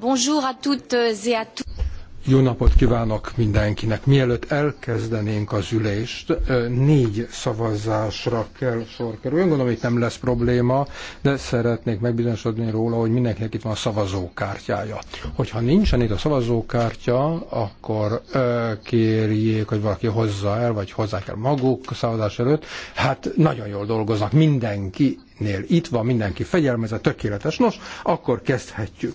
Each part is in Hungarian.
Bonjour à toutes euh, et à tous. Jó napot kívánok mindenkinek! Mielőtt elkezdenénk az ülést, négy szavazásra kell sor kerüljön. Gondolom, itt nem lesz probléma, de szeretnék megbizonyosodni róla, hogy mindenkinek itt van a szavazókártyája. Hogyha nincsen itt a szavazókártya, akkor kérjék, hogy valaki hozza el, vagy hozzák el maguk a szavazás előtt. Hát nagyon jól dolgoznak mindenkinél. Itt van mindenki fegyelmezett, tökéletes. Nos, akkor kezdhetjük.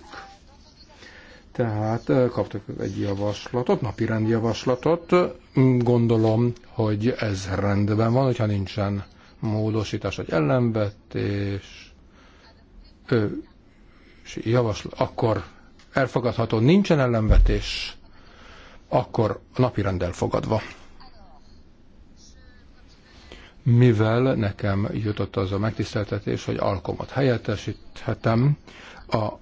Tehát kaptak egy javaslatot, napirendi javaslatot. Gondolom, hogy ez rendben van, hogyha nincsen módosítás vagy ellenvetés. Ő, javaslat, akkor elfogadható, nincsen ellenvetés, akkor rend elfogadva. Mivel nekem jutott az a megtiszteltetés, hogy alkomat helyettesíthetem, a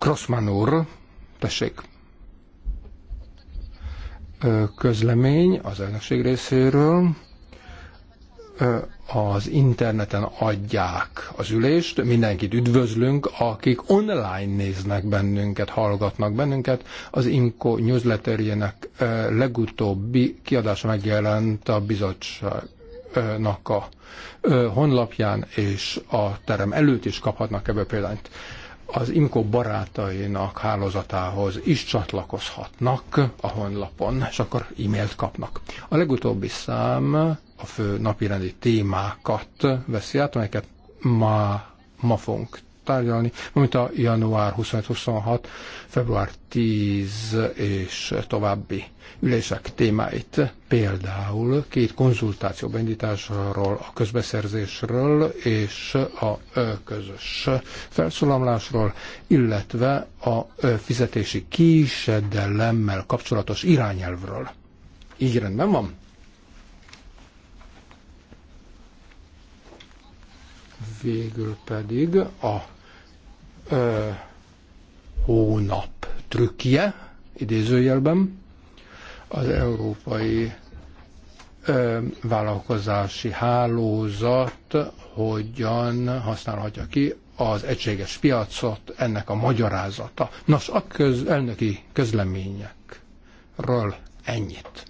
Crossman úr, tessék. Közlemény az elnökség részéről. Az interneten adják az ülést, mindenkit üdvözlünk, akik online néznek bennünket, hallgatnak bennünket. Az Inko newsletterjének legutóbbi kiadása megjelent a bizottság a honlapján és a terem előtt is kaphatnak ebből példányt az imko barátainak hálózatához is csatlakozhatnak a honlapon, és akkor e-mailt kapnak. A legutóbbi szám a fő napirendi témákat veszi át, amelyeket ma, ma fogunk tárgyalni, mint a január 25-26, február 10 és további ülések témáit, például két konzultáció beindításáról, a közbeszerzésről és a közös felszólalásról, illetve a fizetési késedelemmel kapcsolatos irányelvről. Így rendben van? végül pedig a ö, hónap trükkje, idézőjelben, az európai ö, vállalkozási hálózat hogyan használhatja ki az egységes piacot, ennek a magyarázata. Nos, a köz, elnöki közleményekről ennyit.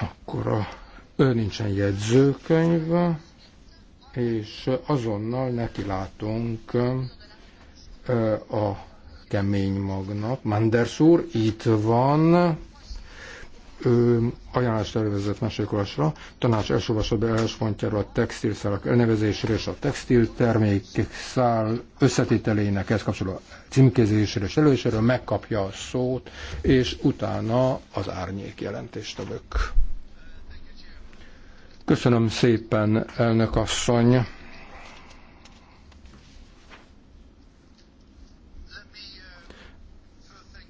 Akkor a, ő nincsen jegyzőkönyv és azonnal nekilátunk a kemény magnak. Manders úr itt van, ajánlás tervezett másokolásra, tanács első elspontjára a textilszálak elnevezésre és a textiltermékek szál összetételének ezt kapcsoló címkézésre és előséről megkapja a szót, és utána az árnyék jelentéstevők. Köszönöm szépen, elnök asszony.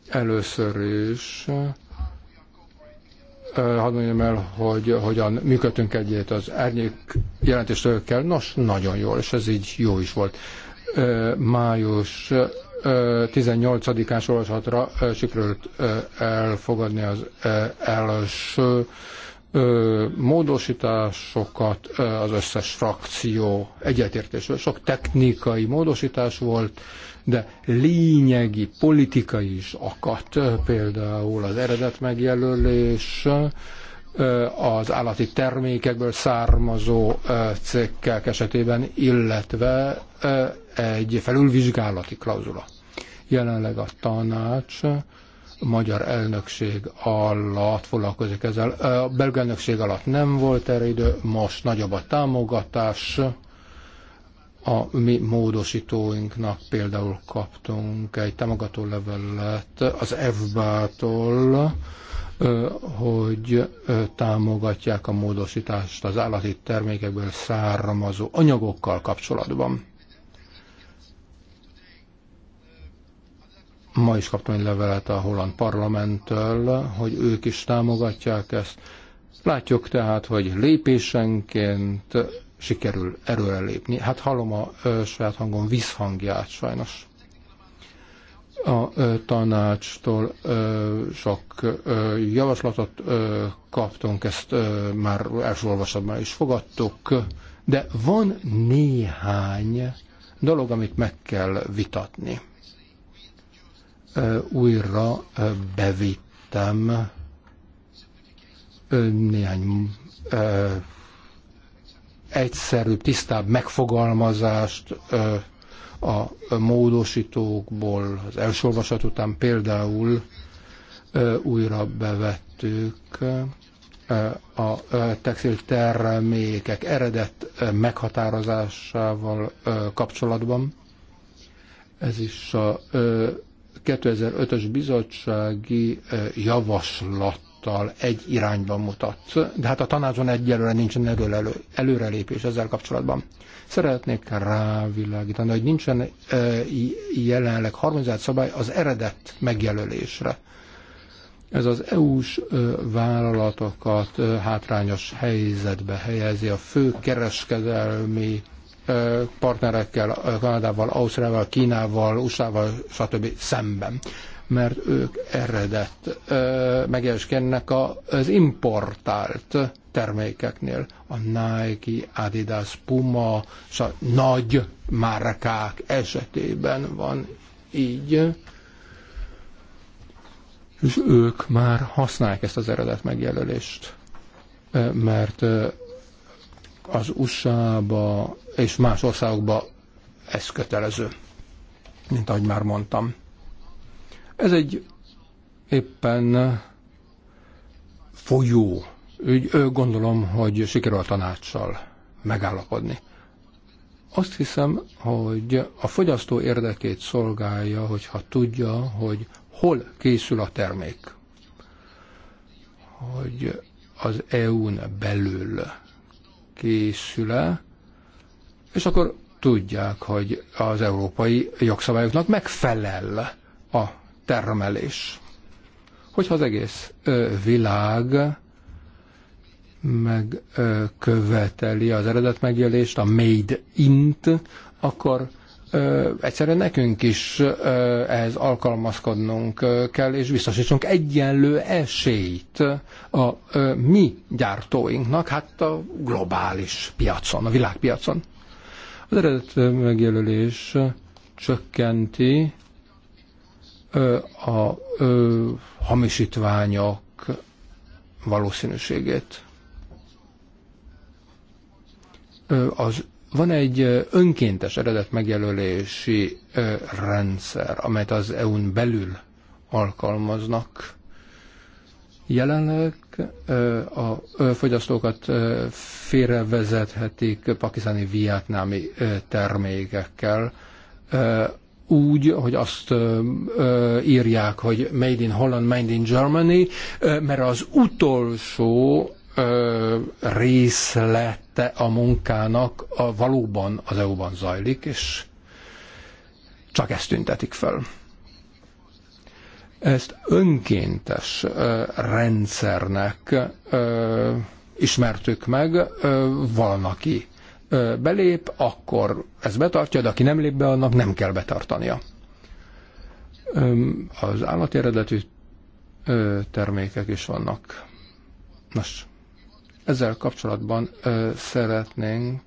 Először is hadd mondjam el, hogy hogyan működtünk egyet az árnyék jelentéstőkkel. Nos, nagyon jól, és ez így jó is volt. Május 18-án sorozatra sikerült elfogadni az első ö, módosításokat ö, az összes frakció egyetértésről. Sok technikai módosítás volt, de lényegi politikai is akadt. Például az eredet megjelölés, az állati termékekből származó ö, esetében, illetve egy felülvizsgálati klauzula. Jelenleg a tanács magyar elnökség alatt foglalkozik ezzel. A belga elnökség alatt nem volt erre idő, most nagyobb a támogatás. A mi módosítóinknak például kaptunk egy támogató levelet az FBA-tól, hogy támogatják a módosítást az állati termékekből származó anyagokkal kapcsolatban Ma is kaptam egy levelet a holland parlamenttől, hogy ők is támogatják ezt. Látjuk tehát, hogy lépésenként sikerül erőre lépni. Hát hallom a ö, saját hangon visszhangját sajnos. A ö, tanácstól ö, sok ö, javaslatot ö, kaptunk, ezt ö, már első olvasatban is fogadtuk, de van néhány dolog, amit meg kell vitatni újra bevittem néhány egyszerű, tisztább megfogalmazást a módosítókból az első olvasat után például újra bevettük a textiltermékek eredet meghatározásával kapcsolatban. Ez is a 2005-ös bizottsági eh, javaslattal egy irányban mutat. De hát a tanácson egyelőre nincsen elő, előrelépés ezzel kapcsolatban. Szeretnék rávilágítani, hogy nincsen eh, jelenleg harmonizált szabály az eredet megjelölésre ez az EU-s eh, vállalatokat hátrányos helyzetbe helyezi a fő kereskedelmi partnerekkel, Kanadával, Ausztrával, Kínával, USA-val, stb. szemben mert ők eredet megjeleskednek az importált termékeknél. A Nike, Adidas, Puma, és a nagy márkák esetében van így. És ők már használják ezt az eredet megjelölést, mert az USA-ba és más országokban ez kötelező, mint ahogy már mondtam. Ez egy éppen folyó úgy gondolom, hogy sikerül a tanácssal megállapodni. Azt hiszem, hogy a fogyasztó érdekét szolgálja, hogyha tudja, hogy hol készül a termék. Hogy az EU-n belül készül-e, és akkor tudják, hogy az európai jogszabályoknak megfelel a termelés. Hogyha az egész világ megköveteli az eredet megjelést, a made int, akkor ö, egyszerűen nekünk is ö, ehhez alkalmazkodnunk ö, kell, és biztosítsunk egyenlő esélyt a ö, mi gyártóinknak, hát a globális piacon, a világpiacon. Az eredet megjelölés csökkenti a hamisítványok valószínűségét. Az van egy önkéntes eredet megjelölési rendszer, amelyet az EU-n belül alkalmaznak. Jelenleg a fogyasztókat félrevezethetik pakisztáni vietnámi termékekkel, úgy, hogy azt írják, hogy Made in Holland, Made in Germany, mert az utolsó részlete a munkának a, valóban az EU-ban zajlik, és csak ezt tüntetik fel. Ezt önkéntes rendszernek ismertük meg, valaki belép, akkor ez betartja, de aki nem lép be, annak nem kell betartania. Az állati eredetű termékek is vannak. Nos, ezzel kapcsolatban szeretnénk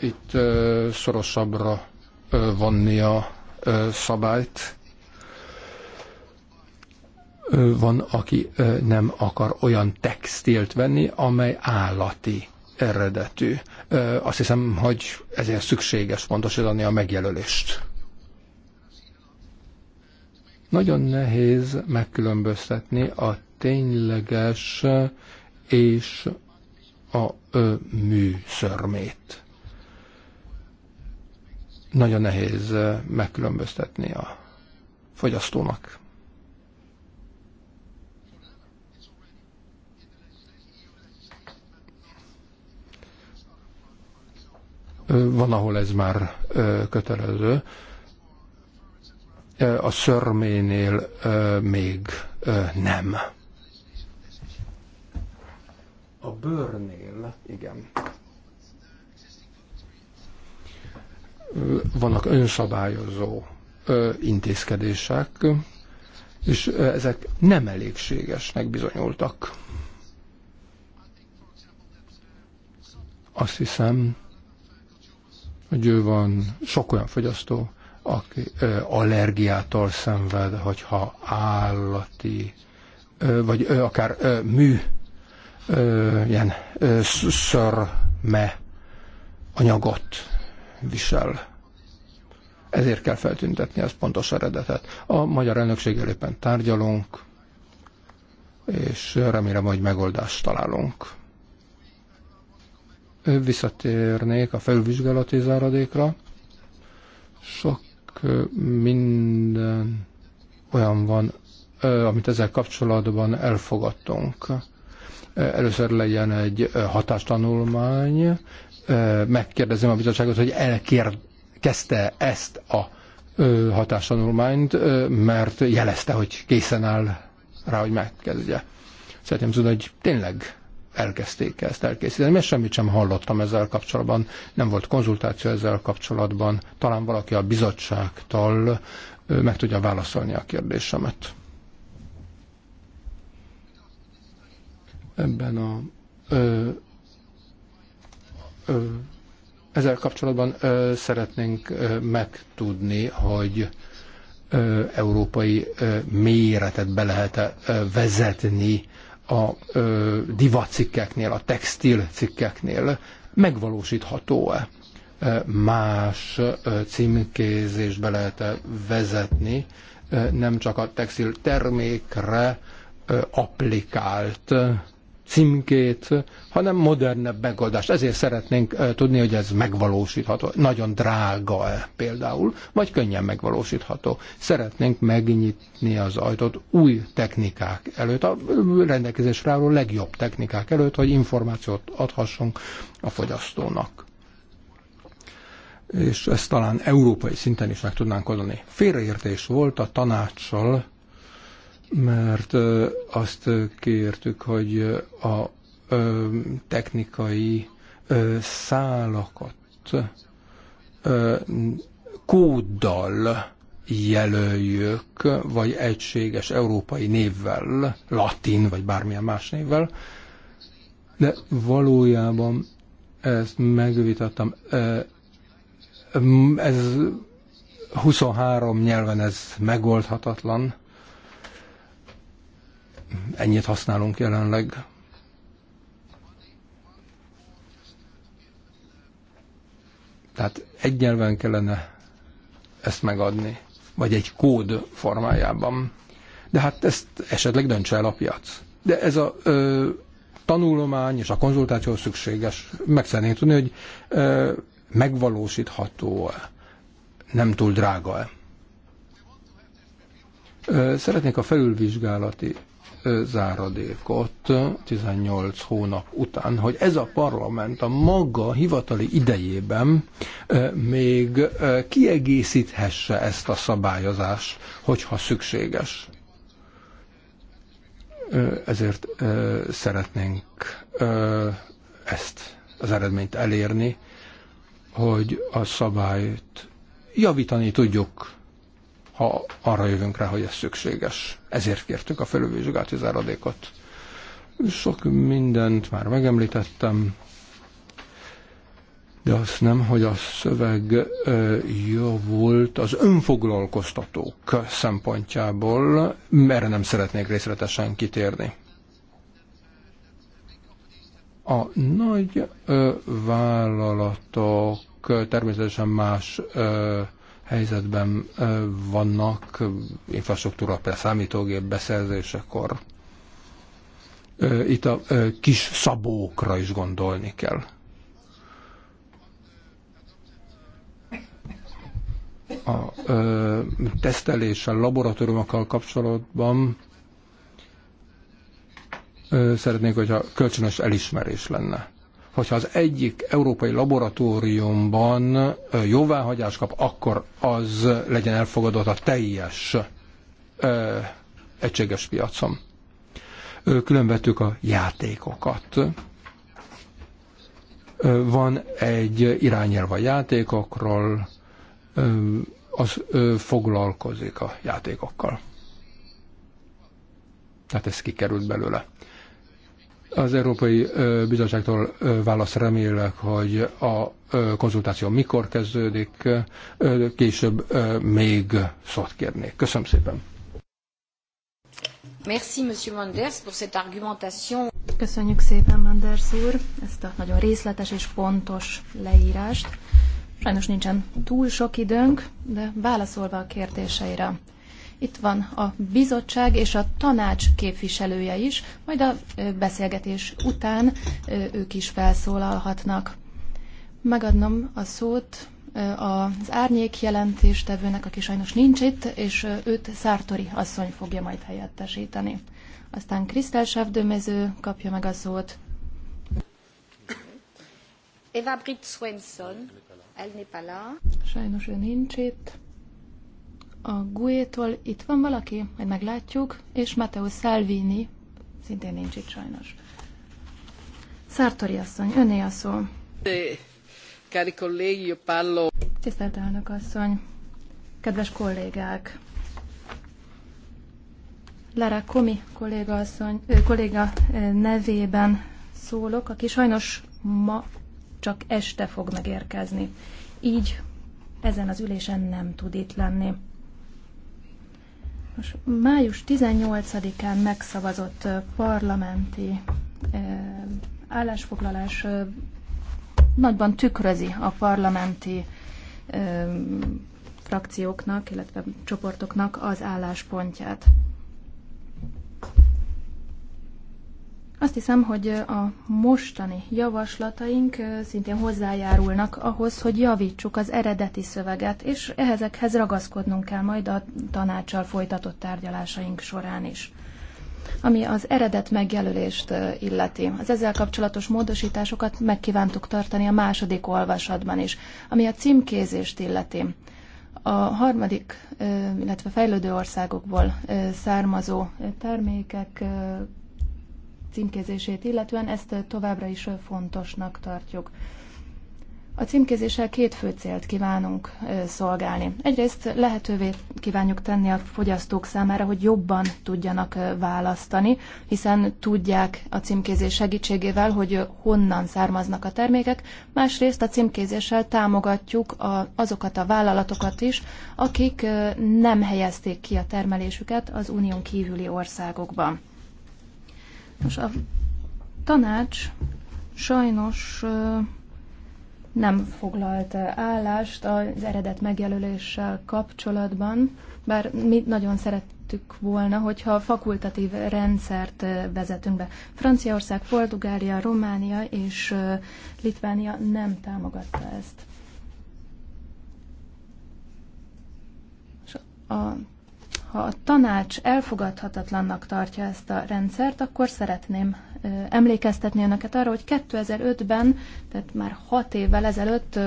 itt szorosabbra vonni a szabályt. Van, aki nem akar olyan textilt venni, amely állati eredetű. Azt hiszem, hogy ezért szükséges pontosítani a megjelölést. Nagyon nehéz megkülönböztetni a tényleges és a ö, műszörmét nagyon nehéz megkülönböztetni a fogyasztónak. Van, ahol ez már kötelező. A szörménél még nem. A bőrnél, igen. vannak önszabályozó intézkedések, és ezek nem elégségesnek bizonyultak. Azt hiszem, hogy ő van sok olyan fogyasztó, aki allergiától szenved, hogyha állati, vagy akár mű, ilyen szörme anyagot visel. Ezért kell feltüntetni ezt pontos eredetet. A magyar elnökség éppen tárgyalunk, és remélem, hogy megoldást találunk. Visszatérnék a felvizsgálati záradékra. Sok minden olyan van, amit ezzel kapcsolatban elfogadtunk. Először legyen egy hatástanulmány, megkérdezem a bizottságot, hogy elkezdte ezt a hatástanulmányt, mert jelezte, hogy készen áll rá, hogy megkezdje. Szeretném tudni, hogy tényleg elkezdték ezt elkészíteni, mert semmit sem hallottam ezzel kapcsolatban, nem volt konzultáció ezzel kapcsolatban, talán valaki a bizottságtal meg tudja válaszolni a kérdésemet. Ebben a ezzel kapcsolatban szeretnénk megtudni, hogy európai méretet be lehet vezetni a divatcikkeknél, a textilcikkeknél. Megvalósítható-e? Más be lehet -e vezetni, nem csak a textil termékre applikált címkét, hanem modernebb megoldást. Ezért szeretnénk tudni, hogy ez megvalósítható. Nagyon drága -e például, vagy könnyen megvalósítható. Szeretnénk megnyitni az ajtót új technikák előtt, a rendelkezésre álló legjobb technikák előtt, hogy információt adhassunk a fogyasztónak és ezt talán európai szinten is meg tudnánk oldani. Félreértés volt a tanácssal mert azt kértük, hogy a technikai szálakat kóddal jelöljük, vagy egységes európai névvel, latin, vagy bármilyen más névvel, de valójában ezt megvitattam, ez 23 nyelven ez megoldhatatlan, ennyit használunk jelenleg. Tehát egy nyelven kellene ezt megadni, vagy egy kód formájában. De hát ezt esetleg döntse el a piac. De ez a ö, tanulomány és a konzultáció szükséges. Meg szeretnénk tudni, hogy ö, megvalósítható-e, nem túl drága-e. Szeretnék a felülvizsgálati záradékot 18 hónap után, hogy ez a parlament a maga hivatali idejében még kiegészíthesse ezt a szabályozást, hogyha szükséges ezért szeretnénk ezt az eredményt elérni, hogy a szabályt javítani tudjuk ha arra jövünk rá, hogy ez szükséges. Ezért kértük a felülvizsgálati záradékot. Sok mindent már megemlítettem, de azt nem, hogy a szöveg javult az önfoglalkoztatók szempontjából, mert nem szeretnék részletesen kitérni. A nagy vállalatok természetesen más helyzetben vannak infrastruktúra, például számítógép beszerzésekor. Itt a kis szabókra is gondolni kell. a teszteléssel, laboratóriumokkal kapcsolatban szeretnék, hogyha kölcsönös elismerés lenne hogyha az egyik európai laboratóriumban jóváhagyás kap, akkor az legyen elfogadott a teljes ö, egységes piacon. Különvettük a játékokat. Van egy irányelv a játékokról, az foglalkozik a játékokkal. Tehát ez kikerült belőle. Az Európai Bizottságtól választ remélek, hogy a konzultáció mikor kezdődik, később még szót kérnék. Köszönöm szépen. Merci, Monsieur Manders, pour cette argumentation. Köszönjük szépen, Manders úr, ezt a nagyon részletes és pontos leírást. Sajnos nincsen túl sok időnk, de válaszolva a kérdéseire itt van a bizottság és a tanács képviselője is, majd a beszélgetés után ők is felszólalhatnak. Megadnom a szót az árnyék jelentéstevőnek, aki sajnos nincs itt, és őt Szártori asszony fogja majd helyettesíteni. Aztán Krisztel Sávdőmező kapja meg a szót. Eva Britt Swenson, elnépala. Sajnos ő nincs itt a GUE-tól itt van valaki, majd meglátjuk, és Matteo Salvini, szintén nincs itt sajnos. Szártori asszony, öné a szó. Eh, cari colleghi, io parlo. Tisztelt elnök asszony, kedves kollégák, Lara Komi kolléga, asszony, ö, kolléga nevében szólok, aki sajnos ma csak este fog megérkezni. Így ezen az ülésen nem tud itt lenni. Most május 18-án megszavazott parlamenti állásfoglalás nagyban tükrözi a parlamenti frakcióknak, illetve csoportoknak az álláspontját. Azt hiszem, hogy a mostani javaslataink szintén hozzájárulnak ahhoz, hogy javítsuk az eredeti szöveget, és ehhezekhez ragaszkodnunk kell majd a tanácssal folytatott tárgyalásaink során is. Ami az eredet megjelölést illeti. Az ezzel kapcsolatos módosításokat megkívántuk tartani a második olvasatban is, ami a címkézést illeti. A harmadik, illetve fejlődő országokból származó termékek címkézését illetően, ezt továbbra is fontosnak tartjuk. A címkézéssel két fő célt kívánunk szolgálni. Egyrészt lehetővé kívánjuk tenni a fogyasztók számára, hogy jobban tudjanak választani, hiszen tudják a címkézés segítségével, hogy honnan származnak a termékek. Másrészt a címkézéssel támogatjuk azokat a vállalatokat is, akik nem helyezték ki a termelésüket az unión kívüli országokban. Nos, a tanács sajnos nem foglalt állást az eredet megjelöléssel kapcsolatban, bár mi nagyon szerettük volna, hogyha fakultatív rendszert vezetünk be. Franciaország, Portugália, Románia és Litvánia nem támogatta ezt. a ha a tanács elfogadhatatlannak tartja ezt a rendszert, akkor szeretném emlékeztetni önöket arra, hogy 2005-ben, tehát már 6 évvel ezelőtt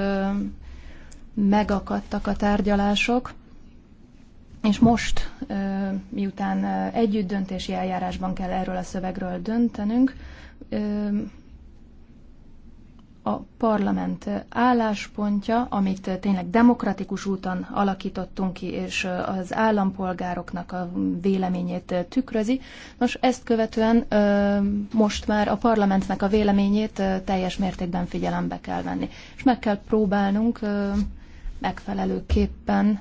megakadtak a tárgyalások, és most, miután együtt döntési eljárásban kell erről a szövegről döntenünk, a parlament álláspontja, amit tényleg demokratikus úton alakítottunk ki, és az állampolgároknak a véleményét tükrözi. Nos, ezt követően most már a parlamentnek a véleményét teljes mértékben figyelembe kell venni. És meg kell próbálnunk megfelelőképpen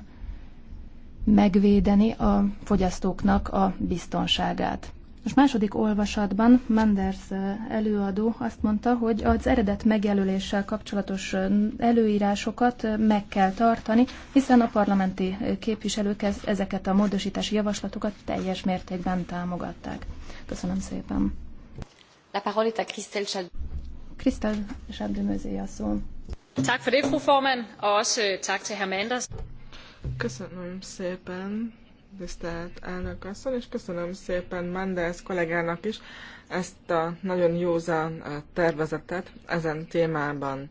megvédeni a fogyasztóknak a biztonságát. Most második olvasatban Manders előadó azt mondta, hogy az eredet megjelöléssel kapcsolatos előírásokat meg kell tartani, hiszen a parlamenti képviselők ezeket a módosítási javaslatokat teljes mértékben támogatták. Köszönöm szépen. La parole est à Christelle Chaldemose. Christelle Chaldemose a szó. Tak for det, fru formand, og også øh, tak til herr Manders. Köszönöm szépen tisztelt elnök asszony, és köszönöm szépen Mendez kollégának is ezt a nagyon józan tervezetet ezen témában.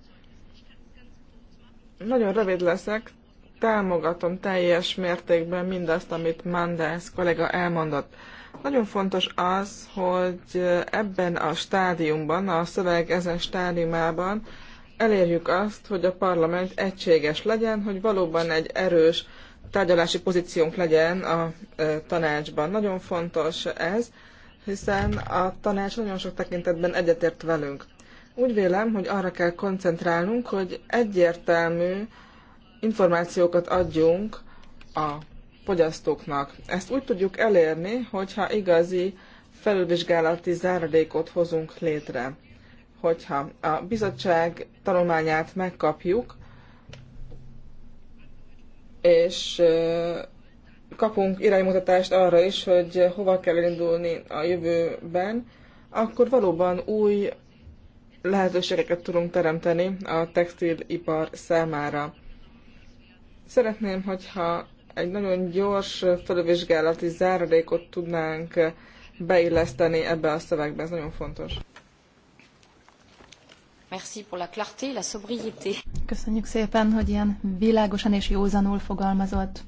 Nagyon rövid leszek, támogatom teljes mértékben mindazt, amit Mendez kollega elmondott. Nagyon fontos az, hogy ebben a stádiumban, a szöveg ezen stádiumában elérjük azt, hogy a parlament egységes legyen, hogy valóban egy erős tárgyalási pozíciónk legyen a e, tanácsban. Nagyon fontos ez, hiszen a tanács nagyon sok tekintetben egyetért velünk. Úgy vélem, hogy arra kell koncentrálnunk, hogy egyértelmű információkat adjunk a fogyasztóknak. Ezt úgy tudjuk elérni, hogyha igazi felülvizsgálati záradékot hozunk létre. Hogyha a bizottság tanulmányát megkapjuk, és kapunk iránymutatást arra is, hogy hova kell indulni a jövőben, akkor valóban új lehetőségeket tudunk teremteni a textilipar számára. Szeretném, hogyha egy nagyon gyors felvizsgálati záradékot tudnánk beilleszteni ebbe a szövegbe, ez nagyon fontos. Merci pour la clarté, la sobriété. Köszönjük szépen, hogy ilyen világosan és józanul fogalmazott.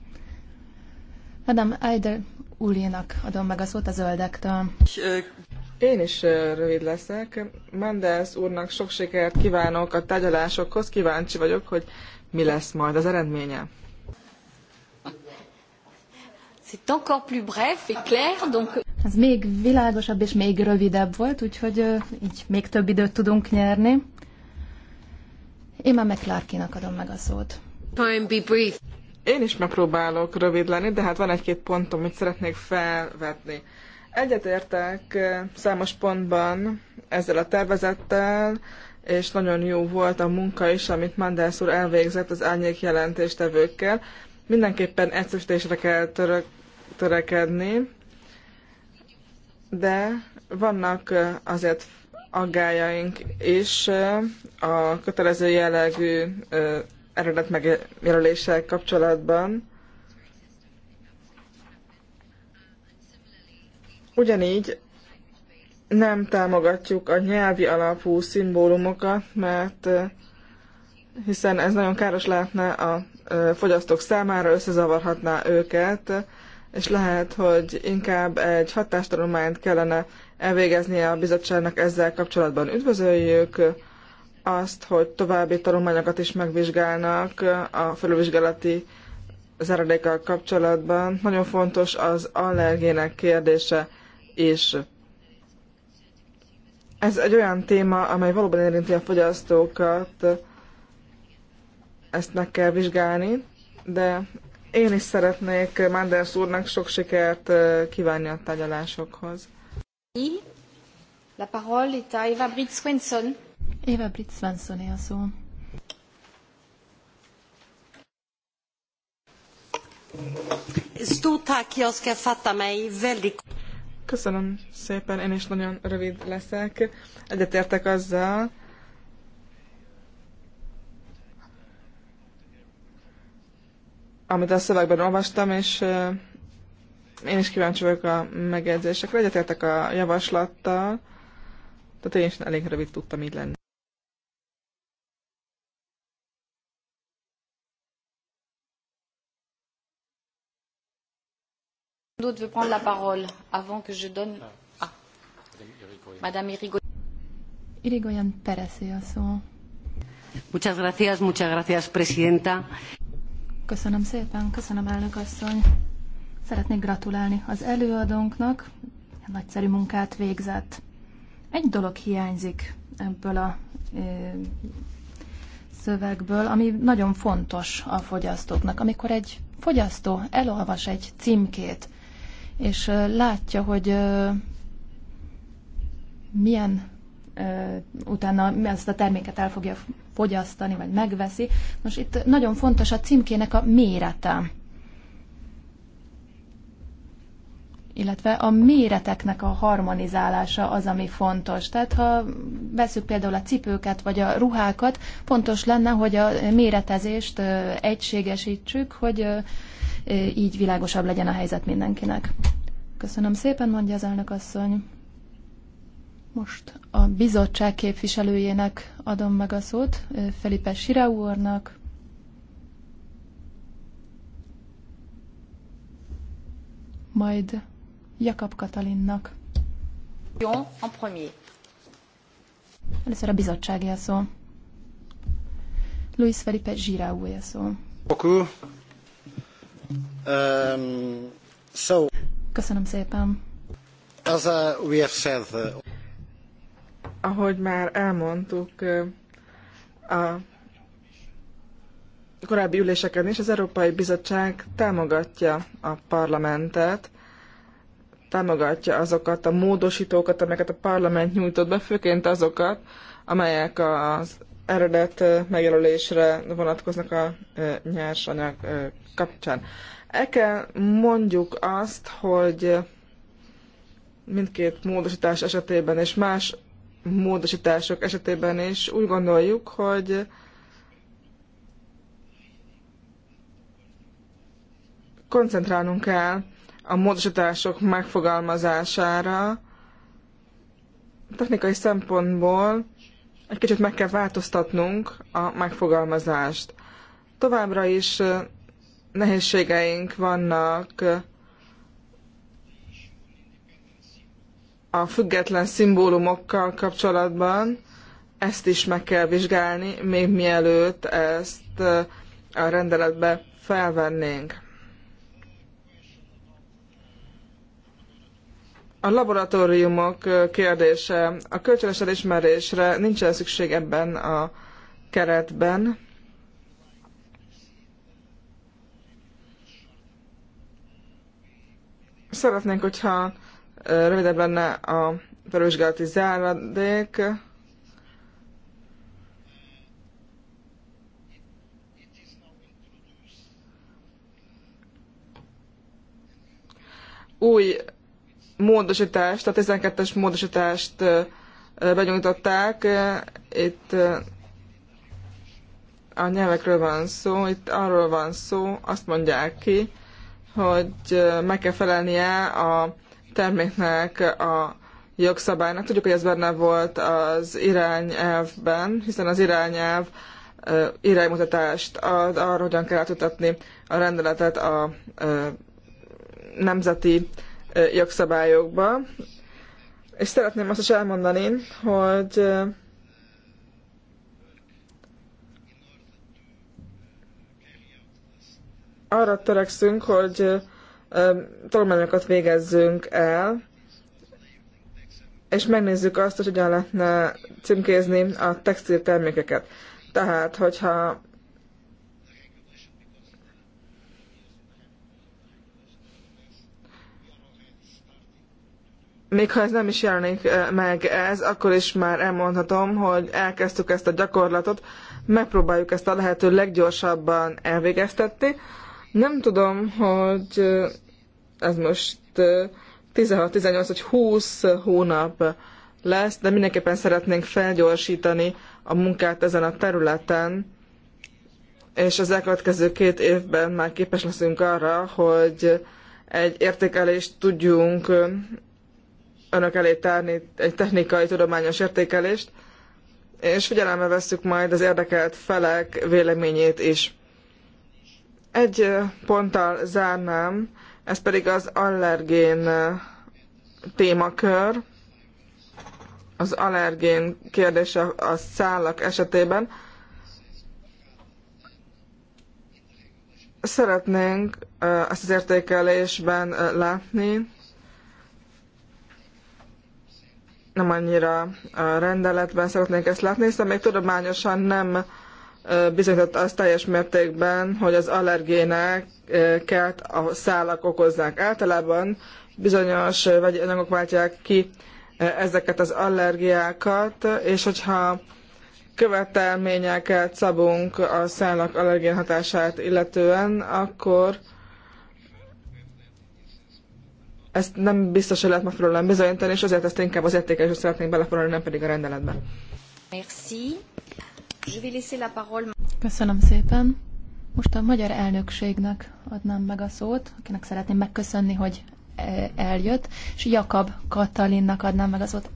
Madame Eider Ulénak adom meg a szót a zöldektől. Én is rövid leszek. Mendez úrnak sok sikert kívánok a tárgyalásokhoz. Kíváncsi vagyok, hogy mi lesz majd az eredménye. C'est encore plus bref et clair, donc... Ez még világosabb és még rövidebb volt, úgyhogy így még több időt tudunk nyerni már McClarkinak adom meg a szót. Time be brief. Én is megpróbálok rövid lenni, de hát van egy-két pontom, amit szeretnék felvetni. Egyetértek számos pontban ezzel a tervezettel, és nagyon jó volt a munka is, amit Mandelsz úr elvégzett az árnyék jelentéstevőkkel. Mindenképpen egyszerűsítésre kell török, törekedni, de vannak azért aggájaink és a kötelező jellegű eredet megjelöléssel kapcsolatban. Ugyanígy nem támogatjuk a nyelvi alapú szimbólumokat, mert hiszen ez nagyon káros lehetne a fogyasztók számára, összezavarhatná őket, és lehet, hogy inkább egy hatástanulmányt kellene elvégeznie a bizottságnak ezzel kapcsolatban. Üdvözöljük azt, hogy további tanulmányokat is megvizsgálnak a felülvizsgálati záradékkal kapcsolatban. Nagyon fontos az allergének kérdése is. Ez egy olyan téma, amely valóban érinti a fogyasztókat, ezt meg kell vizsgálni, de én is szeretnék Manders úrnak sok sikert eh, kívánni a tárgyalásokhoz. La parole est à Eva Britt Eva Britt Stort tack, jag ska fatta mig väldigt Köszönöm szépen, én is nagyon rövid leszek. Egyetértek azzal, amit a szövegben olvastam, és én is kíváncsi vagyok a megjegyzésekre. Egyetértek a javaslattal, tehát én is elég rövid tudtam így lenni. d'autre veut prendre la parole avant que je donne... Ah. Madame Irigoyen. Irigoyen a szó. Muchas gracias, muchas gracias, presidenta. Köszönöm szépen, köszönöm elnök asszony. Szeretnék gratulálni az előadónknak, nagyszerű munkát végzett. Egy dolog hiányzik ebből a ö, szövegből, ami nagyon fontos a fogyasztóknak. Amikor egy fogyasztó elolvas egy címkét, és látja, hogy ö, milyen ö, utána ezt a terméket el fogja fogyasztani, vagy megveszi. Most itt nagyon fontos a címkének a mérete illetve a méreteknek a harmonizálása az, ami fontos. Tehát ha veszük például a cipőket vagy a ruhákat, fontos lenne, hogy a méretezést egységesítsük, hogy így világosabb legyen a helyzet mindenkinek. Köszönöm szépen, mondja az elnök asszony. Most a bizottság képviselőjének adom meg a szót, Felipe Sirau úrnak. majd Jakab Katalinnak. Jó, a premier. Először a bizottsági a szó. Luis Felipe Giraú a szó. Köszönöm szépen. As we have said, uh, ahogy már elmondtuk uh, a korábbi üléseken is, az Európai Bizottság támogatja a parlamentet támogatja azokat a módosítókat, amelyeket a parlament nyújtott be, főként azokat, amelyek az eredet megjelölésre vonatkoznak a nyersanyag kapcsán. El kell mondjuk azt, hogy mindkét módosítás esetében és más módosítások esetében is úgy gondoljuk, hogy koncentrálnunk kell a módosítások megfogalmazására. Technikai szempontból egy kicsit meg kell változtatnunk a megfogalmazást. Továbbra is nehézségeink vannak a független szimbólumokkal kapcsolatban. Ezt is meg kell vizsgálni, még mielőtt ezt a rendeletbe felvennénk. a laboratóriumok kérdése, a kölcsönös elismerésre nincsen szükség ebben a keretben. Szeretnénk, hogyha rövidebb lenne a felvizsgálati záradék. Új módosítást, a 12-es módosítást benyújtották. Itt a nyelvekről van szó, itt arról van szó, azt mondják ki, hogy meg kell felelnie a terméknek a jogszabálynak. Tudjuk, hogy ez benne volt az irányelvben, hiszen az irányelv iránymutatást ad arra, hogyan kell átutatni a rendeletet a nemzeti jogszabályokba. És szeretném azt is elmondani, hogy arra törekszünk, hogy tanulmányokat végezzünk el, és megnézzük azt, hogy hogyan lehetne címkézni a textil termékeket. Tehát, hogyha még ha ez nem is jelenik meg ez, akkor is már elmondhatom, hogy elkezdtük ezt a gyakorlatot, megpróbáljuk ezt a lehető leggyorsabban elvégeztetni. Nem tudom, hogy ez most 16-18 vagy 20 hónap lesz, de mindenképpen szeretnénk felgyorsítani a munkát ezen a területen, és az elkövetkező két évben már képes leszünk arra, hogy egy értékelést tudjunk önök elé tárni egy technikai, tudományos értékelést, és figyelembe vesszük majd az érdekelt felek véleményét is. Egy ponttal zárnám, ez pedig az allergén témakör, az allergén kérdése a szállak esetében. Szeretnénk ezt az értékelésben látni, nem annyira rendeletben szeretnénk ezt látni, hiszen még tudományosan nem bizonyított az teljes mértékben, hogy az allergének kelt a szálak okozzák. Általában bizonyos vagy anyagok váltják ki ezeket az allergiákat, és hogyha követelményeket szabunk a szálak allergén hatását illetően, akkor ezt nem biztos, hogy lehet megfelelően bizonyítani, és azért ezt inkább az értékelésre szeretnénk belefoglalni, nem pedig a rendeletben. Merci. Je vais laisser la parole. Köszönöm szépen. Most a magyar elnökségnek adnám meg a szót, akinek szeretném megköszönni, hogy eh, eljött, és Jakab Katalinnak adnám meg a szót.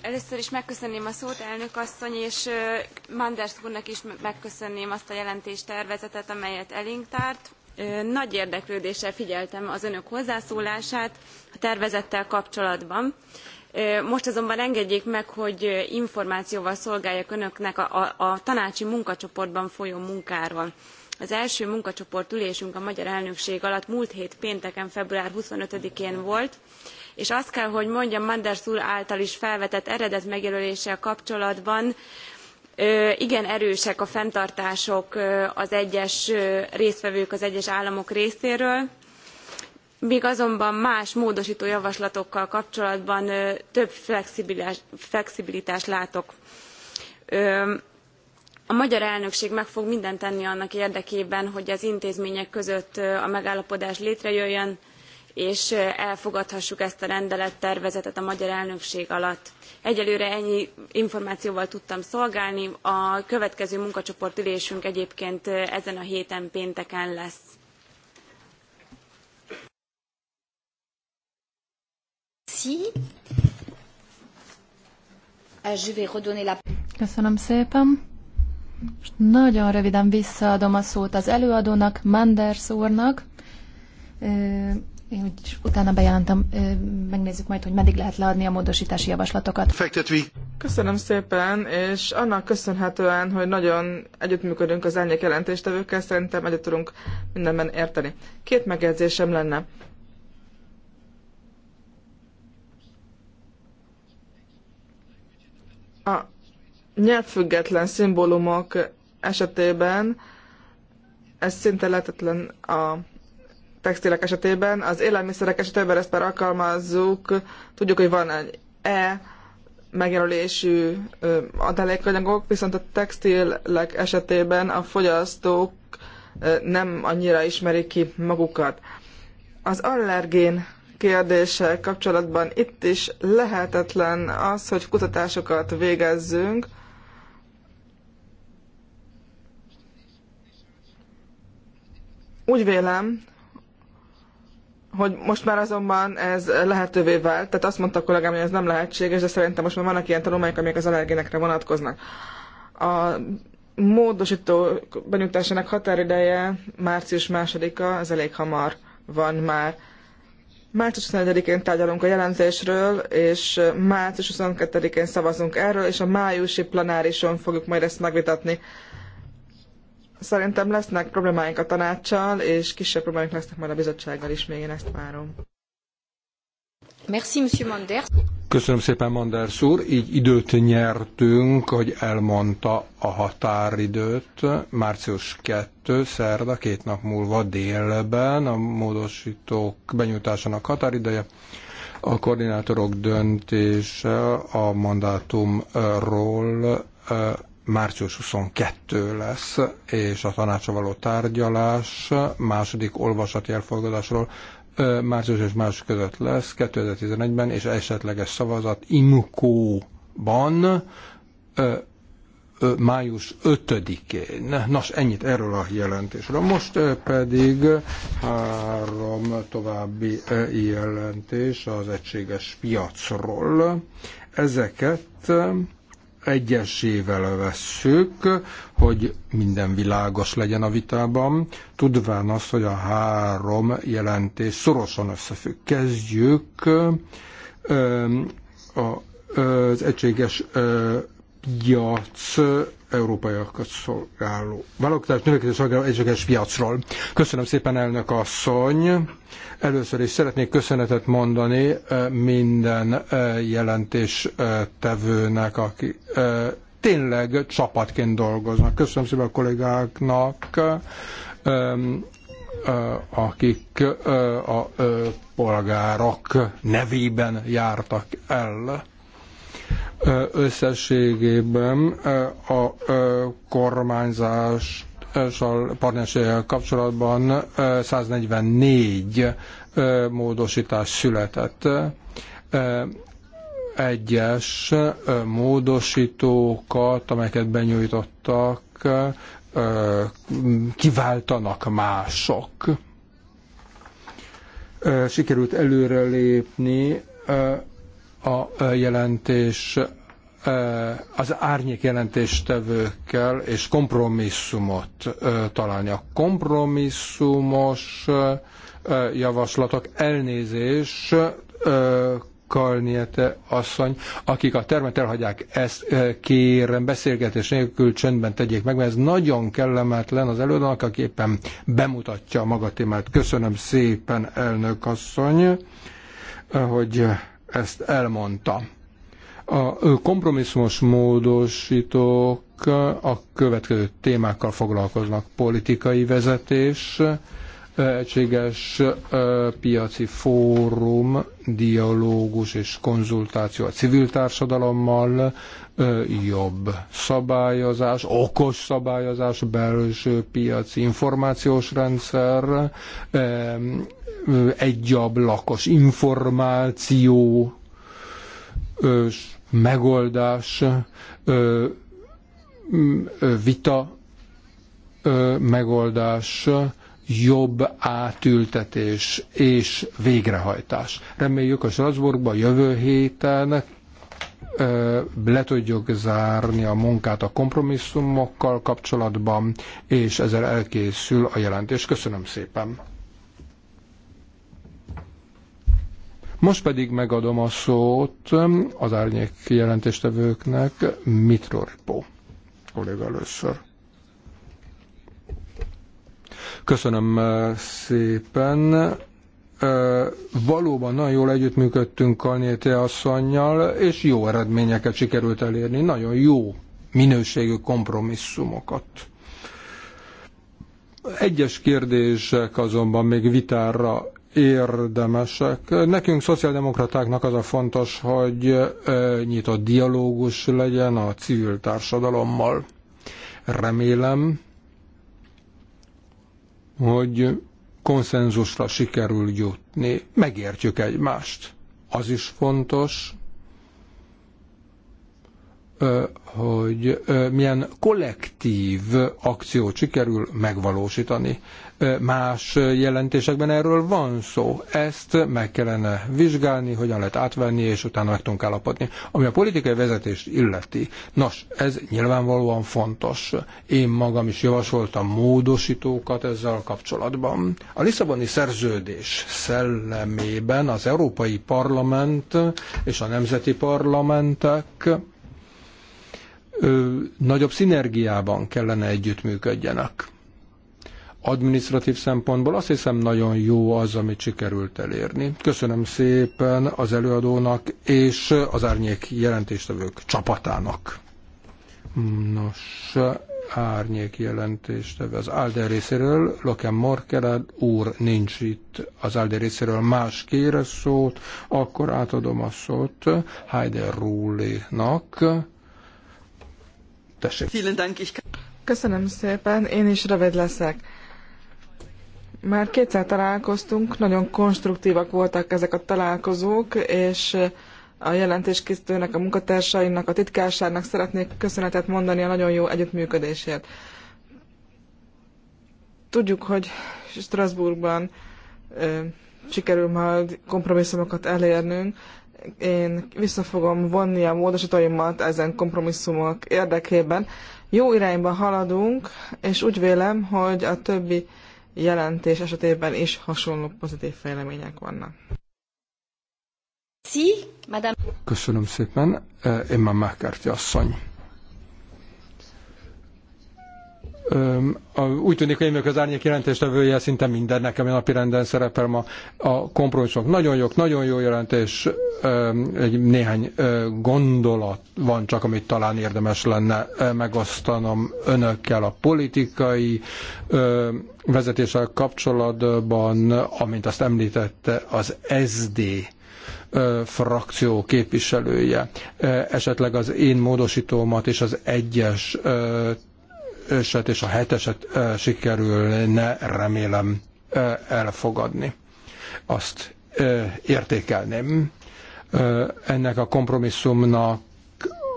Először is megköszönném a szót, elnök asszony, és Manders úrnak is megköszönném azt a jelentéstervezetet, amelyet elénk tárt. Nagy érdeklődéssel figyeltem az önök hozzászólását a tervezettel kapcsolatban. Most azonban engedjék meg, hogy információval szolgáljak önöknek a, a, a tanácsi munkacsoportban folyó munkáról. Az első munkacsoport ülésünk a magyar elnökség alatt múlt hét pénteken, február 25-én volt, és azt kell, hogy mondjam Manders úr által is felvetett eredet megjelöléssel kapcsolatban, igen erősek a fenntartások az egyes résztvevők az egyes államok részéről mg azonban más módostó javaslatokkal kapcsolatban több flexibilitást látok. a magyar elnökség meg fog mindent tenni annak érdekében hogy az intézmények között a megállapodás létrejöjjön és elfogadhassuk ezt a rendelettervezetet a magyar elnökség alatt. Egyelőre ennyi információval tudtam szolgálni, a következő munkacsoport ülésünk egyébként ezen a héten pénteken lesz. Ah, Köszönöm szépen. Most nagyon röviden visszaadom a szót az előadónak, Manders úrnak én úgy utána bejelentem, megnézzük majd, hogy meddig lehet leadni a módosítási javaslatokat. Fektetvi. Köszönöm szépen, és annak köszönhetően, hogy nagyon együttműködünk az elnyék jelentéstevőkkel, szerintem együtt tudunk mindenben érteni. Két megjegyzésem lenne. A nyelvfüggetlen szimbólumok esetében ez szinte lehetetlen a textilek esetében. Az élelmiszerek esetében ezt már alkalmazzuk. Tudjuk, hogy van egy E megjelölésű adalékanyagok, viszont a textilek esetében a fogyasztók nem annyira ismerik ki magukat. Az allergén kérdéssel kapcsolatban itt is lehetetlen az, hogy kutatásokat végezzünk, úgy vélem, hogy most már azonban ez lehetővé vált, tehát azt mondta a kollégám, hogy ez nem lehetséges, de szerintem most már vannak ilyen tanulmányok, amelyek az allergénekre vonatkoznak. A módosító benyújtásának határideje március 2-a, ez elég hamar van már. Március 24 én tárgyalunk a jelentésről, és március 22-én szavazunk erről, és a májusi plenárison fogjuk majd ezt megvitatni. Szerintem lesznek problémáink a tanácssal, és kisebb problémáink lesznek majd a bizottsággal is, még én ezt várom. Merci, Monsieur Manders. Köszönöm szépen, Manders úr. Így időt nyertünk, hogy elmondta a határidőt. Március 2, szerda, két nap múlva délben a módosítók benyújtásának határideje. A koordinátorok döntése a mandátumról március 22 lesz, és a tanácsa való tárgyalás második olvasati elfogadásról március és május között lesz 2011-ben, és esetleges szavazat imukóban május 5-én. Nos, ennyit erről a jelentésről. Most pedig három további jelentés az egységes piacról. Ezeket egyesével vesszük, hogy minden világos legyen a vitában, tudván azt, hogy a három jelentés szorosan összefügg. Kezdjük az egységes piac európaiakat szolgáló vállalatot, növekedő szolgáló egységes piacról. Köszönöm szépen, elnök asszony! Először is szeretnék köszönetet mondani minden jelentés tevőnek, aki tényleg csapatként dolgoznak. Köszönöm szépen a kollégáknak, akik a polgárok nevében jártak el. Összességében a kormányzás partnerséggel kapcsolatban 144 módosítás született. Egyes módosítókat, amelyeket benyújtottak, kiváltanak mások. Sikerült előrelépni a jelentés az árnyék jelentéstevőkkel és kompromisszumot találni. A kompromisszumos javaslatok elnézés Kalniete asszony, akik a termet elhagyják, ezt kérem beszélgetés nélkül csöndben tegyék meg, mert ez nagyon kellemetlen az előadónak, aki éppen bemutatja a maga témát. Köszönöm szépen, elnök asszony, hogy ezt elmondta. A kompromisszumos módosítók a következő témákkal foglalkoznak. Politikai vezetés, egységes piaci fórum, dialógus és konzultáció a civil társadalommal, jobb szabályozás, okos szabályozás, belső piaci információs rendszer, egyablakos információ, megoldás, vita megoldás, jobb átültetés és végrehajtás. Reméljük a Strasbourgban jövő héten le tudjuk zárni a munkát a kompromisszumokkal kapcsolatban, és ezzel elkészül a jelentés. Köszönöm szépen! Most pedig megadom a szót um, az árnyék jelentéstevőknek, Mitrorpo kolléga először. Köszönöm uh, szépen. Uh, valóban nagyon jól együttműködtünk Kalnéte asszonynal, és jó eredményeket sikerült elérni, nagyon jó minőségű kompromisszumokat. Egyes kérdések azonban még vitára érdemesek. Nekünk, szociáldemokratáknak az a fontos, hogy nyitott dialógus legyen a civil társadalommal. Remélem, hogy konszenzusra sikerül jutni. Megértjük egymást. Az is fontos, hogy milyen kollektív akciót sikerül megvalósítani. Más jelentésekben erről van szó. Ezt meg kellene vizsgálni, hogyan lehet átvenni, és utána meg tudunk állapodni. Ami a politikai vezetést illeti, nos, ez nyilvánvalóan fontos. Én magam is javasoltam módosítókat ezzel kapcsolatban. A Lisszaboni szerződés szellemében az Európai Parlament és a nemzeti parlamentek nagyobb szinergiában kellene együttműködjenek. Administratív szempontból azt hiszem nagyon jó az, amit sikerült elérni. Köszönöm szépen az előadónak és az árnyék jelentéstevők csapatának. Nos, árnyék jelentéstevő az Alder részéről, Loken Markeled úr nincs itt az Alder részéről, más kére szót, akkor átadom a szót Heider nak. Tessék. Köszönöm szépen, én is rövid leszek. Már kétszer találkoztunk, nagyon konstruktívak voltak ezek a találkozók, és a jelentéskészítőnek, a munkatársainak, a titkárságnak szeretnék köszönetet mondani a nagyon jó együttműködésért. Tudjuk, hogy Strasbourgban ö, sikerül majd kompromisszumokat elérnünk. Én vissza fogom vonni a módosítóimat ezen kompromisszumok érdekében. Jó irányba haladunk, és úgy vélem, hogy a többi jelentés esetében is hasonló pozitív fejlemények vannak. Köszönöm szépen, Emma eh, McCarthy asszony. úgy tűnik, hogy én az árnyék jelentéstevője szinte mindennek, ami napirenden szerepel ma a kompromisszumok. Nagyon jó, nagyon jó jelentés, egy néhány gondolat van csak, amit talán érdemes lenne megosztanom önökkel a politikai vezetéssel kapcsolatban, amint azt említette az SD frakció képviselője. Esetleg az én módosítómat és az egyes öset és a heteset sikerülne, remélem, elfogadni. Azt értékelném ennek a kompromisszumnak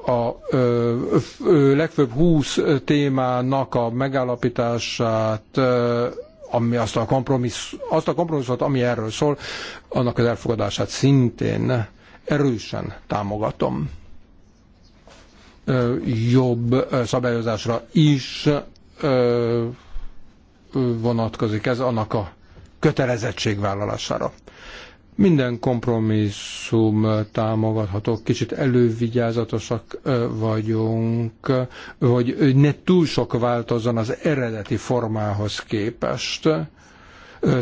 a legfőbb húsz témának a megállapítását, ami azt a, kompromissz, azt a kompromisszumot, ami erről szól, annak az elfogadását szintén erősen támogatom jobb szabályozásra is vonatkozik ez annak a kötelezettségvállalására. Minden kompromisszum támogatható, kicsit elővigyázatosak vagyunk, hogy ne túl sok változzon az eredeti formához képest.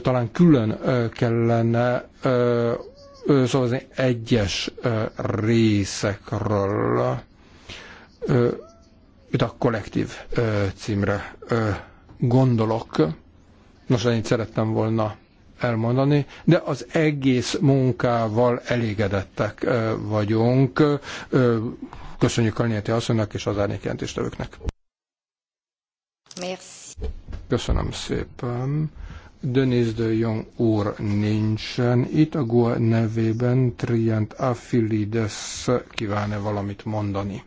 Talán külön kellene szavazni egyes részekről itt a kollektív címre gondolok. Nos, ennyit szerettem volna elmondani, de az egész munkával elégedettek vagyunk. Köszönjük Kalnyéti asszonynak és az árnyékjelentéstevőknek. Jelentéstevőknek. Köszönöm szépen. Denis de Jong úr nincsen. Itt a GOA nevében Trient Affilides kíván-e valamit mondani?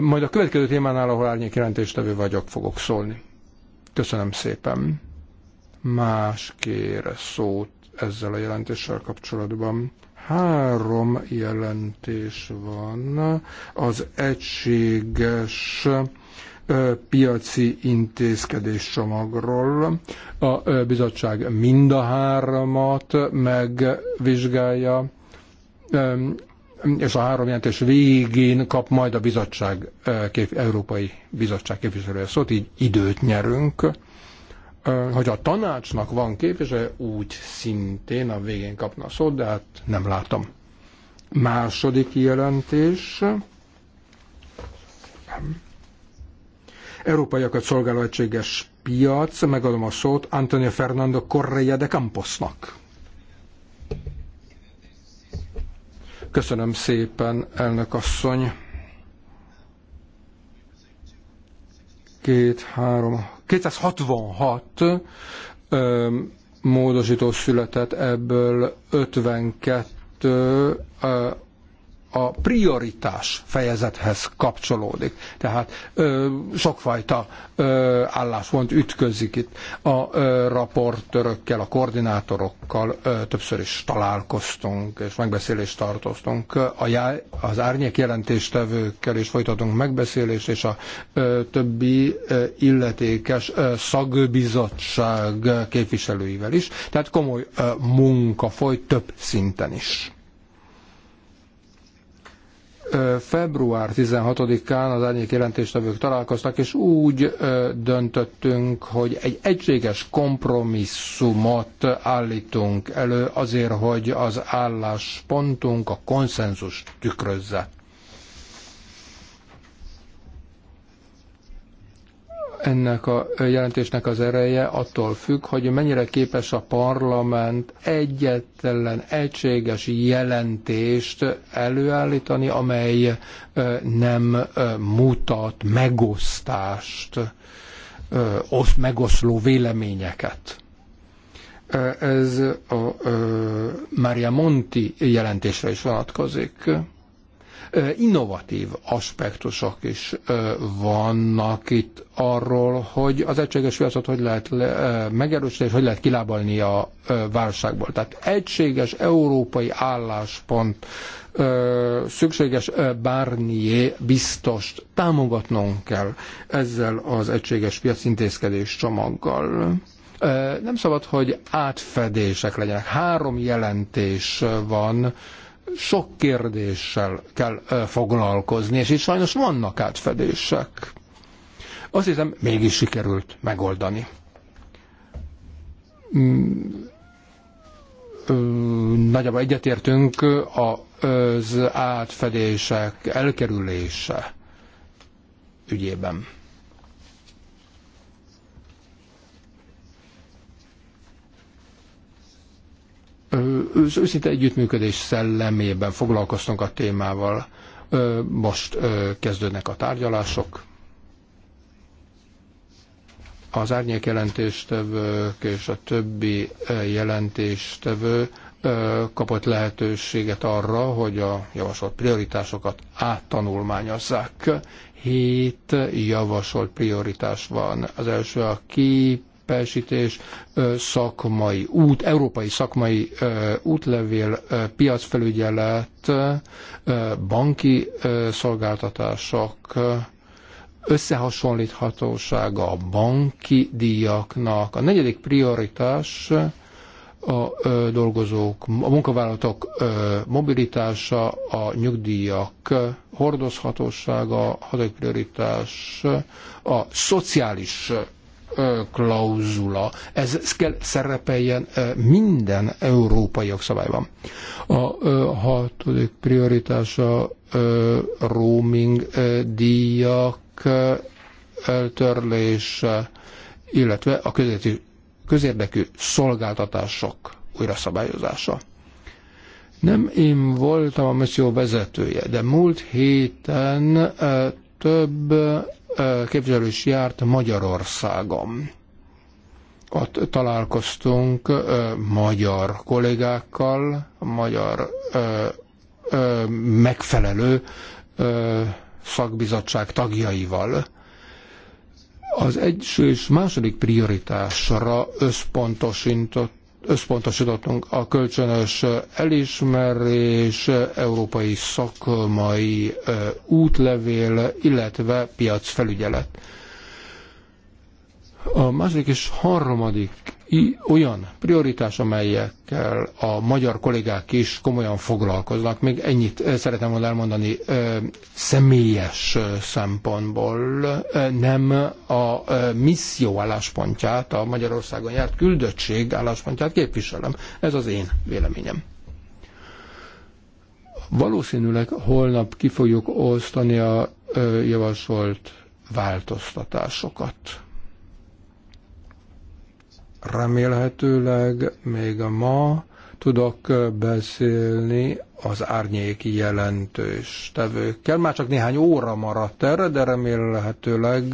Majd a következő témánál, ahol árnyék jelentéstevő vagyok, fogok szólni. Köszönöm szépen. Más kér szót ezzel a jelentéssel kapcsolatban. Három jelentés van. Az egységes piaci intézkedés csomagról. A bizottság mind a háromat megvizsgálja és a három jelentés végén kap majd a bizottság, eh, kép, Európai Bizottság képviselője szót, így időt nyerünk. Eh, hogy a tanácsnak van képviselő, úgy szintén a végén kapna a szót, de hát nem látom. Második jelentés. Európaiakat szolgáló egységes piac, megadom a szót Antonio Fernando Correia de Camposnak. Köszönöm szépen, elnök asszony. Két, három, 266 ö, módosító született, ebből 52 ö, a prioritás fejezethez kapcsolódik. Tehát ö, sokfajta ö, álláspont ütközik itt. A ö, raportörökkel, a koordinátorokkal ö, többször is találkoztunk, és megbeszélést tartoztunk. A já, az árnyék jelentéstevőkkel is folytatunk megbeszélést, és a ö, többi ö, illetékes ö, szagbizottság képviselőivel is. Tehát komoly ö, munka folyt több szinten is Február 16-án az árnyék jelentéstevők találkoztak, és úgy döntöttünk, hogy egy egységes kompromisszumot állítunk elő azért, hogy az álláspontunk a konszenzus tükrözze. ennek a jelentésnek az ereje attól függ, hogy mennyire képes a parlament egyetlen egységes jelentést előállítani, amely nem mutat megosztást, osz, megoszló véleményeket. Ez a Maria Monti jelentésre is vonatkozik innovatív aspektusok is vannak itt arról, hogy az egységes piacot hogy lehet megerősíteni, és hogy lehet kilábalni a válságból. Tehát egységes európai álláspont szükséges bárnyé biztost támogatnunk kell ezzel az egységes piac intézkedés csomaggal nem szabad, hogy átfedések legyenek. Három jelentés van sok kérdéssel kell foglalkozni, és itt sajnos vannak átfedések. Azt hiszem, mégis sikerült megoldani. Mm, nagyjából egyetértünk az átfedések elkerülése ügyében. őszinte együttműködés szellemében foglalkoztunk a témával. Most kezdődnek a tárgyalások. Az árnyék jelentéstevők és a többi jelentéstevő kapott lehetőséget arra, hogy a javasolt prioritásokat áttanulmányozzák. Hét javasolt prioritás van. Az első a kép gépesítés, szakmai út, európai szakmai útlevél, piacfelügyelet, banki szolgáltatások, összehasonlíthatósága a banki díjaknak. A negyedik prioritás a dolgozók, a munkavállalók mobilitása, a nyugdíjak hordozhatósága, a hatodik prioritás a szociális klauzula. Ez kell szerepeljen minden európai jogszabályban. A hatodik prioritása roaming díjak eltörlése, illetve a közérdekű, közérdekű szolgáltatások újra szabályozása. Nem én voltam a misszió vezetője, de múlt héten több képzelő is járt Magyarországon. Ott találkoztunk magyar kollégákkal, magyar megfelelő szakbizottság tagjaival. Az első és második prioritásra összpontosított összpontosítottunk a kölcsönös elismerés, európai szakmai útlevél, illetve piacfelügyelet. A második és harmadik olyan prioritás, amelyekkel a magyar kollégák is komolyan foglalkoznak. Még ennyit eh, szeretem volna elmondani eh, személyes eh, szempontból, nem a misszió álláspontját, a Magyarországon járt küldöttség álláspontját képviselem. Ez az én véleményem. Valószínűleg holnap ki fogjuk osztani a javasolt változtatásokat Remélhetőleg még ma tudok beszélni az árnyék jelentős tevőkkel. Már csak néhány óra maradt erre, de remélhetőleg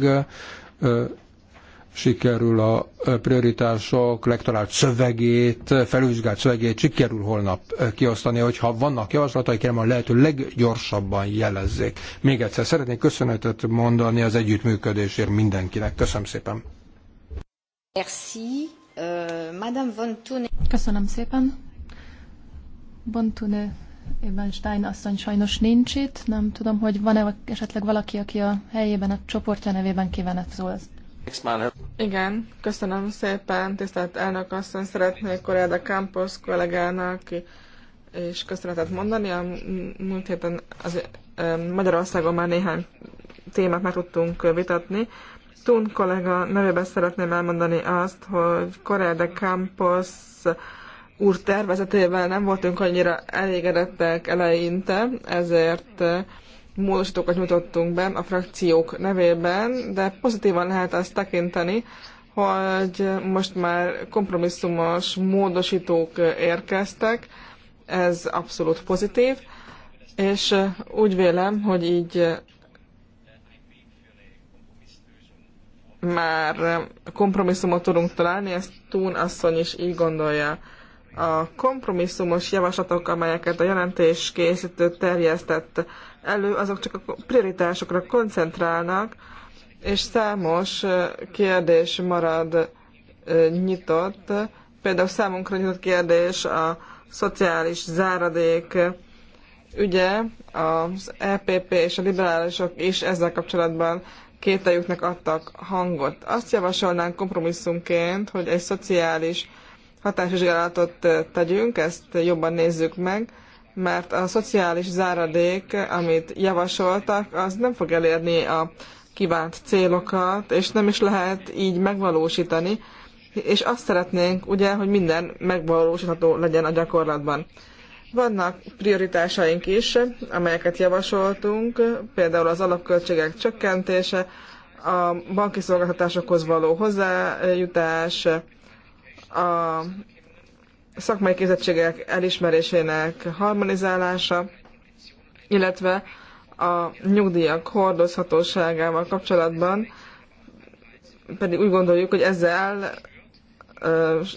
sikerül a prioritások legtalált szövegét, felvizsgált szövegét sikerül holnap kiosztani, hogyha vannak javaslatai, kérem a lehető leggyorsabban jelezzék. Még egyszer szeretnék köszönetet mondani az együttműködésért mindenkinek. Köszönöm szépen. Merci. Euh, Madame von Thune. Köszönöm szépen. Von Thune Ebenstein asszony sajnos nincs itt. Nem tudom, hogy van-e esetleg valaki, aki a helyében, a csoportja nevében kívánat szól. Igen, köszönöm szépen, tisztelt elnök asszony, szeretnék Koreada Campos kollégának és köszönetet mondani. A múlt héten az, Magyarországon már néhány témát meg tudtunk vitatni. Stone kollega nevében szeretném elmondani azt, hogy Corel de Campos úr tervezetével nem voltunk annyira elégedettek eleinte, ezért módosítókat nyújtottunk be a frakciók nevében, de pozitívan lehet azt tekinteni, hogy most már kompromisszumos módosítók érkeztek, ez abszolút pozitív, és úgy vélem, hogy így már kompromisszumot tudunk találni, ezt Tún asszony is így gondolja. A kompromisszumos javaslatok, amelyeket a jelentés készítő terjesztett elő, azok csak a prioritásokra koncentrálnak, és számos kérdés marad nyitott. Például számunkra nyitott kérdés a szociális záradék ügye, az EPP és a liberálisok is ezzel kapcsolatban kételjüknek adtak hangot. Azt javasolnánk kompromisszumként, hogy egy szociális hatásvizsgálatot tegyünk, ezt jobban nézzük meg, mert a szociális záradék, amit javasoltak, az nem fog elérni a kívánt célokat, és nem is lehet így megvalósítani, és azt szeretnénk ugye, hogy minden megvalósítható legyen a gyakorlatban. Vannak prioritásaink is, amelyeket javasoltunk, például az alapköltségek csökkentése, a banki szolgáltatásokhoz való hozzájutás, a szakmai képzettségek elismerésének harmonizálása, illetve a nyugdíjak hordozhatóságával kapcsolatban pedig úgy gondoljuk, hogy ezzel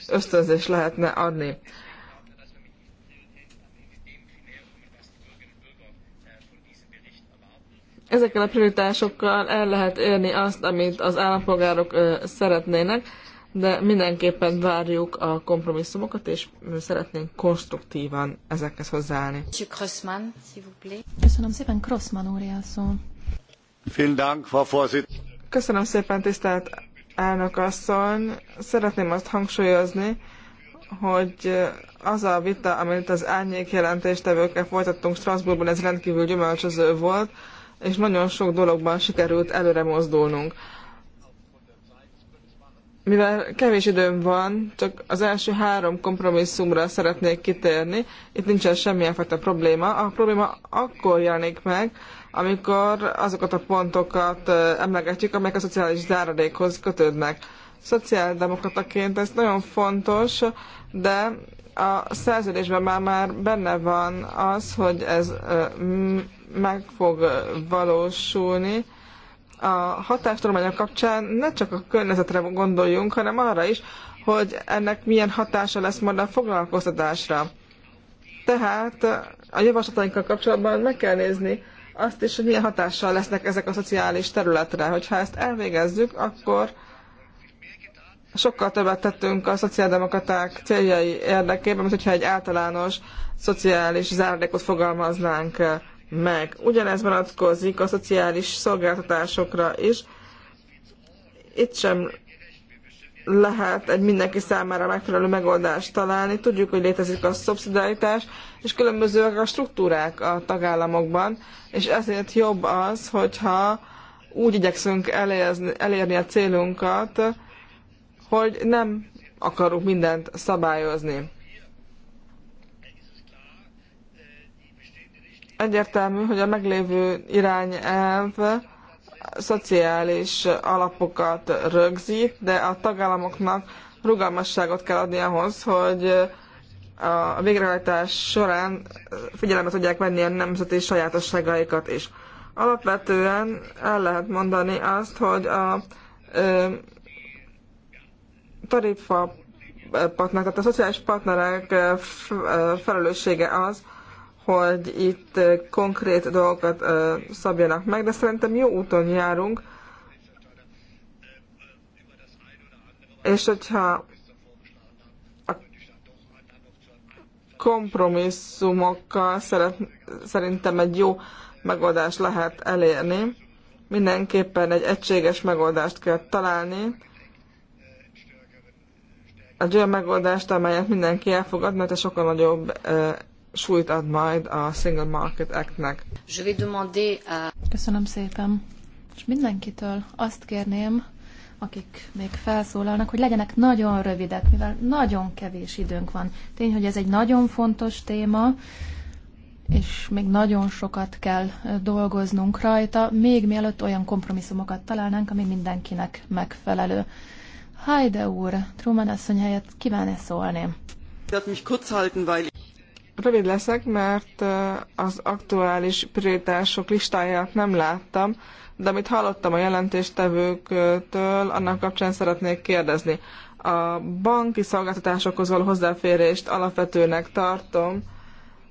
ösztönzés lehetne adni. Ezekkel a prioritásokkal el lehet érni azt, amit az állampolgárok szeretnének, de mindenképpen várjuk a kompromisszumokat, és szeretnénk konstruktívan ezekhez hozzáállni. Köszönöm szépen, Crossman úr Köszönöm szépen, tisztelt elnök asszony. Szeretném azt hangsúlyozni, hogy az a vita, amit az árnyék jelentéstevőkkel folytattunk Strasbourgban, ez rendkívül gyümölcsöző volt, és nagyon sok dologban sikerült előre mozdulnunk. Mivel kevés időm van, csak az első három kompromisszumra szeretnék kitérni, itt nincsen semmilyen fajta probléma. A probléma akkor jelenik meg, amikor azokat a pontokat emlegetjük, amelyek a szociális záradékhoz kötődnek szociáldemokrataként ez nagyon fontos, de a szerződésben már, már benne van az, hogy ez meg fog valósulni. A hatástudományok kapcsán ne csak a környezetre gondoljunk, hanem arra is, hogy ennek milyen hatása lesz majd a foglalkoztatásra. Tehát a javaslatainkkal kapcsolatban meg kell nézni azt is, hogy milyen hatással lesznek ezek a szociális területre. Hogyha ezt elvégezzük, akkor sokkal többet tettünk a szociáldemokraták céljai érdekében, mint hogyha egy általános szociális zárdékot fogalmaznánk meg. Ugyanez vonatkozik a szociális szolgáltatásokra is. Itt sem lehet egy mindenki számára megfelelő megoldást találni. Tudjuk, hogy létezik a szubszidiaritás, és különbözőek a struktúrák a tagállamokban, és ezért jobb az, hogyha úgy igyekszünk elérni, elérni a célunkat, hogy nem akarunk mindent szabályozni. Egyértelmű, hogy a meglévő irányelv szociális alapokat rögzít, de a tagállamoknak rugalmasságot kell adni ahhoz, hogy a végrehajtás során figyelembe tudják venni a nemzeti sajátosságaikat is. Alapvetően el lehet mondani azt, hogy a tarifa partner, tehát a szociális partnerek eh, eh, felelőssége az, hogy itt eh, konkrét dolgokat szabjanak meg, de szerintem jó úton járunk, és hogyha a kompromisszumokkal szeret, szerintem egy jó megoldást lehet elérni, mindenképpen egy egységes megoldást kell találni, egy olyan megoldást, amelyet mindenki elfogad, mert ez sokkal nagyobb súlyt ad majd a Single Market Act-nek. Köszönöm szépen. És mindenkitől azt kérném, akik még felszólalnak, hogy legyenek nagyon rövidek, mivel nagyon kevés időnk van. Tény, hogy ez egy nagyon fontos téma, és még nagyon sokat kell dolgoznunk rajta, még mielőtt olyan kompromisszumokat találnánk, ami mindenkinek megfelelő. Hajde úr, Truman asszony helyett kíván-e szólni? Rövid leszek, mert eh, az aktuális prioritások listáját nem láttam, de amit hallottam a jelentéstevőktől, annak kapcsán szeretnék kérdezni. A banki szolgáltatásokhoz való hozzáférést alapvetőnek tartom,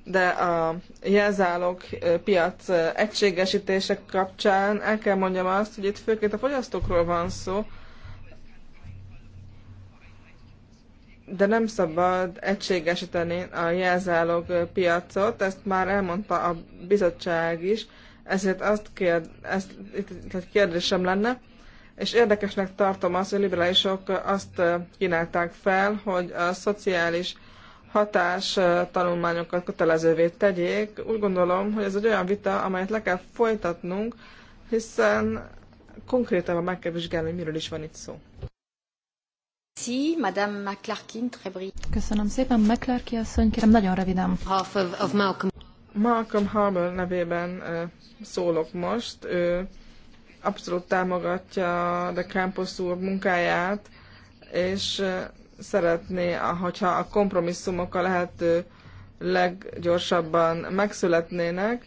de a jelzálók eh, piac eh, egységesítések kapcsán el kell mondjam azt, hogy itt főként a fogyasztókról van szó, de nem szabad egységesíteni a jelzálog piacot, ezt már elmondta a bizottság is, ezért azt kérd, ezt, itt egy kérdésem lenne, és érdekesnek tartom azt, hogy a liberálisok azt kínálták fel, hogy a szociális hatás tanulmányokat kötelezővé tegyék. Úgy gondolom, hogy ez egy olyan vita, amelyet le kell folytatnunk, hiszen konkrétan meg kell vizsgálni, hogy miről is van itt szó. Madame McClarkin, très brief. Köszönöm szépen, McClarkin asszony, kérem nagyon röviden. Half of, of Malcolm. Malcolm Harbour nevében szólok most. Ő abszolút támogatja de Campos úr munkáját, és szeretné, hogyha a kompromisszumok a lehető leggyorsabban megszületnének,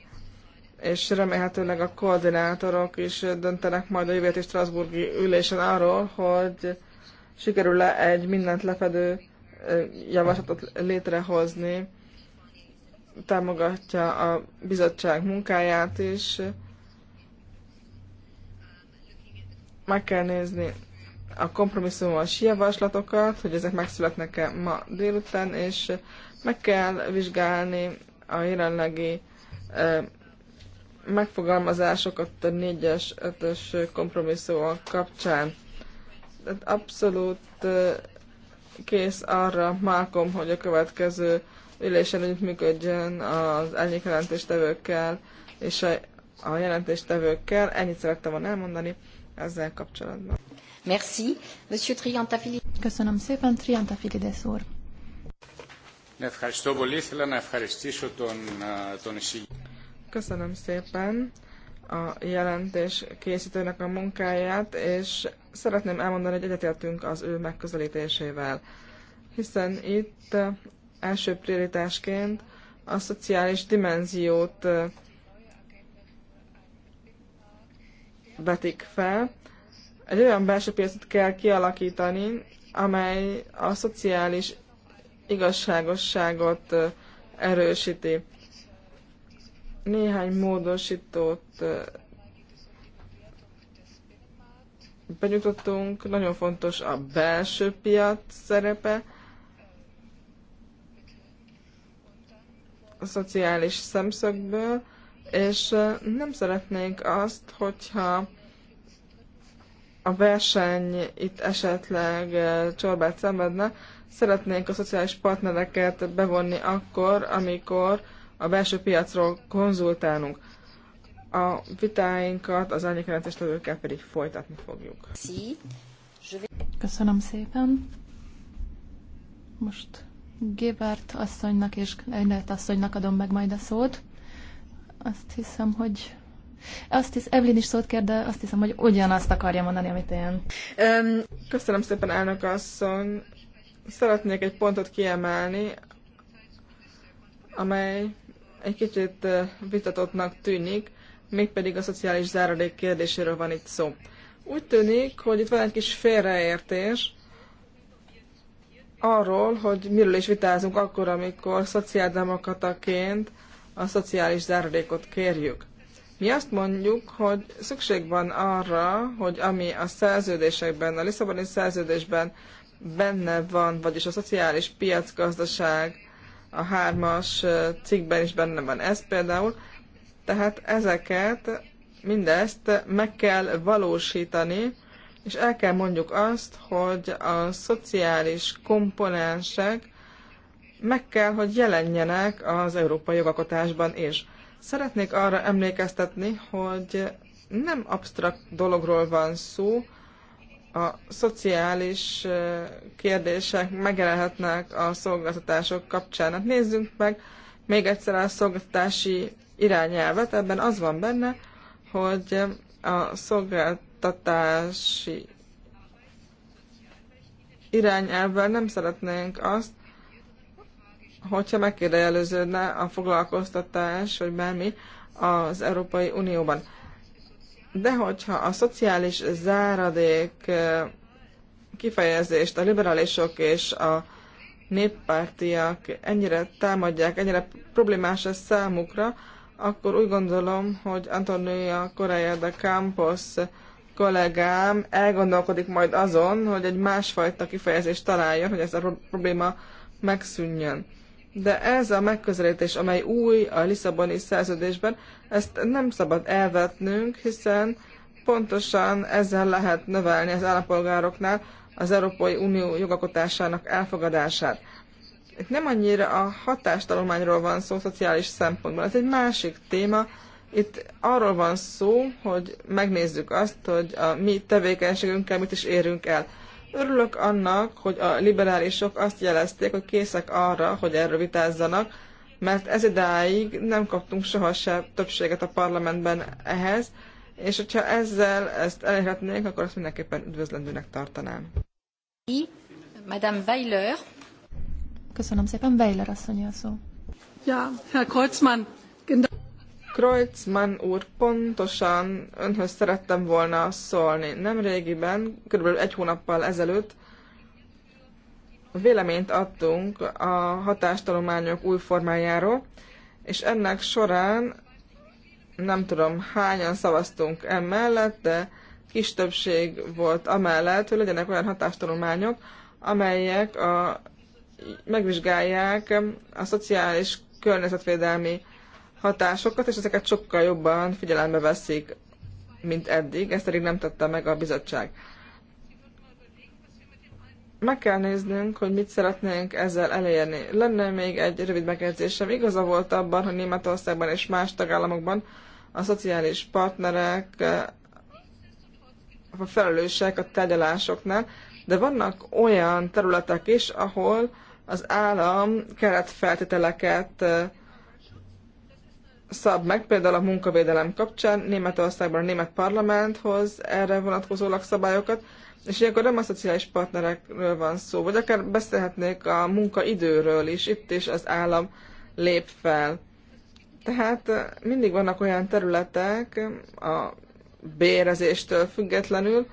és remélhetőleg a koordinátorok is döntenek majd a jövő Strasburgi ülésen arról, hogy sikerül-e egy mindent lefedő javaslatot létrehozni, támogatja a bizottság munkáját is. Meg kell nézni a kompromisszumos javaslatokat, hogy ezek megszületnek-e ma délután, és meg kell vizsgálni a jelenlegi megfogalmazásokat a 4-es, 5-ös kompromisszumok kapcsán abszolút kész arra Malcolm, hogy a következő ülésen úgy működjön az elnyék jelentéstevőkkel és a, a jelentéstevőkkel. Ennyit szerettem volna elmondani ezzel kapcsolatban. Merci. Monsieur Triantafili. Köszönöm szépen, Triantafilides úr. Köszönöm szépen a jelentés készítőnek a munkáját, és szeretném elmondani, hogy egyetértünk az ő megközelítésével, hiszen itt első prioritásként a szociális dimenziót vetik fel. Egy olyan belső piacot kell kialakítani, amely a szociális igazságosságot erősíti. Néhány módosítót benyújtottunk, nagyon fontos a belső piac szerepe, a szociális szemszögből, és nem szeretnénk azt, hogyha a verseny itt esetleg csorbát szenvedne, szeretnénk a szociális partnereket bevonni akkor, amikor a belső piacról konzultálnunk. A vitáinkat az árnyékelentéstevőkkel pedig folytatni fogjuk. Köszönöm szépen. Most Gébert asszonynak és Legnert asszonynak adom meg majd a szót. Azt hiszem, hogy azt hisz, Evelyn is szót kér, de azt hiszem, hogy ugyanazt akarja mondani, amit én. Köszönöm szépen, elnök asszony. Szeretnék egy pontot kiemelni, amely egy kicsit vitatottnak tűnik, mégpedig a szociális záradék kérdéséről van itt szó. Úgy tűnik, hogy itt van egy kis félreértés arról, hogy miről is vitázunk akkor, amikor szociáldemokrataként a szociális záradékot kérjük. Mi azt mondjuk, hogy szükség van arra, hogy ami a szerződésekben, a Lisszaboni szerződésben benne van, vagyis a szociális piacgazdaság a hármas cikkben is benne van ez például. Tehát ezeket, mindezt meg kell valósítani, és el kell mondjuk azt, hogy a szociális komponensek meg kell, hogy jelenjenek az európai jogalkotásban is. Szeretnék arra emlékeztetni, hogy nem absztrakt dologról van szó, a szociális kérdések megjelenhetnek a szolgáltatások kapcsán. Hát nézzünk meg még egyszer a szolgáltatási irányelvet. Ebben az van benne, hogy a szolgáltatási irányelvvel nem szeretnénk azt, hogyha megkérdőjeleződne a foglalkoztatás, vagy bármi az Európai Unióban. De hogyha a szociális záradék kifejezést a liberálisok és a néppártiak ennyire támadják, ennyire problémás ez számukra, akkor úgy gondolom, hogy Antonia Correa de Campos kollégám elgondolkodik majd azon, hogy egy másfajta kifejezést találjon, hogy ez a probléma megszűnjön de ez a megközelítés, amely új a Lisszaboni szerződésben, ezt nem szabad elvetnünk, hiszen pontosan ezzel lehet növelni az állampolgároknál az Európai Unió jogakotásának elfogadását. Itt nem annyira a hatástalományról van szó szociális szempontból, ez egy másik téma. Itt arról van szó, hogy megnézzük azt, hogy a mi tevékenységünkkel mit is érünk el. Örülök annak, hogy a liberálisok azt jelezték, hogy készek arra, hogy erről vitázzanak, mert ez idáig nem kaptunk sohasem többséget a parlamentben ehhez, és hogyha ezzel ezt elérhetnénk, akkor azt mindenképpen üdvözlendőnek tartanám. Madame Weiler. Köszönöm szépen, Weiler asszony a szó. Ja, Herr Kreuzmann. Kreutzmann úr, pontosan önhöz szerettem volna szólni. Nem régiben, körülbelül egy hónappal ezelőtt véleményt adtunk a hatástalományok új formájáról, és ennek során nem tudom hányan szavaztunk emellett, de kis többség volt amellett, hogy legyenek olyan hatástalományok, amelyek a, megvizsgálják a szociális környezetvédelmi hatásokat, és ezeket sokkal jobban figyelembe veszik, mint eddig. Ezt pedig nem tette meg a bizottság. Meg kell néznünk, hogy mit szeretnénk ezzel elérni. Lenne még egy rövid megjegyzésem. Igaza volt abban, hogy Németországban és más tagállamokban a szociális partnerek a eh, felelősek a tárgyalásoknál, de vannak olyan területek is, ahol az állam keretfeltételeket eh, szab meg, például a munkavédelem kapcsán Németországban a német parlament hoz erre vonatkozólag szabályokat, és ilyenkor nem a szociális partnerekről van szó, vagy akár beszélhetnék a munkaidőről is, itt is az állam lép fel. Tehát eh, mindig vannak olyan területek eh, a bérezéstől függetlenül,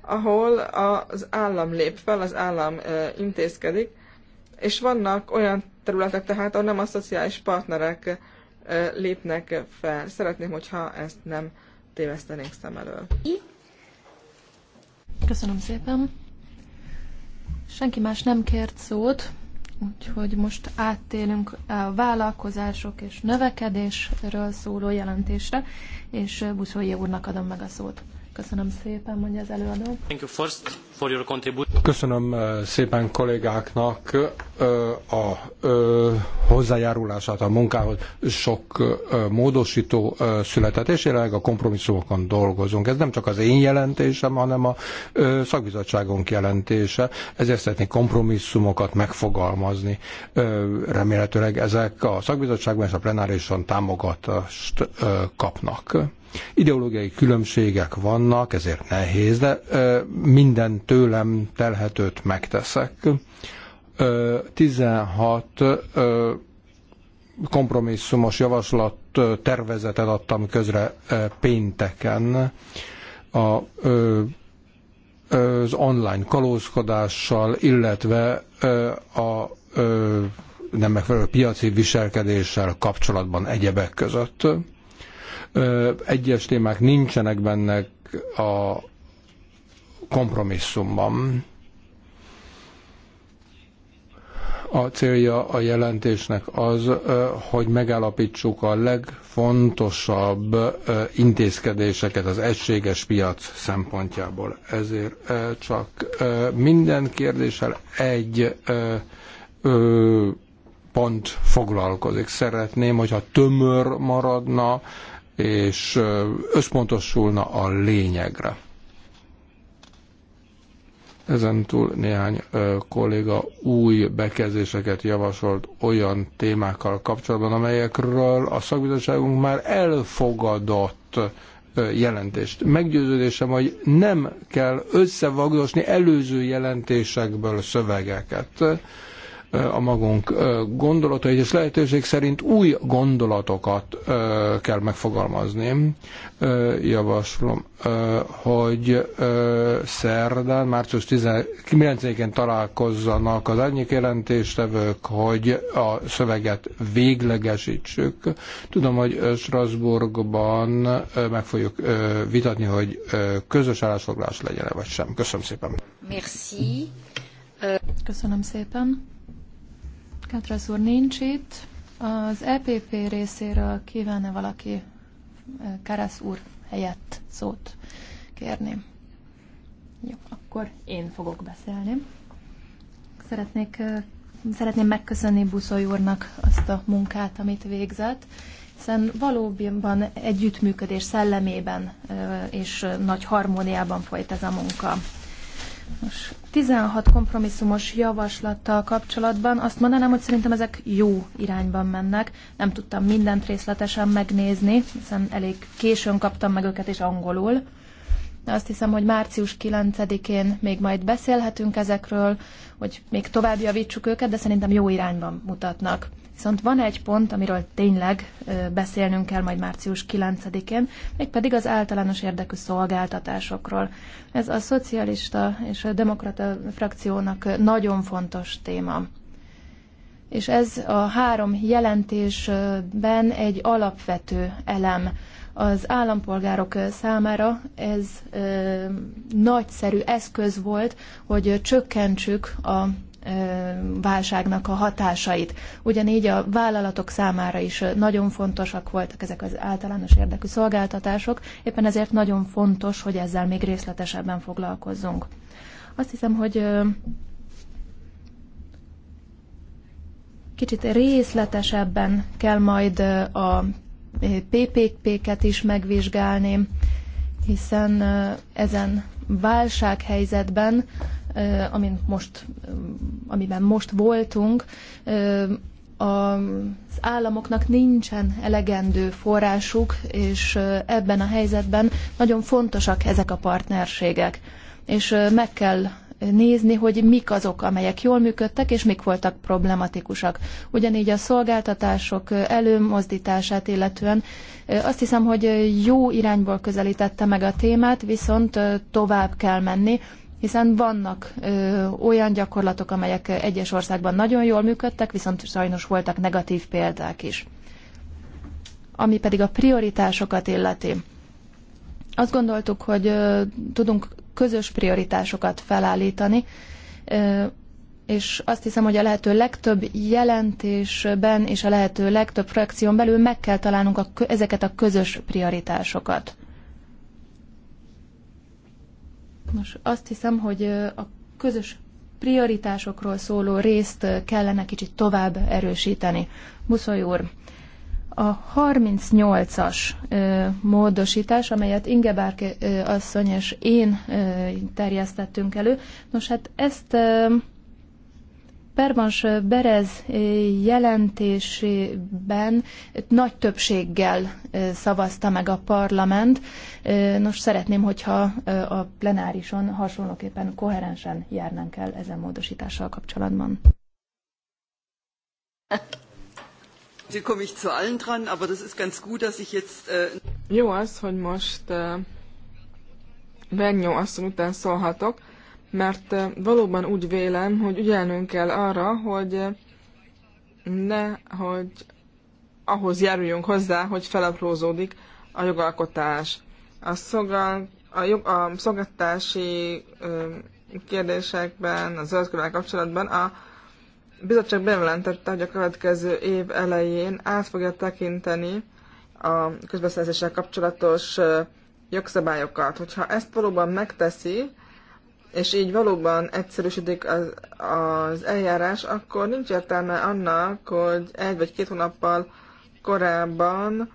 ahol az állam lép fel, az állam eh, intézkedik, és vannak olyan területek tehát, ahol nem a szociális partnerek lépnek fel. Szeretném, hogyha ezt nem tévesztenénk szem elől. Köszönöm szépen. Senki más nem kért szót, úgyhogy most áttélünk a vállalkozások és növekedésről szóló jelentésre, és Buszolja úrnak adom meg a szót. Köszönöm szépen, mondja az előadó. Köszönöm eh, szépen kollégáknak eh, a eh, hozzájárulását a munkához. Sok módosító született, és jelenleg a kompromisszumokon dolgozunk. Ez nem csak az én jelentésem, hanem a szakbizottságunk jelentése. Ezért szeretnék kompromisszumokat megfogalmazni. Remélhetőleg ezek a szakbizottságban és a plenárison támogatást kapnak. Ideológiai különbségek vannak, ezért nehéz, de minden tőlem telhetőt megteszek. 16 kompromisszumos javaslat tervezetet adtam közre pénteken a, az online kalózkodással, illetve a nem megfelelő piaci viselkedéssel kapcsolatban egyebek között egyes témák nincsenek benne a kompromisszumban. A célja a jelentésnek az, hogy megállapítsuk a legfontosabb intézkedéseket az egységes piac szempontjából. Ezért csak minden kérdéssel egy pont foglalkozik. Szeretném, hogyha tömör maradna, és összpontosulna a lényegre. Ezen túl néhány ö, kolléga új bekezdéseket javasolt olyan témákkal kapcsolatban, amelyekről a szakbizottságunk már elfogadott ö, jelentést. Meggyőződésem, hogy nem kell összevagdosni előző jelentésekből szövegeket a magunk gondolatai és lehetőség szerint új gondolatokat kell megfogalmazni. Javaslom, hogy szerdán, március 19-én találkozzanak az árnyék jelentéstevők, hogy a szöveget véglegesítsük. Tudom, hogy Strasbourgban meg fogjuk vitatni, hogy közös állásfoglalás legyen-e vagy sem. Köszönöm szépen. Merci. Köszönöm szépen. Kátrász úr nincs itt. Az EPP részéről kívánne valaki eh, Kárász úr helyett szót kérni? Jó, akkor én fogok beszélni. Szeretnék, eh, szeretném megköszönni Buszoly úrnak azt a munkát, amit végzett, hiszen valóban együttműködés szellemében eh, és nagy harmóniában folyt ez a munka. Most 16 kompromisszumos javaslattal kapcsolatban azt mondanám, hogy szerintem ezek jó irányban mennek. Nem tudtam mindent részletesen megnézni, hiszen elég későn kaptam meg őket, és angolul. De azt hiszem, hogy március 9-én még majd beszélhetünk ezekről, hogy még tovább javítsuk őket, de szerintem jó irányban mutatnak. Viszont van egy pont, amiről tényleg beszélnünk kell majd március 9-én, mégpedig az általános érdekű szolgáltatásokról. Ez a szocialista és a demokrata frakciónak nagyon fontos téma. És ez a három jelentésben egy alapvető elem. Az állampolgárok számára ez ö, nagyszerű eszköz volt, hogy csökkentsük a válságnak a hatásait. Ugyanígy a vállalatok számára is nagyon fontosak voltak ezek az általános érdekű szolgáltatások, éppen ezért nagyon fontos, hogy ezzel még részletesebben foglalkozzunk. Azt hiszem, hogy kicsit részletesebben kell majd a PPP-ket is megvizsgálni, hiszen ezen válsághelyzetben amin most, amiben most voltunk, az államoknak nincsen elegendő forrásuk, és ebben a helyzetben nagyon fontosak ezek a partnerségek. És meg kell nézni, hogy mik azok, amelyek jól működtek, és mik voltak problematikusak. Ugyanígy a szolgáltatások előmozdítását illetően azt hiszem, hogy jó irányból közelítette meg a témát, viszont tovább kell menni, hiszen vannak ö, olyan gyakorlatok, amelyek egyes országban nagyon jól működtek, viszont sajnos voltak negatív példák is. Ami pedig a prioritásokat illeti. Azt gondoltuk, hogy ö, tudunk közös prioritásokat felállítani, ö, és azt hiszem, hogy a lehető legtöbb jelentésben és a lehető legtöbb frakción belül meg kell találnunk a, ezeket a közös prioritásokat. Nos, azt hiszem, hogy a közös prioritásokról szóló részt kellene kicsit tovább erősíteni. Buszoly úr, a 38-as módosítás, amelyet Ingebárk asszony és én terjesztettünk elő, nos hát ezt Pervans Berez jelentésében nagy többséggel szavazta meg a parlament. Nos, szeretném, hogyha a plenárison hasonlóképpen koherensen járnánk el ezen módosítással kapcsolatban. Äh, Jó az, hogy most Vernyó asszony után szólhatok, mert eh, valóban úgy vélem, hogy ügyelnünk kell arra, hogy eh, ne, hogy ahhoz járuljunk hozzá, hogy felaprózódik a jogalkotás. A, szolgál, a, jog, a szolgáltási kérdésekben, a zöldkövel kapcsolatban a bizottság bejelentette, hogy a következő év elején át fogja tekinteni a közbeszerzéssel kapcsolatos jogszabályokat. Hogyha ezt valóban megteszi, és így valóban egyszerűsödik az, az eljárás, akkor nincs értelme annak, hogy egy vagy két hónappal korábban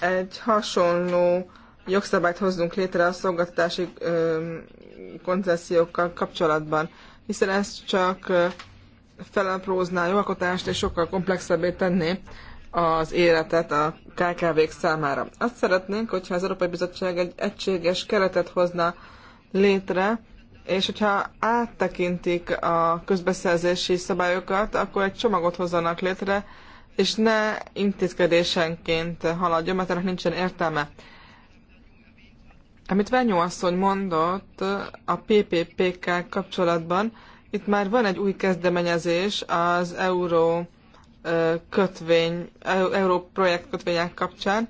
egy hasonló jogszabályt hozzunk létre a szolgáltatási koncesziókkal kapcsolatban, hiszen ez csak felaprózná jogalkotást és sokkal komplexebbé tenné az életet a KKV-k számára. Azt szeretnénk, hogyha az Európai Bizottság egy egységes keretet hozna létre, és hogyha áttekintik a közbeszerzési szabályokat, akkor egy csomagot hozzanak létre, és ne intézkedésenként haladjon, mert ennek nincsen értelme. Amit Venyó asszony mondott a PPPK kapcsolatban, itt már van egy új kezdeményezés az euró kötvény, euró projekt kötvények kapcsán,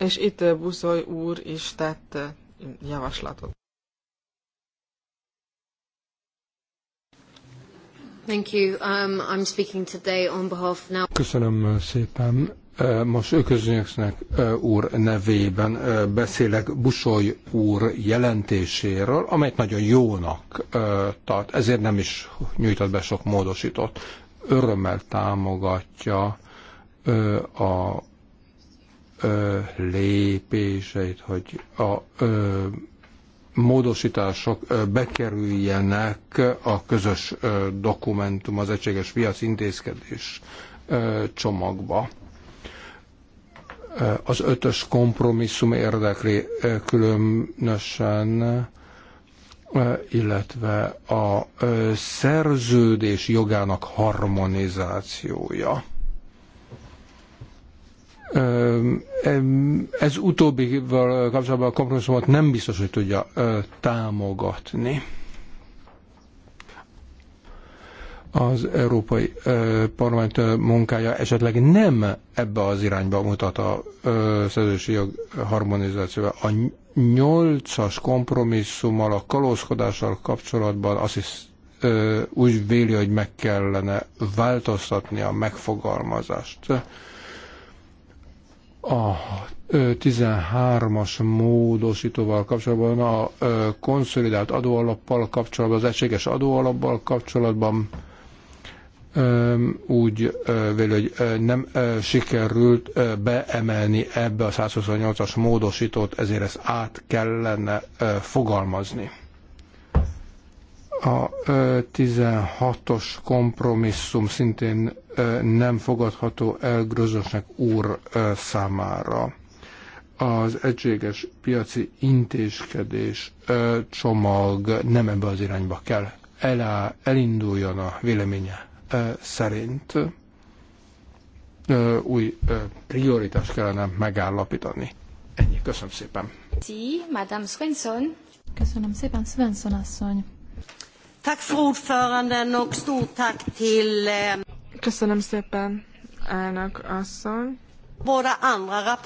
és itt Buszoly úr is tett javaslatot. Thank you. Um, I'm speaking today on behalf now. Köszönöm szépen. E, most Köznyöksznek e, úr nevében e, beszélek Busoly úr jelentéséről, amelyet nagyon jónak tart, ezért nem is nyújtott be sok módosított. Örömmel támogatja a ö, lépéseit, hogy a ö, módosítások ö, bekerüljenek a közös ö, dokumentum, az egységes piac intézkedés ö, csomagba az ötös kompromisszum érdekli különösen, illetve a szerződés jogának harmonizációja. Ez utóbbi kapcsolatban a kompromisszumot nem biztos, hogy tudja támogatni. Az Európai Parlament munkája esetleg nem ebbe az irányba mutat a szerzősi jog harmonizációval. A nyolcas kompromisszummal, a kalózkodással kapcsolatban azt is úgy véli, hogy meg kellene változtatni a megfogalmazást a 13-as módosítóval kapcsolatban, a konszolidált adóalappal kapcsolatban, az egységes adóalappal kapcsolatban úgy vél, hogy nem sikerült beemelni ebbe a 128-as módosítót, ezért ezt át kellene fogalmazni. A 16-os kompromisszum szintén nem fogadható el Grözösnek úr számára. Az egységes piaci intézkedés csomag nem ebbe az irányba kell elá, elinduljon a véleménye szerint. Új prioritást kellene megállapítani. Ennyi, köszönöm szépen. Madame Swenson. Köszönöm szépen, Svensson asszony. Tack för ordföranden och stort tack till... Eh, Köszönöm szépen, elnök asszony. andra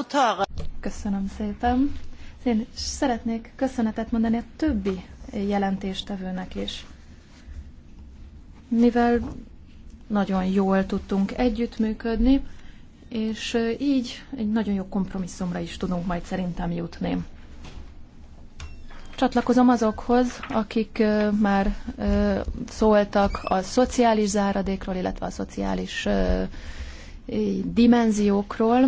Köszönöm szépen. Én szeretnék köszönetet mondani a többi jelentéstevőnek is. Mivel nagyon jól tudtunk együttműködni, és eh, így egy nagyon jó kompromisszumra is tudunk majd szerintem jutni. Csatlakozom azokhoz, akik már szóltak a szociális záradékról, illetve a szociális dimenziókról.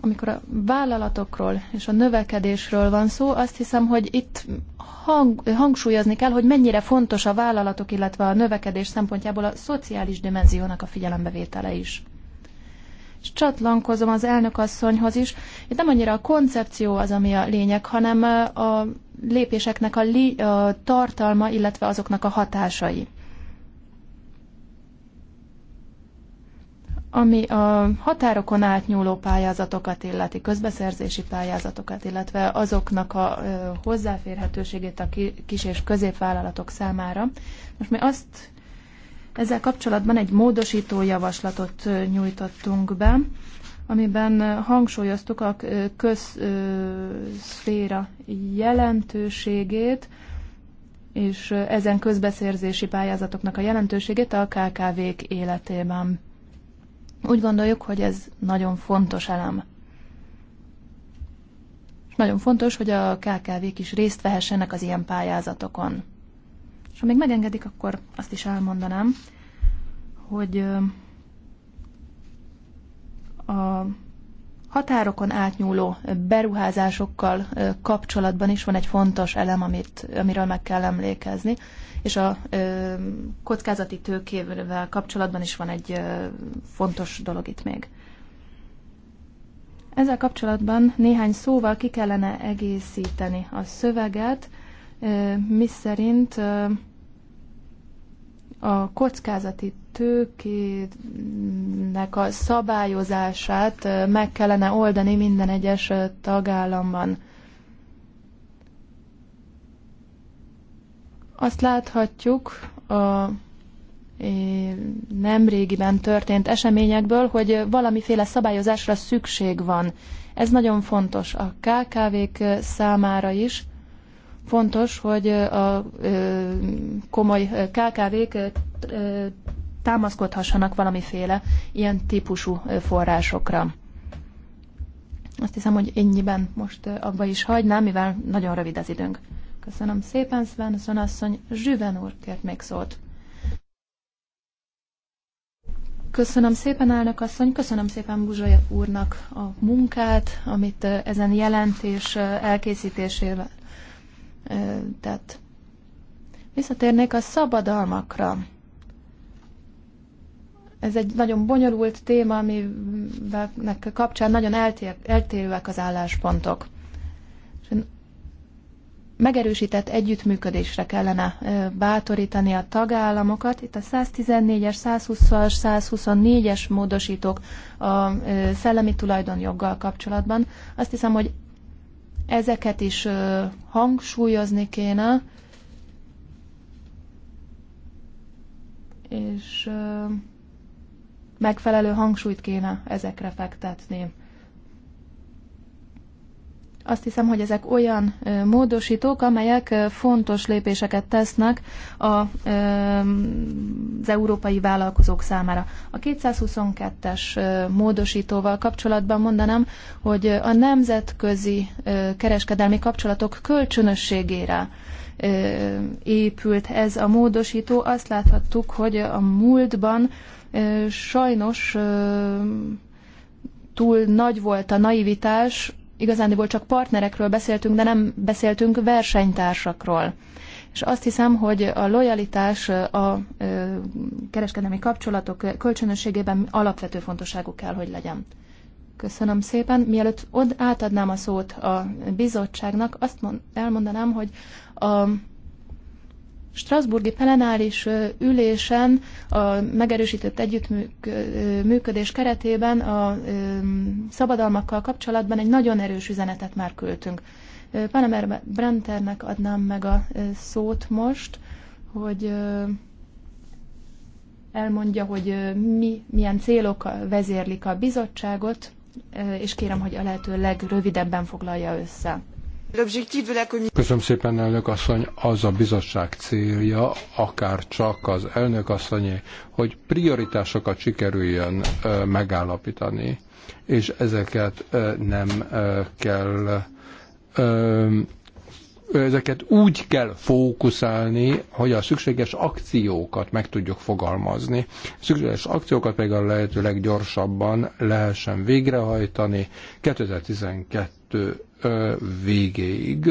Amikor a vállalatokról és a növekedésről van szó, azt hiszem, hogy itt hang, hangsúlyozni kell, hogy mennyire fontos a vállalatok, illetve a növekedés szempontjából a szociális dimenziónak a figyelembevétele is és csatlankozom az elnökasszonyhoz is. Itt nem annyira a koncepció az, ami a lényeg, hanem a lépéseknek a, li, a tartalma, illetve azoknak a hatásai. Ami a határokon átnyúló pályázatokat illeti, közbeszerzési pályázatokat, illetve azoknak a hozzáférhetőségét a kis és középvállalatok számára. Most mi azt ezzel kapcsolatban egy módosító javaslatot nyújtottunk be, amiben hangsúlyoztuk a közszféra jelentőségét, és ezen közbeszerzési pályázatoknak a jelentőségét a KKV-k életében. Úgy gondoljuk, hogy ez nagyon fontos elem. És nagyon fontos, hogy a KKV-k is részt vehessenek az ilyen pályázatokon. És ha még megengedik, akkor azt is elmondanám, hogy a határokon átnyúló beruházásokkal kapcsolatban is van egy fontos elem, amit, amiről meg kell emlékezni, és a ö, kockázati tőkével kapcsolatban is van egy ö, fontos dolog itt még. Ezzel kapcsolatban néhány szóval ki kellene egészíteni a szöveget, ö, miszerint a kockázati tőkének a szabályozását meg kellene oldani minden egyes tagállamban. Azt láthatjuk a nemrégiben történt eseményekből, hogy valamiféle szabályozásra szükség van. Ez nagyon fontos a KKV-k számára is, Fontos, hogy a komoly KKV-k támaszkodhassanak valamiféle ilyen típusú forrásokra. Azt hiszem, hogy ennyiben most abba is hagynám, mivel nagyon rövid az időnk. Köszönöm szépen, Svensson asszony. Zsüven úr kért még szót. Köszönöm szépen, elnök asszony, köszönöm szépen Buzsaja úrnak a munkát, amit ezen jelentés elkészítésével tehát visszatérnék a szabadalmakra. Ez egy nagyon bonyolult téma, amivel kapcsán nagyon eltér, eltérőek az álláspontok. Megerősített együttműködésre kellene bátorítani a tagállamokat. Itt a 114-es, 120-as, 124-es módosítók a szellemi tulajdonjoggal kapcsolatban. Azt hiszem, hogy Ezeket is hangsúlyozni kéne, és megfelelő hangsúlyt kéne ezekre fektetni. Azt hiszem, hogy ezek olyan módosítók, amelyek fontos lépéseket tesznek a, az európai vállalkozók számára. A 222-es módosítóval kapcsolatban mondanám, hogy a nemzetközi kereskedelmi kapcsolatok kölcsönösségére épült ez a módosító. Azt láthattuk, hogy a múltban sajnos túl nagy volt a naivitás, igazándiból csak partnerekről beszéltünk, de nem beszéltünk versenytársakról. És azt hiszem, hogy a lojalitás a kereskedelmi kapcsolatok kölcsönösségében alapvető fontosságú kell, hogy legyen. Köszönöm szépen. Mielőtt ott átadnám a szót a bizottságnak, azt elmondanám, hogy a Strasburgi plenáris ülésen a megerősített együttműködés keretében a szabadalmakkal kapcsolatban egy nagyon erős üzenetet már küldtünk. Panamer Brenternek adnám meg a szót most, hogy elmondja, hogy mi, milyen célok vezérlik a bizottságot, és kérem, hogy a lehető legrövidebben foglalja össze. Köszönöm szépen, elnök asszony, az a bizottság célja, akár csak az elnök asszonyé, hogy prioritásokat sikerüljön megállapítani, és ezeket nem kell ezeket úgy kell fókuszálni, hogy a szükséges akciókat meg tudjuk fogalmazni. A szükséges akciókat pedig a lehető leggyorsabban lehessen végrehajtani 2012 végéig.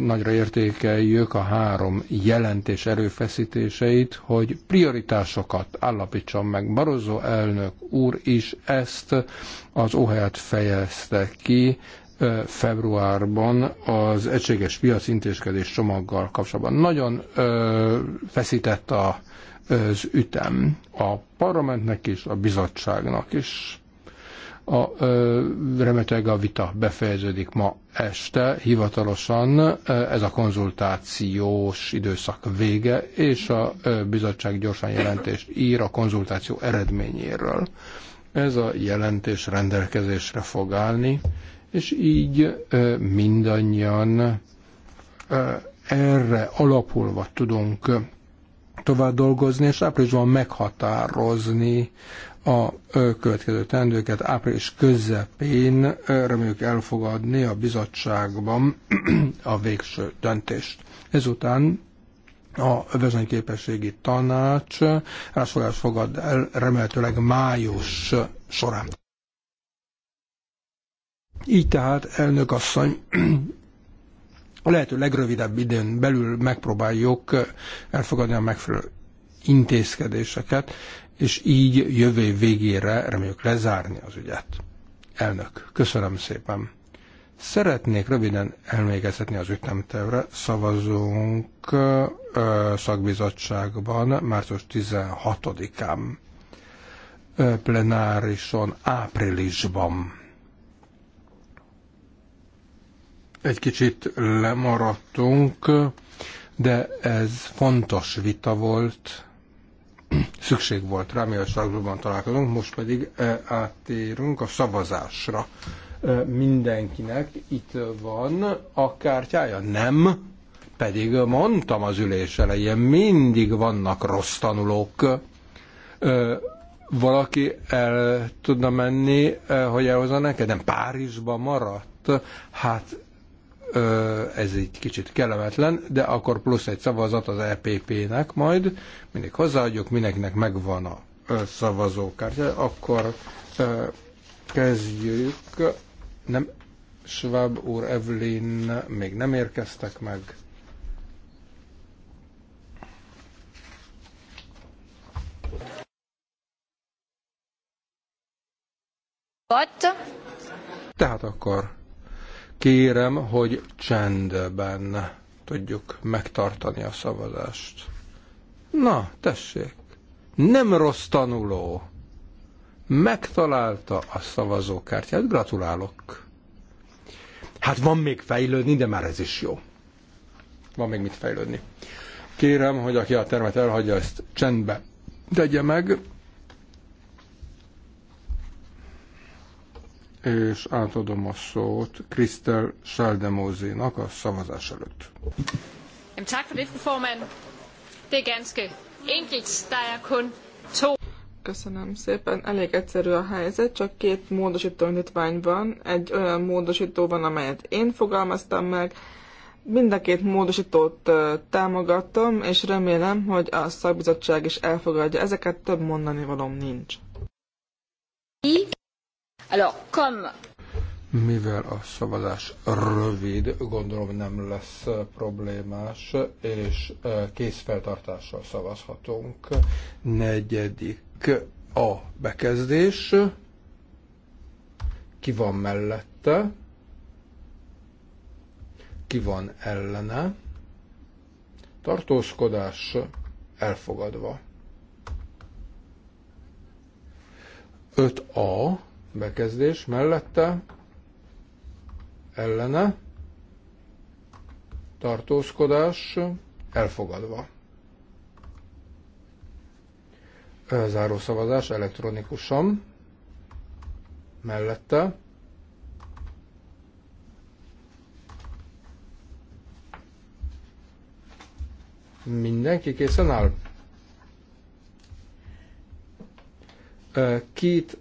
Nagyra értékeljük a három jelentés erőfeszítéseit, hogy prioritásokat állapítson meg. Barozó elnök úr is ezt az OHEAT fejezte ki, februárban az egységes piac intézkedés csomaggal kapcsolatban. Nagyon feszített a, az ütem a parlamentnek is, a bizottságnak is. A, remetőleg a vita befejeződik ma este, hivatalosan ez a konzultációs időszak vége, és a bizottság gyorsan jelentést ír a konzultáció eredményéről. Ez a jelentés rendelkezésre fog állni, és így mindannyian erre alapulva tudunk tovább dolgozni, és áprilisban meghatározni a következő tendőket április közepén reméljük elfogadni a bizottságban a végső döntést. Ezután a versenyképességi tanács rászolás fogad el remélhetőleg május során. Így tehát elnök asszony a lehető legrövidebb időn belül megpróbáljuk elfogadni a megfelelő intézkedéseket, és így jövő év végére reméljük lezárni az ügyet. Elnök, köszönöm szépen. Szeretnék röviden elmégezhetni az ütemtevre. Szavazunk ö, szakbizottságban március 16-án plenárison áprilisban. Egy kicsit lemaradtunk, de ez fontos vita volt, szükség volt rá, mi a Strasbourgban találkozunk, most pedig eh, áttérünk a szavazásra. Eh, mindenkinek itt van a kártyája? Nem, pedig mondtam az ülés elején, mindig vannak rossz tanulók. Eh, valaki el tudna menni, hogy elhozza neked? Nem, Párizsba maradt. Hát ez egy kicsit kellemetlen, de akkor plusz egy szavazat az EPP-nek majd, mindig hozzáadjuk, mindenkinek megvan a szavazókártya, akkor kezdjük. Nem, Schwab úr, Evelyn még nem érkeztek meg. Tehát akkor Kérem, hogy csendben tudjuk megtartani a szavazást. Na, tessék, nem rossz tanuló. Megtalálta a szavazókártyát. Gratulálok. Hát van még fejlődni, de már ez is jó. Van még mit fejlődni. Kérem, hogy aki a termet elhagyja, ezt csendbe tegye meg. és átadom a szót Krisztel Seldemózénak a szavazás előtt. Er ganske er Köszönöm szépen. Elég egyszerű a helyzet, csak két módosító indítvány van. Egy olyan módosító van, amelyet én fogalmaztam meg. Mind a két módosítót támogatom, és remélem, hogy a szakbizottság is elfogadja. Ezeket több mondani valom nincs. Alors, comme... Mivel a szavazás rövid, gondolom nem lesz problémás, és készfeltartással szavazhatunk. Negyedik a bekezdés. Ki van mellette? Ki van ellene? Tartózkodás elfogadva. 5A bekezdés mellette ellene tartózkodás elfogadva. Záró szavazás elektronikusan mellette Mindenki készen áll? Két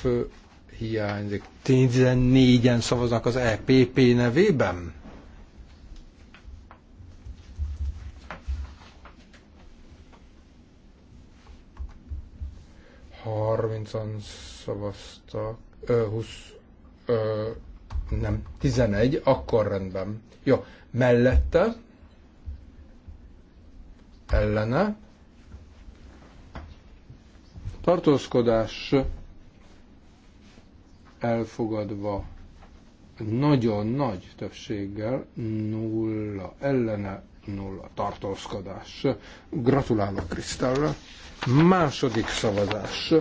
fő hiányzik. 14-en szavaznak az EPP nevében? Harmincan szavaztak, ö, 20, ö, nem, 11, akkor rendben. Jó, mellette, ellene, tartózkodás, elfogadva nagyon nagy többséggel, nulla ellene, nulla tartózkodás. Gratulálok Krisztelre. Második szavazás.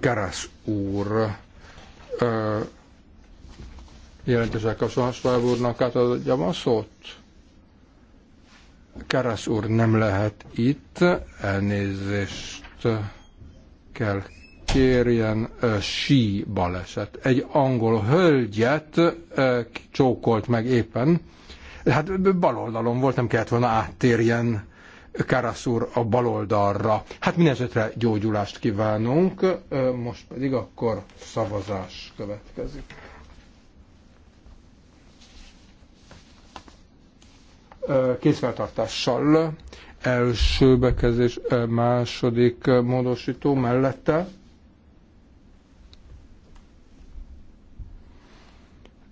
Karász úr jelentősen kapcsolatban Schwab úrnak átadjam a szót. Karasz úr nem lehet itt, elnézést kell kérjen sí baleset. Egy angol hölgyet csókolt meg éppen, hát baloldalon volt, nem kellett volna áttérjen Karasz úr a baloldalra. Hát mindenesetre gyógyulást kívánunk, most pedig akkor szavazás következik. készfeltartással. Első bekezdés, második módosító mellette.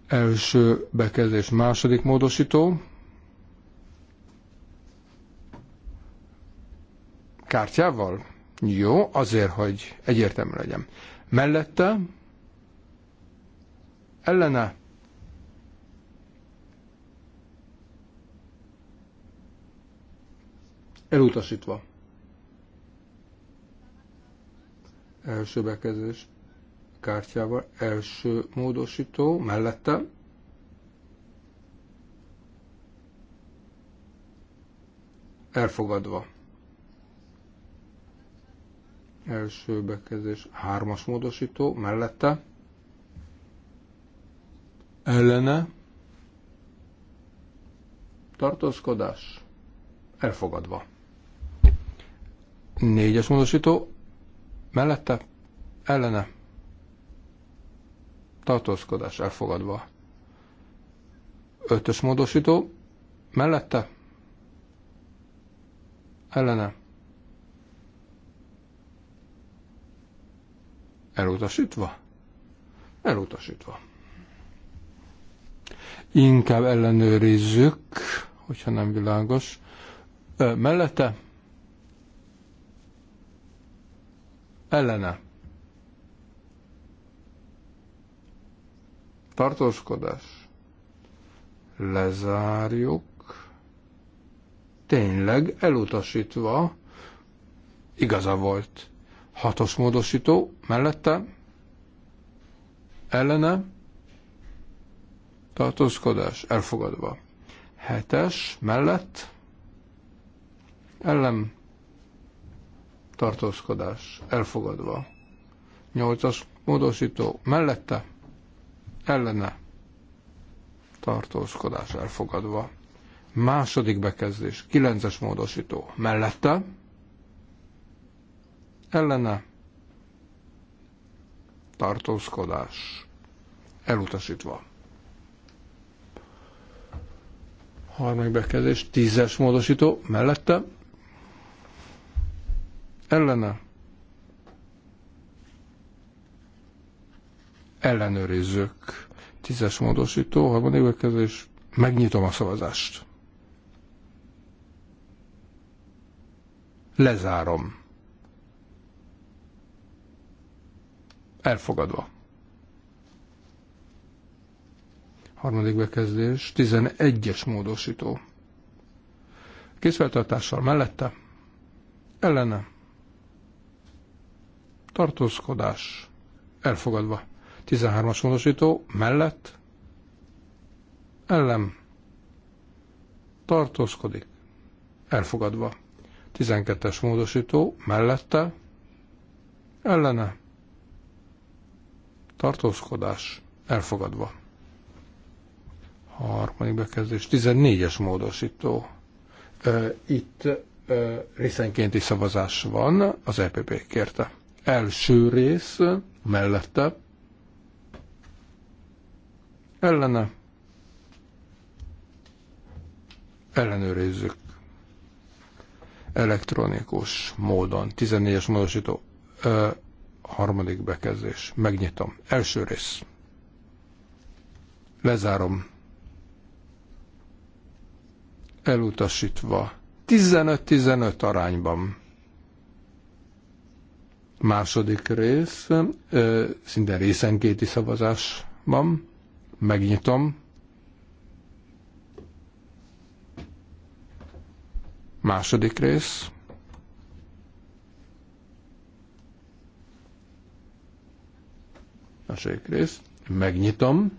Első bekezdés, második módosító. Kártyával? Jó, azért, hogy egyértelmű legyen. Mellette, ellene, Elutasítva. Első bekezdés kártyával, első módosító mellette. Elfogadva. Első bekezdés, hármas módosító mellette. Ellene tartózkodás elfogadva. Négyes módosító mellette ellene tartózkodás elfogadva. Ötös módosító mellette ellene elutasítva? Elutasítva. Inkább ellenőrizzük, hogyha nem világos. Ö, mellette ellene tartózkodás lezárjuk tényleg elutasítva igaza volt hatos módosító mellette ellene tartózkodás elfogadva hetes mellett ellen tartózkodás elfogadva. Nyolcas módosító mellette ellene tartózkodás elfogadva. Második bekezdés, kilences módosító mellette ellene tartózkodás elutasítva. Harmadik bekezdés, tízes módosító mellette ellene ellenőrizzük. Tízes módosító, harmadik következés, megnyitom a szavazást. Lezárom. Elfogadva. Harmadik bekezdés, 11-es módosító. Készfeltartással mellette, ellene, tartózkodás elfogadva. 13-as módosító mellett ellen tartózkodik elfogadva. 12-es módosító mellette ellene tartózkodás elfogadva. Harmadik bekezdés, 14-es módosító. Itt részenkénti szavazás van, az EPP kérte. Első rész mellette ellene ellenőrizzük elektronikus módon. 14-es módosító ö, harmadik bekezdés. Megnyitom. Első rész. Lezárom. Elutasítva. 15-15 arányban. Második rész, szinte részenkéti szavazás van. Megnyitom. Második rész. Második rész. Megnyitom.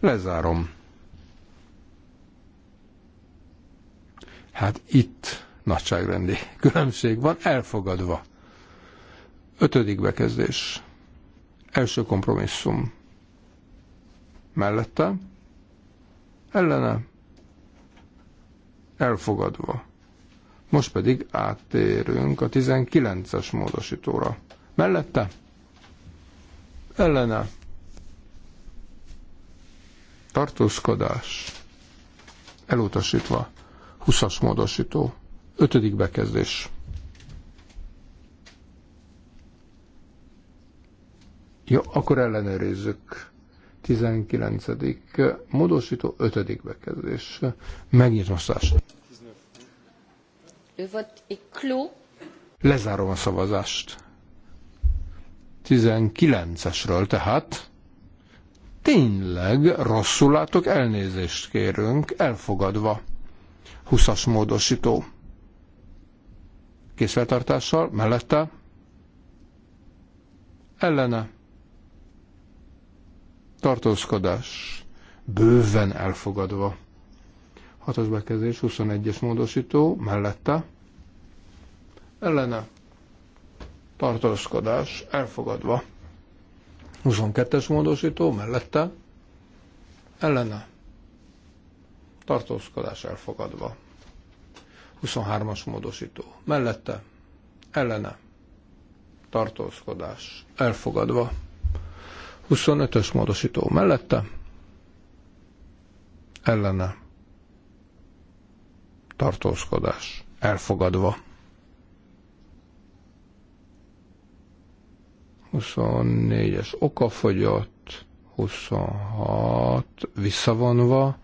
Lezárom. Hát itt nagyságrendi különbség van, elfogadva. Ötödik bekezdés. Első kompromisszum. Mellette. Ellene. Elfogadva. Most pedig áttérünk a 19-es módosítóra. Mellette. Ellene. Tartózkodás. Elutasítva. 20-as módosító Ötödik bekezdés. Jó, akkor ellenőrizzük. 19. módosító 5. bekezdés. Megnyit osztás. Lezárom a szavazást. 19-esről tehát tényleg rosszul látok, elnézést kérünk, elfogadva. 20-as módosító készfeltartással, mellette, ellene, tartózkodás, bőven elfogadva. Hatos bekezdés, 21-es módosító, mellette, ellene, tartózkodás, elfogadva. 22-es módosító, mellette, ellene, tartózkodás elfogadva. 23-as módosító. Mellette ellene tartózkodás elfogadva. 25-ös módosító mellette ellene tartózkodás elfogadva. 24-es okafogyott, 26 visszavonva,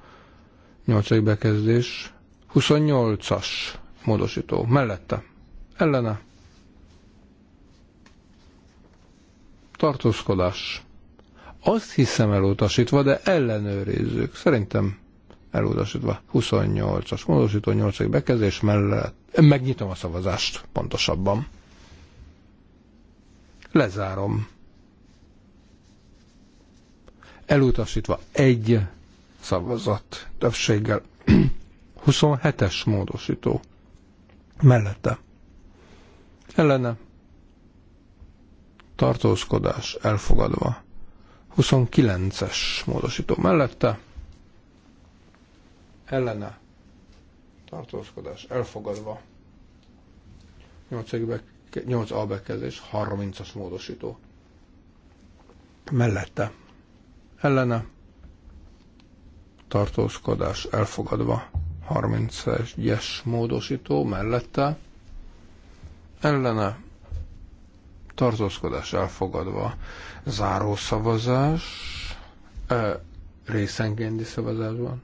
8. bekezdés 28-as módosító mellette. Ellene. Tartózkodás. Azt hiszem elutasítva, de ellenőrizzük. Szerintem elutasítva. 28-as módosító, 8 bekezdés mellett. Megnyitom a szavazást pontosabban. Lezárom. Elutasítva egy szavazat többséggel. 27-es módosító. Mellette. Ellene. Tartózkodás elfogadva. 29-es módosító mellette. Ellene. Tartózkodás elfogadva. 8 bekezdés. 30-as módosító. Mellette. Ellene. Tartózkodás elfogadva. 31-es módosító mellette ellene tartózkodás elfogadva záró szavazás e, részenkénti szavazásban.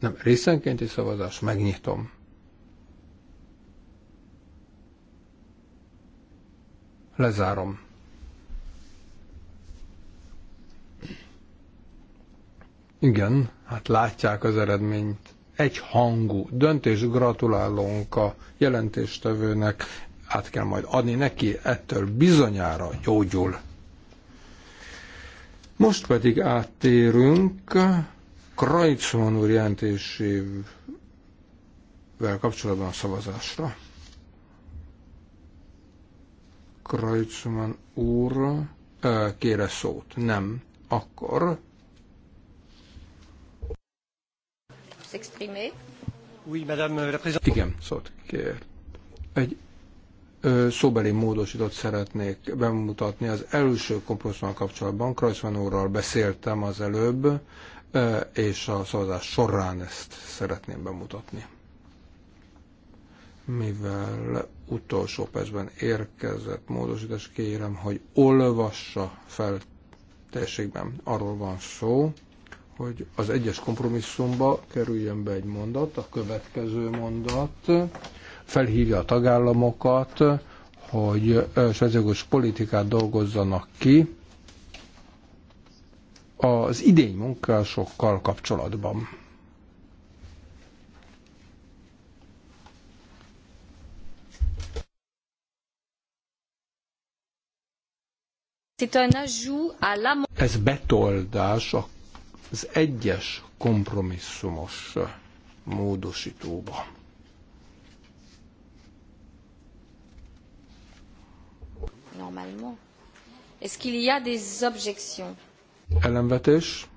Nem, részenkénti szavazás, megnyitom. Lezárom. Igen, hát látják az eredményt egyhangú döntés. Gratulálunk a jelentéstevőnek, át kell majd adni neki, ettől bizonyára gyógyul. Most pedig áttérünk Krajcman úr jelentésével kapcsolatban a szavazásra. Krajcman úr kére szót. Nem. Akkor s'exprimer? Oui, madame la présidente. Igen, szót kér. Egy ö, szóbeli módosítót szeretnék bemutatni. Az első kompromisszummal kapcsolatban Krajszman úrral beszéltem az előbb, ö, és a szavazás során ezt szeretném bemutatni. Mivel utolsó percben érkezett módosítás, kérem, hogy olvassa fel teljességben. Arról van szó, hogy az egyes kompromisszumba kerüljön be egy mondat, a következő mondat felhívja a tagállamokat, hogy stratégikus politikát dolgozzanak ki az idény munkásokkal kapcsolatban. Ez betoldás a az egyes kompromisszumos módosítóba. Normalement. Est-ce qu'il y a des objections? Ellenvetés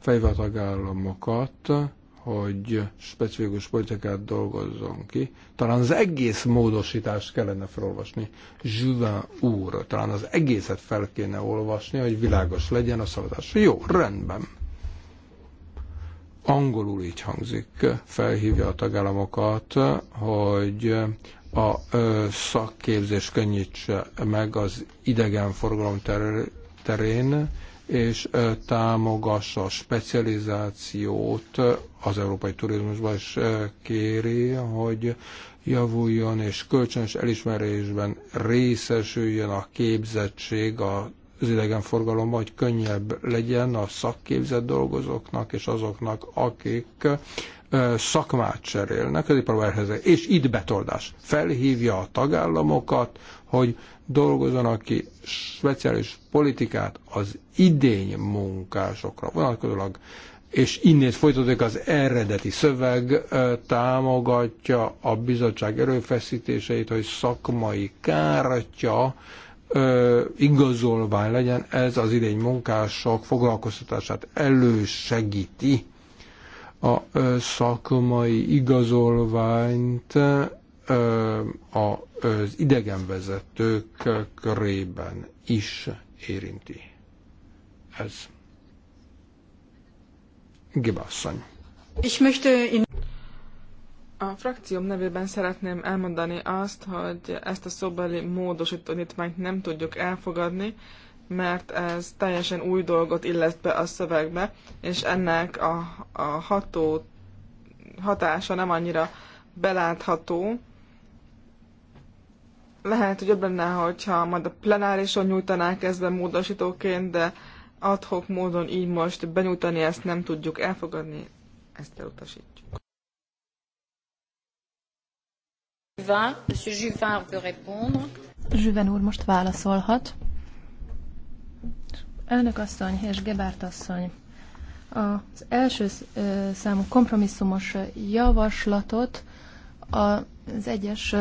fejve a tagállamokat, hogy specifikus politikát dolgozzon ki. Talán az egész módosítást kellene felolvasni. Juvin úr, talán az egészet fel kéne olvasni, hogy világos legyen a szavazás. Jó, rendben angolul így hangzik, felhívja a tagállamokat, hogy a szakképzés könnyítse meg az idegenforgalom terén, és támogassa a specializációt az európai turizmusban, és kéri, hogy javuljon és kölcsönös elismerésben részesüljön a képzettség a az idegenforgalomba, hogy könnyebb legyen a szakképzett dolgozóknak és azoknak, akik szakmát cserélnek az iparvárhelyzet, És itt betoldás. Felhívja a tagállamokat, hogy dolgozanak ki speciális politikát az idény munkásokra vonatkozólag, és innét folytatódik az eredeti szöveg, támogatja a bizottság erőfeszítéseit, hogy szakmai kártya igazolvány legyen, ez az idény munkások foglalkoztatását elősegíti. A szakmai igazolványt az idegenvezetők körében is érinti. Ez. Gibasszony. Ich möchte in a frakcióm nevében szeretném elmondani azt, hogy ezt a szóbeli módosító nem tudjuk elfogadni, mert ez teljesen új dolgot illeszt be a szövegbe, és ennek a, a ható hatása nem annyira belátható. Lehet, hogy jobb lenne, hogyha majd a plenárison nyújtanák ezt be módosítóként, de adhok módon így most benyújtani ezt nem tudjuk elfogadni, ezt elutasít. Juvin, Juvin úr most válaszolhat. Elnök asszony és Gebárt asszony, az első számú kompromisszumos javaslatot az egyes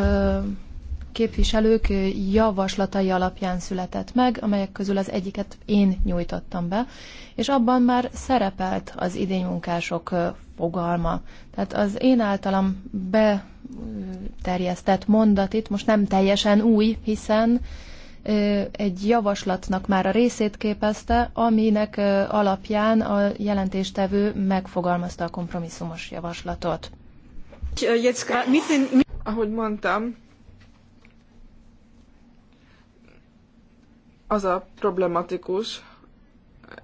képviselők javaslatai alapján született meg, amelyek közül az egyiket én nyújtottam be, és abban már szerepelt az idénymunkások fogalma. Tehát az én általam beterjesztett mondat itt most nem teljesen új, hiszen egy javaslatnak már a részét képezte, aminek alapján a jelentéstevő megfogalmazta a kompromisszumos javaslatot. Ahogy mondtam, az a problematikus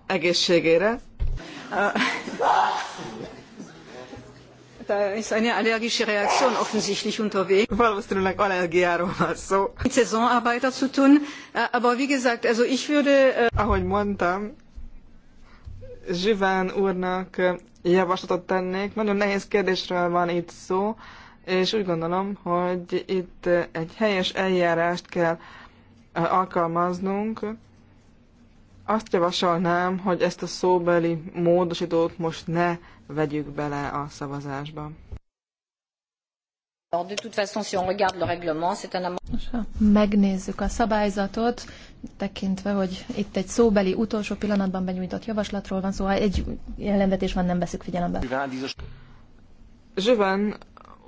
egészségére. Da ist eine allergische Reaktion offensichtlich unterwegs. Valószínűleg allergiáról van szó. Mit Saisonarbeiter zu tun. Äh, aber wie gesagt, also ich würde... Äh, Ahogy mondtam, Zsiván úrnak äh, javaslatot tennék. Nagyon nehéz kérdésről van itt szó, és úgy gondolom, hogy itt egy helyes eljárást kell alkalmaznunk. Azt javasolnám, hogy ezt a szóbeli módosítót most ne vegyük bele a szavazásba. Ha megnézzük a szabályzatot, tekintve, hogy itt egy szóbeli utolsó pillanatban benyújtott javaslatról van szó, szóval egy jelenvetés van, nem veszük figyelembe. Zsivan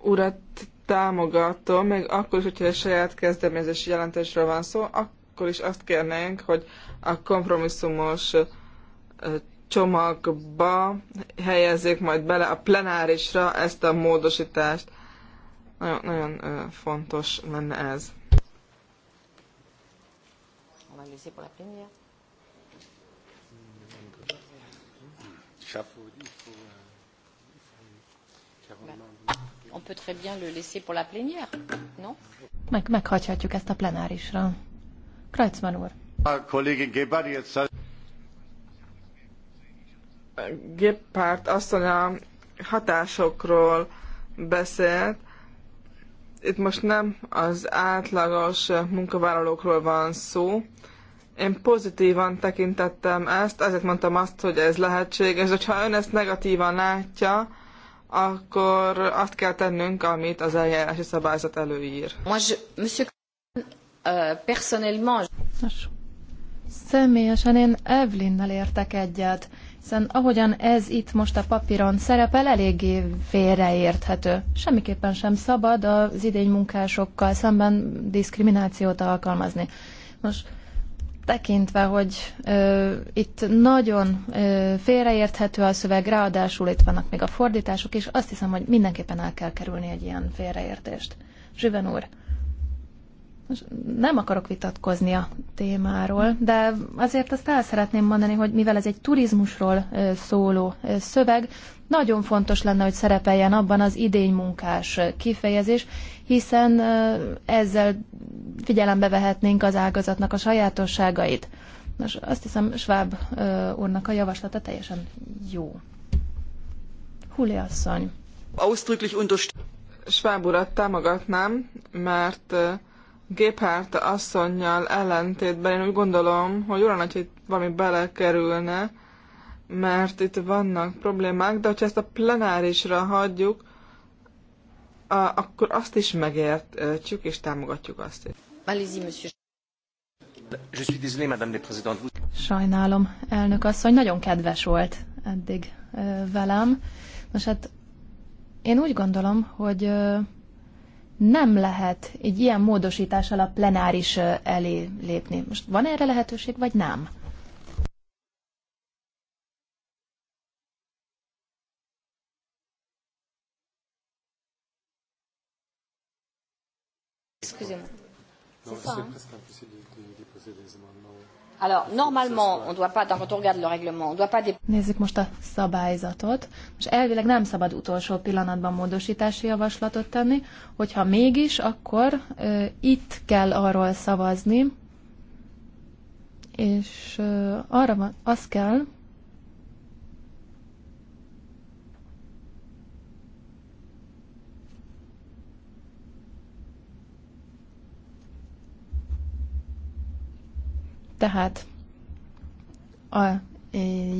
urat támogatom, még akkor is, hogyha egy saját kezdeményezési jelentésről van szó, akkor is azt kérnénk, hogy a kompromisszumos csomagba helyezzék majd bele a plenárisra ezt a módosítást. Nagyon, nagyon fontos lenne ez. On peut très bien le laisser pour la plénière, non? Meg, meghagyhatjuk ezt a plenárisra. Kreutzmann úr. A kollégin Gebhardt Gephardt asszony a hatásokról beszélt. Itt most nem az átlagos munkavállalókról van szó. Én pozitívan tekintettem ezt, ezért mondtam azt, hogy ez lehetséges. Ha ön ezt negatívan látja, akkor azt kell tennünk, amit az eljárási szabályzat előír. monsieur, euh, personnellement... Nos, személyesen én Evelynnel értek egyet hiszen ahogyan ez itt most a papíron szerepel, eléggé félreérthető. Semmiképpen sem szabad az idény munkásokkal szemben diszkriminációt alkalmazni. Most tekintve, hogy ö, itt nagyon ö, félreérthető a szöveg, ráadásul itt vannak még a fordítások, és azt hiszem, hogy mindenképpen el kell kerülni egy ilyen félreértést. Zsüven úr! nem akarok vitatkozni a témáról, de azért azt el szeretném mondani, hogy mivel ez egy turizmusról szóló szöveg, nagyon fontos lenne, hogy szerepeljen abban az idénymunkás kifejezés, hiszen ezzel figyelembe vehetnénk az ágazatnak a sajátosságait. Nos, azt hiszem, Schwab úrnak a javaslata teljesen jó. Huli asszony. Ausdrücklich Schwab urat támogatnám, mert Géphárt asszonynal ellentétben én úgy gondolom, hogy olyan hogy itt valami belekerülne, mert itt vannak problémák, de ha ezt a plenárisra hagyjuk, a, akkor azt is megértjük és támogatjuk azt is. monsieur. Sajnálom, elnök asszony, nagyon kedves volt eddig velem. Most hát én úgy gondolom, hogy nem lehet egy ilyen módosítás alap plenáris elé lépni. Most van erre lehetőség, vagy nem? Excusez-moi. C'est Nézzük most a szabályzatot. Most elvileg nem szabad utolsó pillanatban módosítási javaslatot tenni, hogyha mégis, akkor ö, itt kell arról szavazni, és ö, arra van, az kell, Tehát a eh,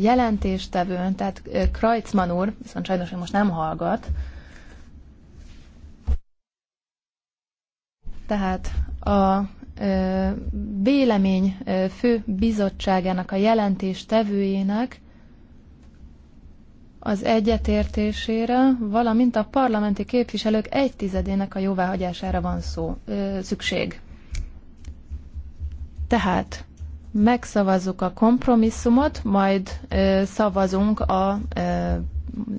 jelentéstevőn, tehát eh, Krajcman úr, viszont sajnos most nem hallgat, tehát a eh, vélemény fő bizottságának, a jelentés az egyetértésére, valamint a parlamenti képviselők egy tizedének a jóváhagyására van szó, szükség. Tehát megszavazzuk a kompromisszumot, majd szavazunk a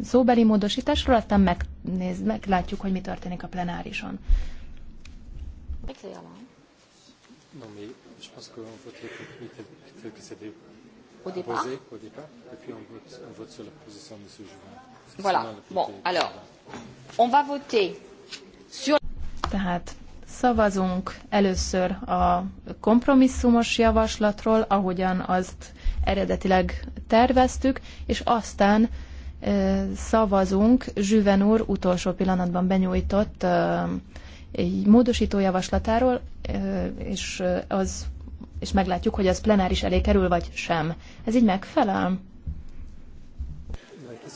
szóbeli módosításról, aztán megnéz, meglátjuk, hogy mi történik a plenárison. Non, mais je pense Voilà. Bon, alors, on va voter sur. Tehát Szavazunk először a kompromisszumos javaslatról, ahogyan azt eredetileg terveztük, és aztán szavazunk Zsüven úr utolsó pillanatban benyújtott egy módosító javaslatáról, és, az, és meglátjuk, hogy az plenáris elé kerül, vagy sem. Ez így megfelel?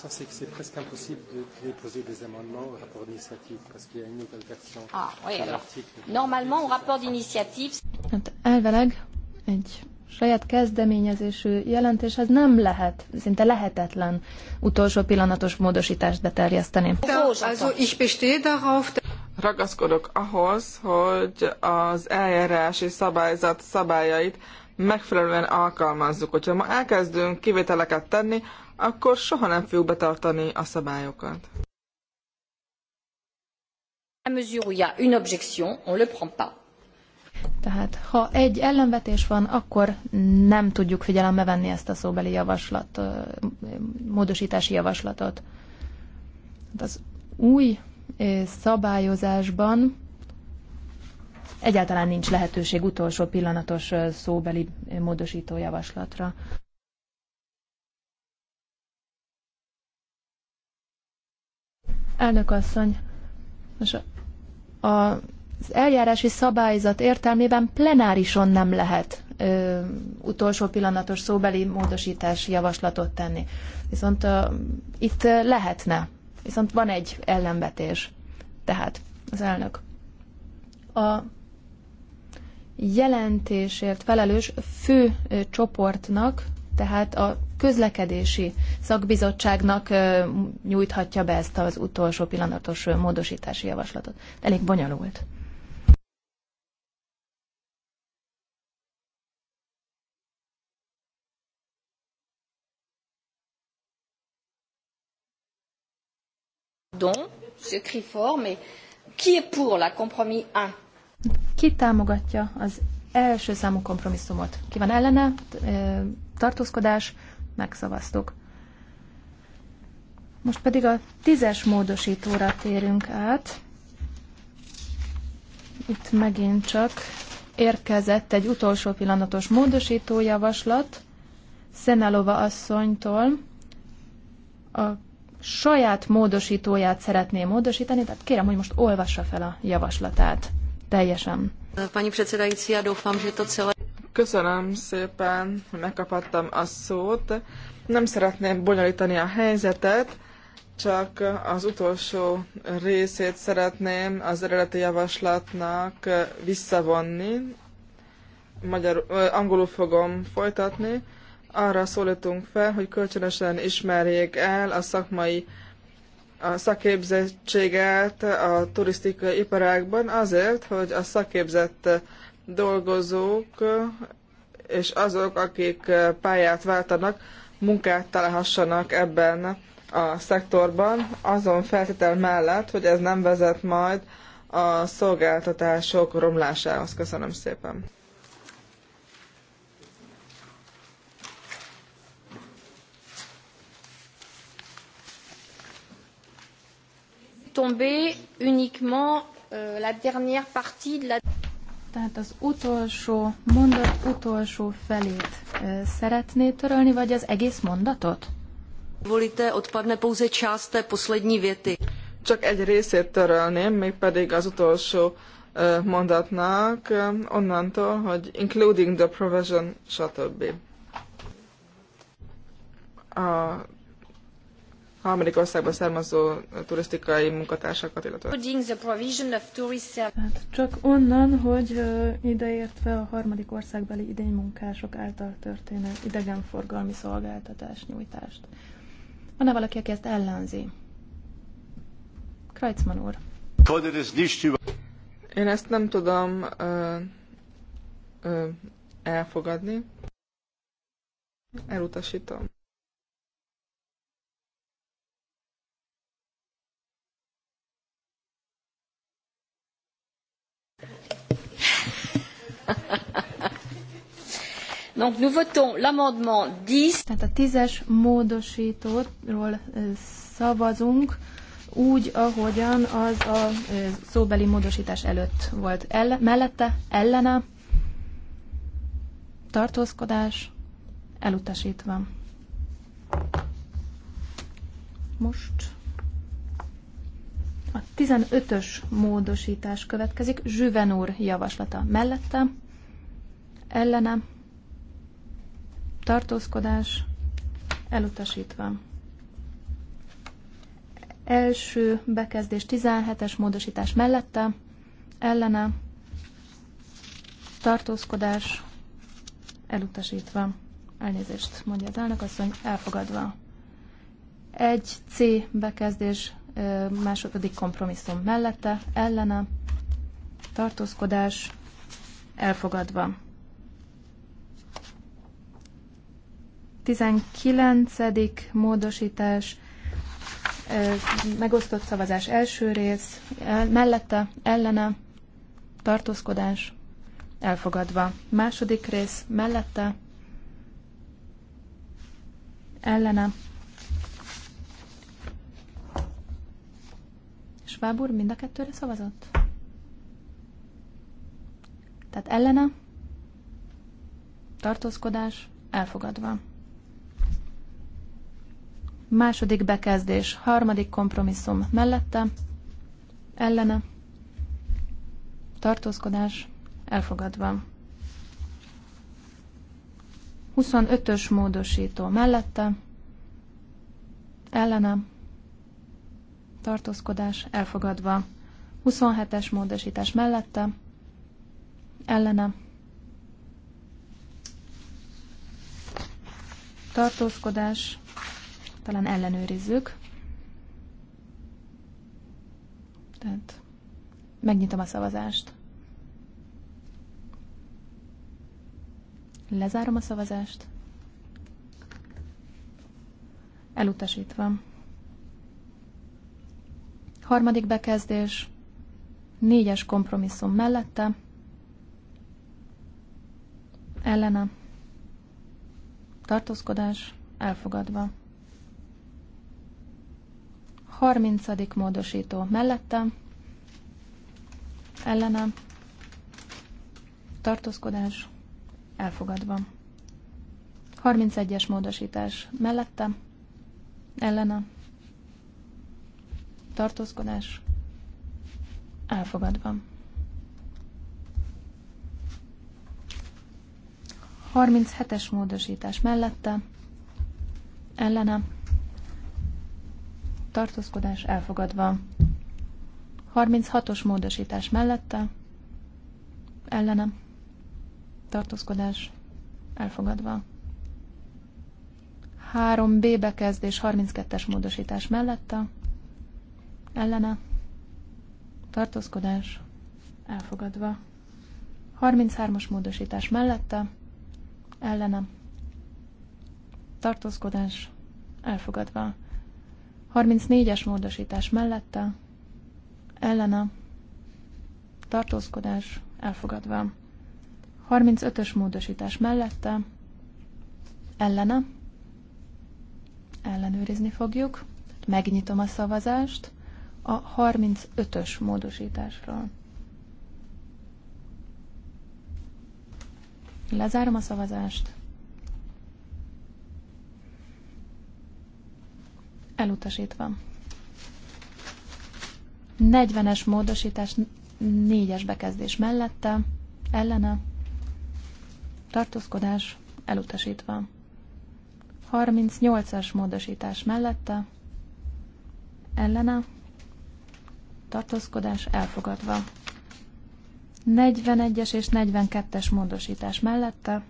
question, c'est que c'est presque impossible de déposer des amendements au rapport d'initiative parce qu'il y a une nouvelle version ah, oui, de l'article. Normalement, au rapport d'initiative... Hát elvileg egy saját kezdeményezésű jelentés az nem lehet, szinte lehetetlen utolsó pillanatos módosítást beterjeszteni. Ragaszkodok ahhoz, hogy az eljárási szabályzat szabályait megfelelően alkalmazzuk. Hogyha ma elkezdünk kivételeket tenni, akkor soha nem fogjuk betartani a szabályokat. À mesure où il y a une objection, on le prend pas. Tehát, ha egy ellenvetés van, akkor nem tudjuk figyelembe venni ezt a szóbeli javaslat, módosítási javaslatot. Hát az új szabályozásban egyáltalán nincs lehetőség utolsó pillanatos szóbeli módosító javaslatra. Elnök asszony, most a, az eljárási szabályzat értelmében plenárison nem lehet ö, utolsó pillanatos szóbeli módosítás javaslatot tenni. Viszont ö, itt lehetne. Viszont van egy ellenvetés. Tehát az elnök. A jelentésért felelős fő csoportnak, tehát a közlekedési szakbizottságnak nyújthatja be ezt az utolsó pillanatos módosítási javaslatot. Elég bonyolult. fort, mais qui est pour la compromis Ki támogatja az első számú kompromisszumot? Ki van ellene? Tartózkodás? megszavaztuk. Most pedig a tízes módosítóra térünk át. Itt megint csak érkezett egy utolsó pillanatos módosítójavaslat Szenelova asszonytól. A saját módosítóját szeretné módosítani, tehát kérem, hogy most olvassa fel a javaslatát teljesen. Pani předsedající, já doufám, že to celé... Köszönöm szépen, hogy megkaphattam a szót. Nem szeretném bonyolítani a helyzetet, csak az utolsó részét szeretném az eredeti javaslatnak visszavonni. Magyar, angolul fogom folytatni. Arra szólítunk fel, hogy kölcsönösen ismerjék el a szakmai a szakképzettséget a turisztikai iparágban azért, hogy a szakképzett dolgozók és azok, akik pályát váltanak, munkát találhassanak ebben a szektorban, azon feltétel mellett, hogy ez nem vezet majd a szolgáltatások romlásához. Köszönöm szépen! Tombé uniquement euh, la dernière partie de la tehát az utolsó mondat utolsó felét szeretné törölni, vagy az egész mondatot? Volite, odpadne pouze část té poslední věty. Csak egy részét törölném, mégpedig az utolsó mondatnak, onnantól, hogy including the provision, stb. A harmadik országba származó turisztikai munkatársakat, illetve... Hát csak onnan, hogy ideértve a harmadik országbeli idénymunkások által történő idegenforgalmi szolgáltatás nyújtást. Van-e valaki, aki ezt ellenzi? Kreutzmann úr. Én ezt nem tudom ö, ö, elfogadni. Elutasítom. Donc nous votons l'amendement 10. Tehát a tízes módosítóról szavazunk úgy, ahogyan az a szóbeli módosítás előtt volt. Elle, mellette, ellene, tartózkodás, elutasítva. Most a 15-ös módosítás következik, Zsüven úr javaslata mellette, ellene, tartózkodás, elutasítva. Első bekezdés 17-es módosítás mellette, ellene, tartózkodás, elutasítva. Elnézést mondja az elnök mondja, elfogadva. Egy C bekezdés második kompromisszum mellette, ellene, tartózkodás elfogadva. 19. módosítás, megosztott szavazás első rész, mellette, ellene, tartózkodás elfogadva. Második rész, mellette, ellene, Schwab úr mind a kettőre szavazott? Tehát ellene, tartózkodás, elfogadva. Második bekezdés, harmadik kompromisszum mellette, ellene, tartózkodás, elfogadva. 25-ös módosító mellette, ellene, tartózkodás elfogadva. 27-es módosítás mellette, ellene, tartózkodás, talán ellenőrizzük. Tehát megnyitom a szavazást. Lezárom a szavazást. Elutasítva. Harmadik bekezdés, négyes kompromisszum mellette, ellene, tartózkodás, elfogadva. Harmincadik módosító mellette, ellene, tartózkodás, elfogadva. 31-es módosítás mellette, ellene, tartózkodás elfogadva. 37-es módosítás mellette ellene tartózkodás elfogadva. 36-os módosítás mellette ellene tartózkodás elfogadva. 3B bekezdés 32-es módosítás mellette ellene, tartózkodás, elfogadva. 33-as módosítás mellette, ellene, tartózkodás, elfogadva. 34-es módosítás mellette, ellene, tartózkodás, elfogadva. 35-ös módosítás mellette, ellene, ellenőrizni fogjuk. Megnyitom a szavazást a 35-ös módosításról. Lezárom a szavazást. Elutasítva. 40-es módosítás 4-es bekezdés mellette, ellene, tartózkodás elutasítva. 38-as módosítás mellette, ellene, tartózkodás elfogadva. 41-es és 42-es módosítás mellette,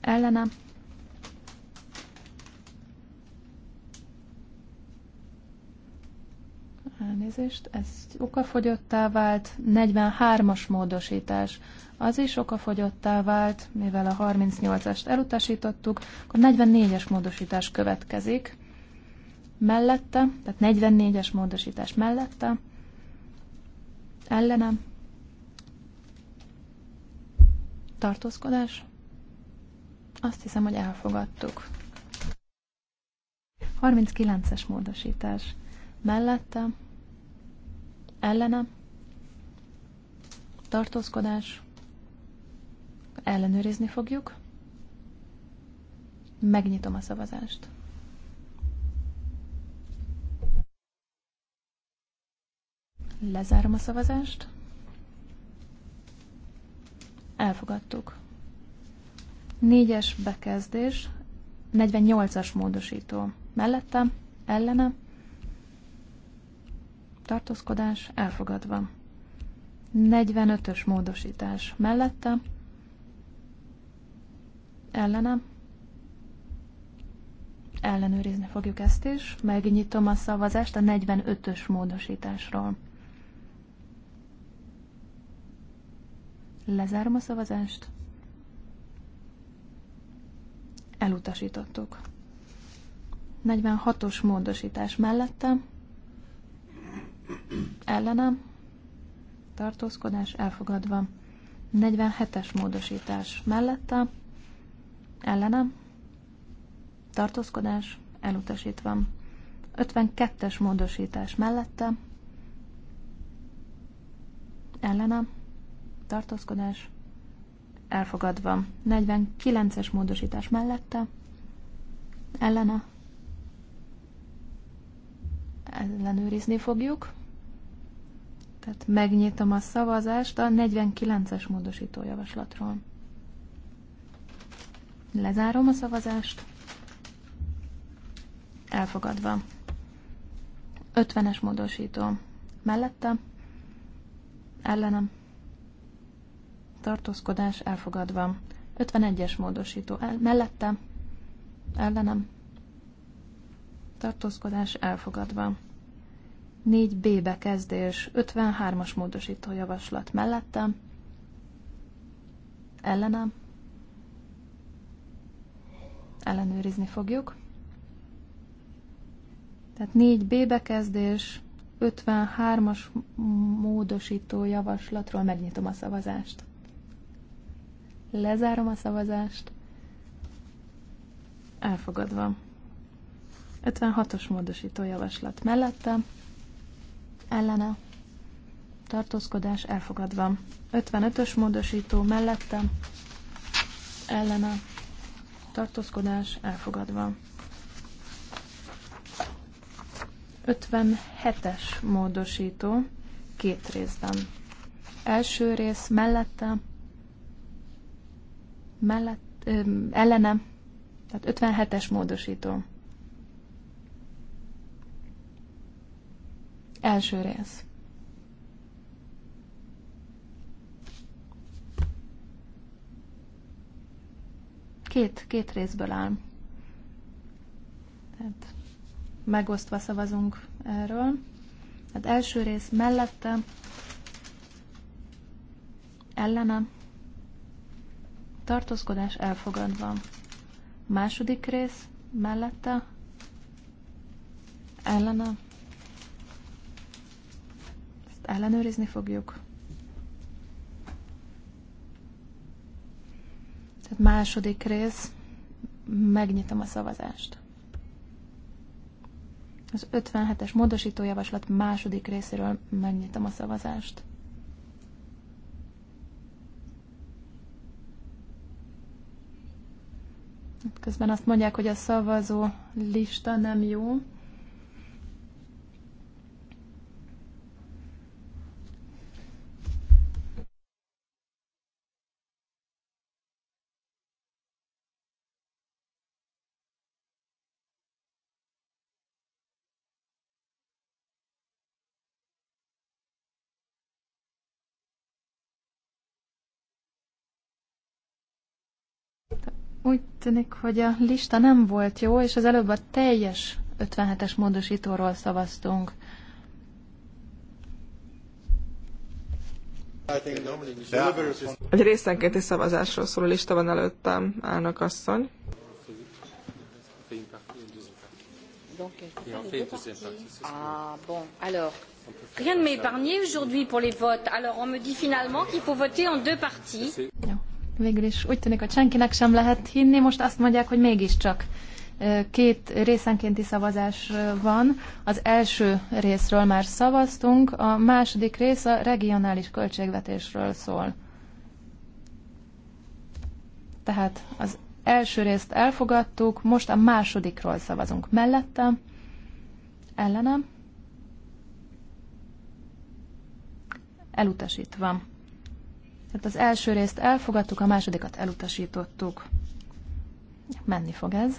ellene, elnézést, ez okafogyottá vált, 43-as módosítás, az is okafogyottá vált, mivel a 38-est elutasítottuk, akkor 44-es módosítás következik, mellette, tehát 44-es módosítás mellette, ellene, tartózkodás, azt hiszem, hogy elfogadtuk. 39-es módosítás mellette, ellene, tartózkodás, ellenőrizni fogjuk, megnyitom a szavazást. Lezárom a szavazást. Elfogadtuk. Négyes bekezdés, 48-as módosító. Mellette, ellene, tartózkodás, elfogadva. 45-ös módosítás. Mellette, ellene, ellenőrizni fogjuk ezt is. Megnyitom a szavazást a 45-ös módosításról. Lezárom a szavazást. Elutasítottuk. 46-os módosítás mellette. Ellenem. Tartózkodás elfogadva. 47-es módosítás mellette. Ellenem. Tartózkodás elutasítva. 52-es módosítás mellette. Ellenem tartózkodás elfogadva. 49-es módosítás mellette ellene ellenőrizni fogjuk. Tehát megnyitom a szavazást a 49-es módosítójavaslatról. Lezárom a szavazást. Elfogadva. 50-es módosító. Mellette. Ellenem tartózkodás elfogadva. 51-es módosító el, mellette, ellenem, tartózkodás elfogadva. 4B bekezdés, 53-as módosító javaslat mellette, ellenem, ellenőrizni fogjuk. Tehát 4B bekezdés, 53-as módosító javaslatról megnyitom a szavazást. Lezárom a szavazást. Elfogadva. 56-os módosító javaslat mellette. Ellene. Tartózkodás elfogadva. 55-ös módosító mellette. Ellene. Tartózkodás elfogadva. 57-es módosító két részben. Első rész mellette mellett, ö, ellene, tehát 57-es módosító. Első rész. Két, két részből áll. Tehát megosztva szavazunk erről. Tehát első rész mellette, ellene, tartózkodás elfogadva. Második rész mellette ellene. Ezt ellenőrizni fogjuk. Tehát második rész. Megnyitom a szavazást. Az 57-es módosítójavaslat második részéről megnyitom a szavazást. Közben azt mondják, hogy a szavazó lista nem jó. Úgy tűnik, hogy a lista nem volt jó, és az előbb a teljes 57-es módosítóról szavaztunk. Egy részenkénti szavazásról szóló lista van előttem, állnak asszony. Ah, bon, alors, rien ne m'épargne aujourd'hui pour les votes. Alors, on me dit finalement qu'il faut voter en deux parties. Végül is úgy tűnik, hogy senkinek sem lehet hinni. Most azt mondják, hogy mégiscsak két részenkénti szavazás van. Az első részről már szavaztunk, a második rész a regionális költségvetésről szól. Tehát az első részt elfogadtuk, most a másodikról szavazunk. Mellette, ellenem, elutasítva. Tehát az első részt elfogadtuk, a másodikat elutasítottuk. Menni fog ez.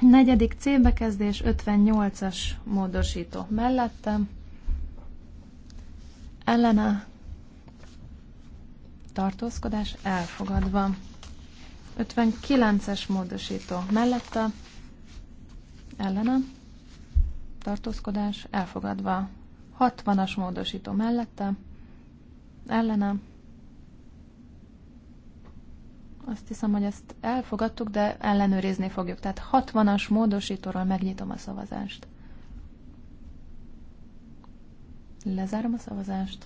Negyedik célbekezdés 58-as módosító mellettem. Ellene tartózkodás elfogadva. 59-es módosító mellette. Ellene tartózkodás elfogadva. 60-as módosító mellette ellene. Azt hiszem, hogy ezt elfogadtuk, de ellenőrizni fogjuk. Tehát 60-as módosítóról megnyitom a szavazást. Lezárom a szavazást.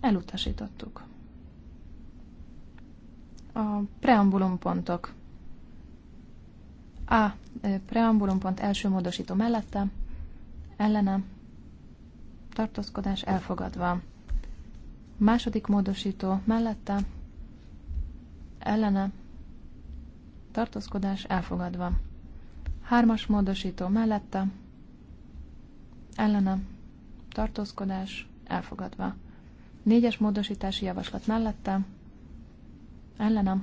Elutasítottuk. A preambulum pontok. A. Eh, preambulum pont első módosító mellette. Ellene tartózkodás elfogadva. Második módosító mellette, ellene, tartózkodás elfogadva. Hármas módosító mellette, ellene, tartózkodás elfogadva. Négyes módosítási javaslat mellette, ellene,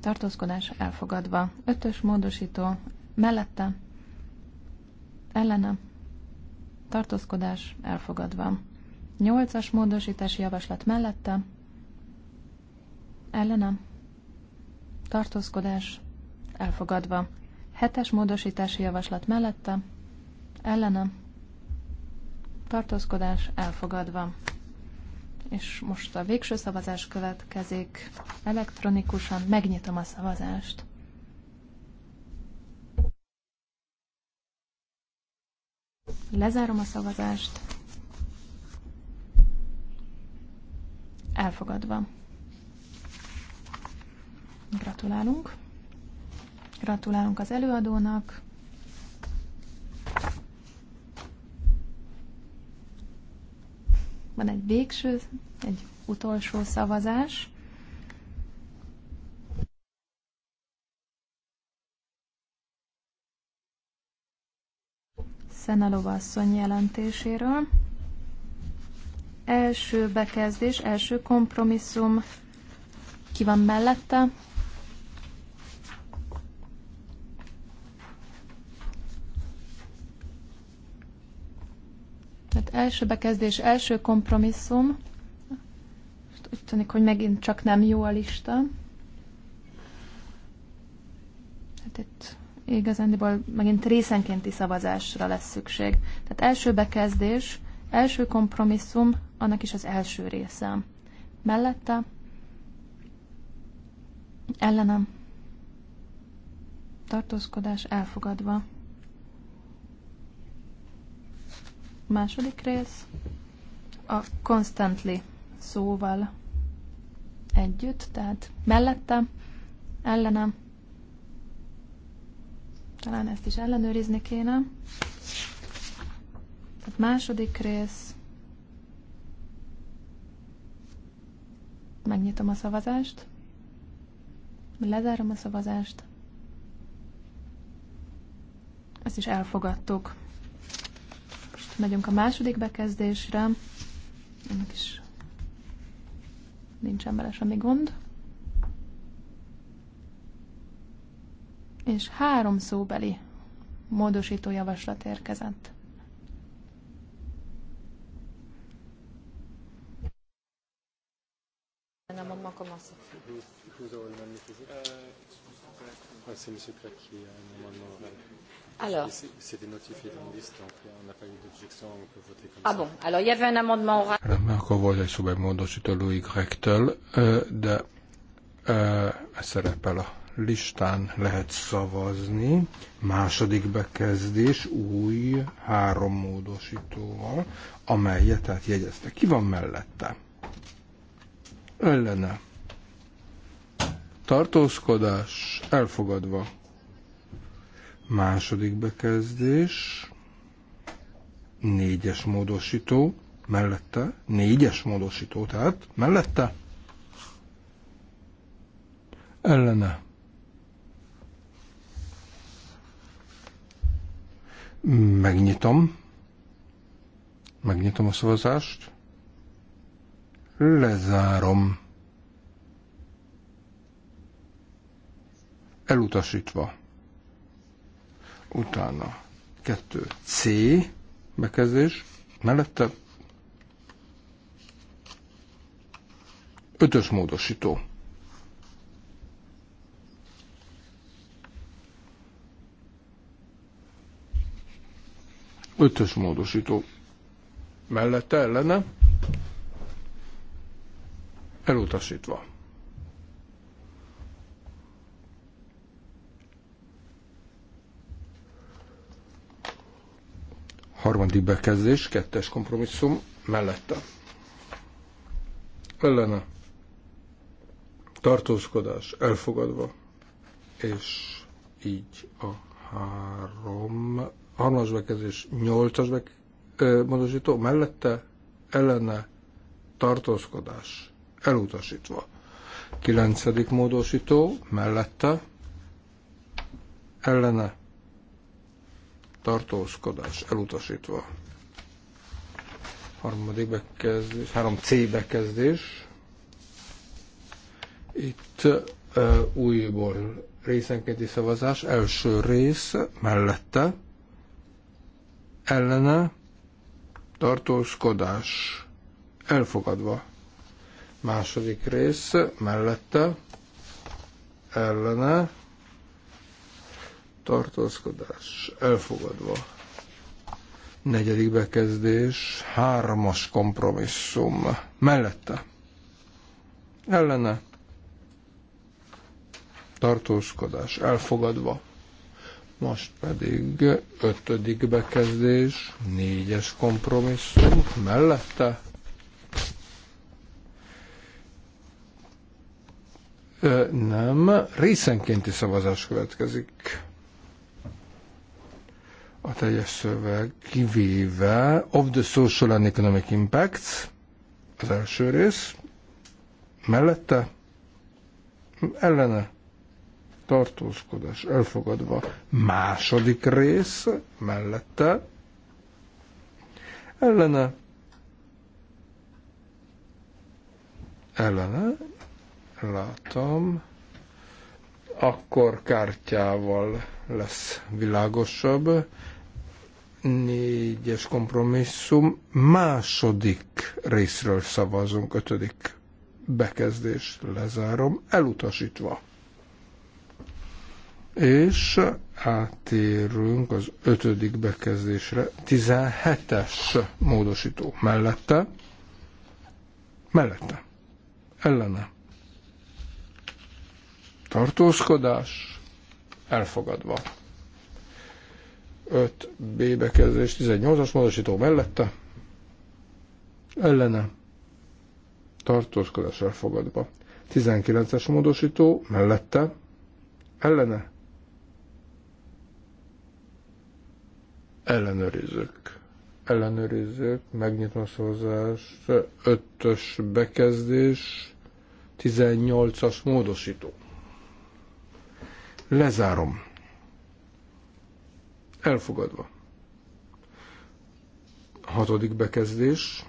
tartózkodás elfogadva. Ötös módosító mellette, ellene, tartózkodás elfogadva. Nyolcas módosítási javaslat mellette, ellene, tartózkodás elfogadva. Hetes módosítási javaslat mellette, ellene, tartózkodás elfogadva. És most a végső szavazás következik. Elektronikusan megnyitom a szavazást. Lezárom a szavazást. Elfogadva. Gratulálunk. Gratulálunk az előadónak. Van egy végső, egy utolsó szavazás. Szenalova asszony jelentéséről. Első bekezdés, első kompromisszum. Ki van mellette? Tehát első bekezdés, első kompromisszum. Most úgy tűnik, hogy megint csak nem jó a lista. Hát itt igazándiból megint részenkénti szavazásra lesz szükség. Tehát első bekezdés, első kompromisszum, annak is az első része. Mellette, ellenem, tartózkodás elfogadva. Második rész, a constantly szóval együtt, tehát mellette, ellenem, talán ezt is ellenőrizni kéne. A második rész. Megnyitom a szavazást. Lezárom a szavazást. Ezt is elfogadtuk. Most megyünk a második bekezdésre. Ennek is nincsen vele semmi gond. és három szóbeli módosító javaslat érkezett. Un amendement comment c'est fait C'est M. Crac qui a un amendement oral. Alors C'était notifié dans la liste, donc euh, on n'a pas eu d'objection, on peut voter comme ah ça. Ah bon, alors il y avait un amendement oral. Rendben, akkor volt egy szóbeli módosító Louis Grektől, euh, de ez szerepel a listán lehet szavazni. Második bekezdés új három módosítóval, amelyet tehát jegyezte. Ki van mellette? Ellene. Tartózkodás elfogadva. Második bekezdés. Négyes módosító. Mellette. Négyes módosító, tehát mellette ellene Megnyitom. Megnyitom a szavazást. Lezárom. Elutasítva. Utána 2 C bekezdés. Mellette ötös módosító Ötös módosító mellette ellene elutasítva. Harmadik bekezdés, kettes kompromisszum mellette. Ellene tartózkodás elfogadva, és így a három 3 bekezdés nyolcas as bek, módosító mellette ellene tartózkodás elutasítva. kilencedik módosító mellette ellene tartózkodás elutasítva. Harmadik bekezdés, 3C bekezdés. Itt uh, újból részenkénti szavazás, első rész mellette ellene tartózkodás elfogadva. Második rész mellette ellene tartózkodás elfogadva. Negyedik bekezdés, hármas kompromisszum mellette ellene tartózkodás elfogadva. Most pedig ötödik bekezdés, négyes kompromisszum mellette. Ö, nem, részenkénti szavazás következik. A teljes szöveg kivéve of the social and economic impacts, az első rész, mellette, ellene tartózkodás elfogadva. Második rész mellette ellene ellene látom akkor kártyával lesz világosabb négyes kompromisszum második részről szavazunk ötödik bekezdés lezárom elutasítva és átérünk az ötödik bekezdésre, 17-es módosító mellette, mellette, ellene. Tartózkodás elfogadva. 5B bekezdés, 18-as módosító mellette, ellene, tartózkodás elfogadva. 19-es módosító mellette, ellene, ellenőrizzük. Ellenőrizzük, megnyitom a szózást, ötös bekezdés, 18-as módosító. Lezárom. Elfogadva. Hatodik bekezdés,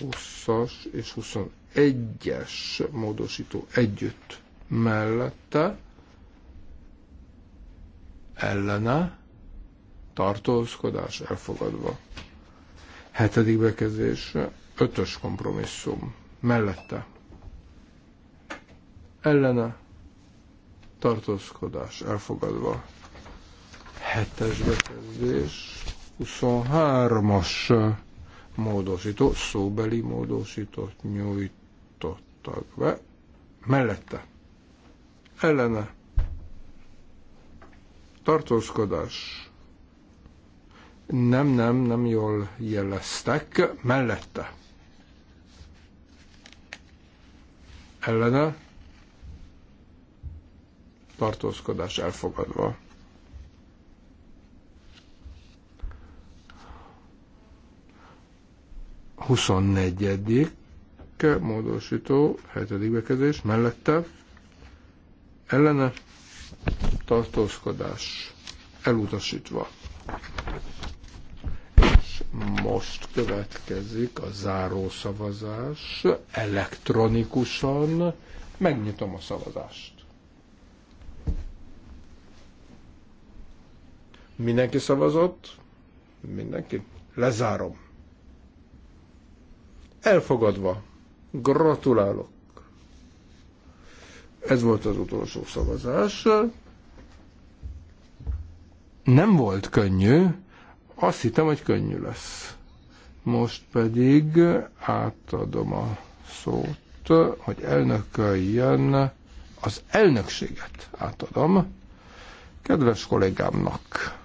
20-as és 21-es módosító együtt mellette, ellene, tartózkodás elfogadva. Hetedik bekezdés, ötös kompromisszum, mellette, ellene, tartózkodás elfogadva. Hetes bekezdés, 23-as módosító, szóbeli módosítót nyújtottak be, mellette, ellene, tartózkodás nem, nem, nem jól jeleztek. Mellette. Ellene. Tartózkodás elfogadva. Huszonnegyedik módosító, hetedik bekezés, mellette ellene tartózkodás elutasítva. Most következik a záró szavazás elektronikusan. Megnyitom a szavazást. Mindenki szavazott? Mindenki? Lezárom. Elfogadva. Gratulálok. Ez volt az utolsó szavazás. Nem volt könnyű, azt hittem, hogy könnyű lesz. Most pedig átadom a szót, hogy elnököljen az elnökséget átadom kedves kollégámnak.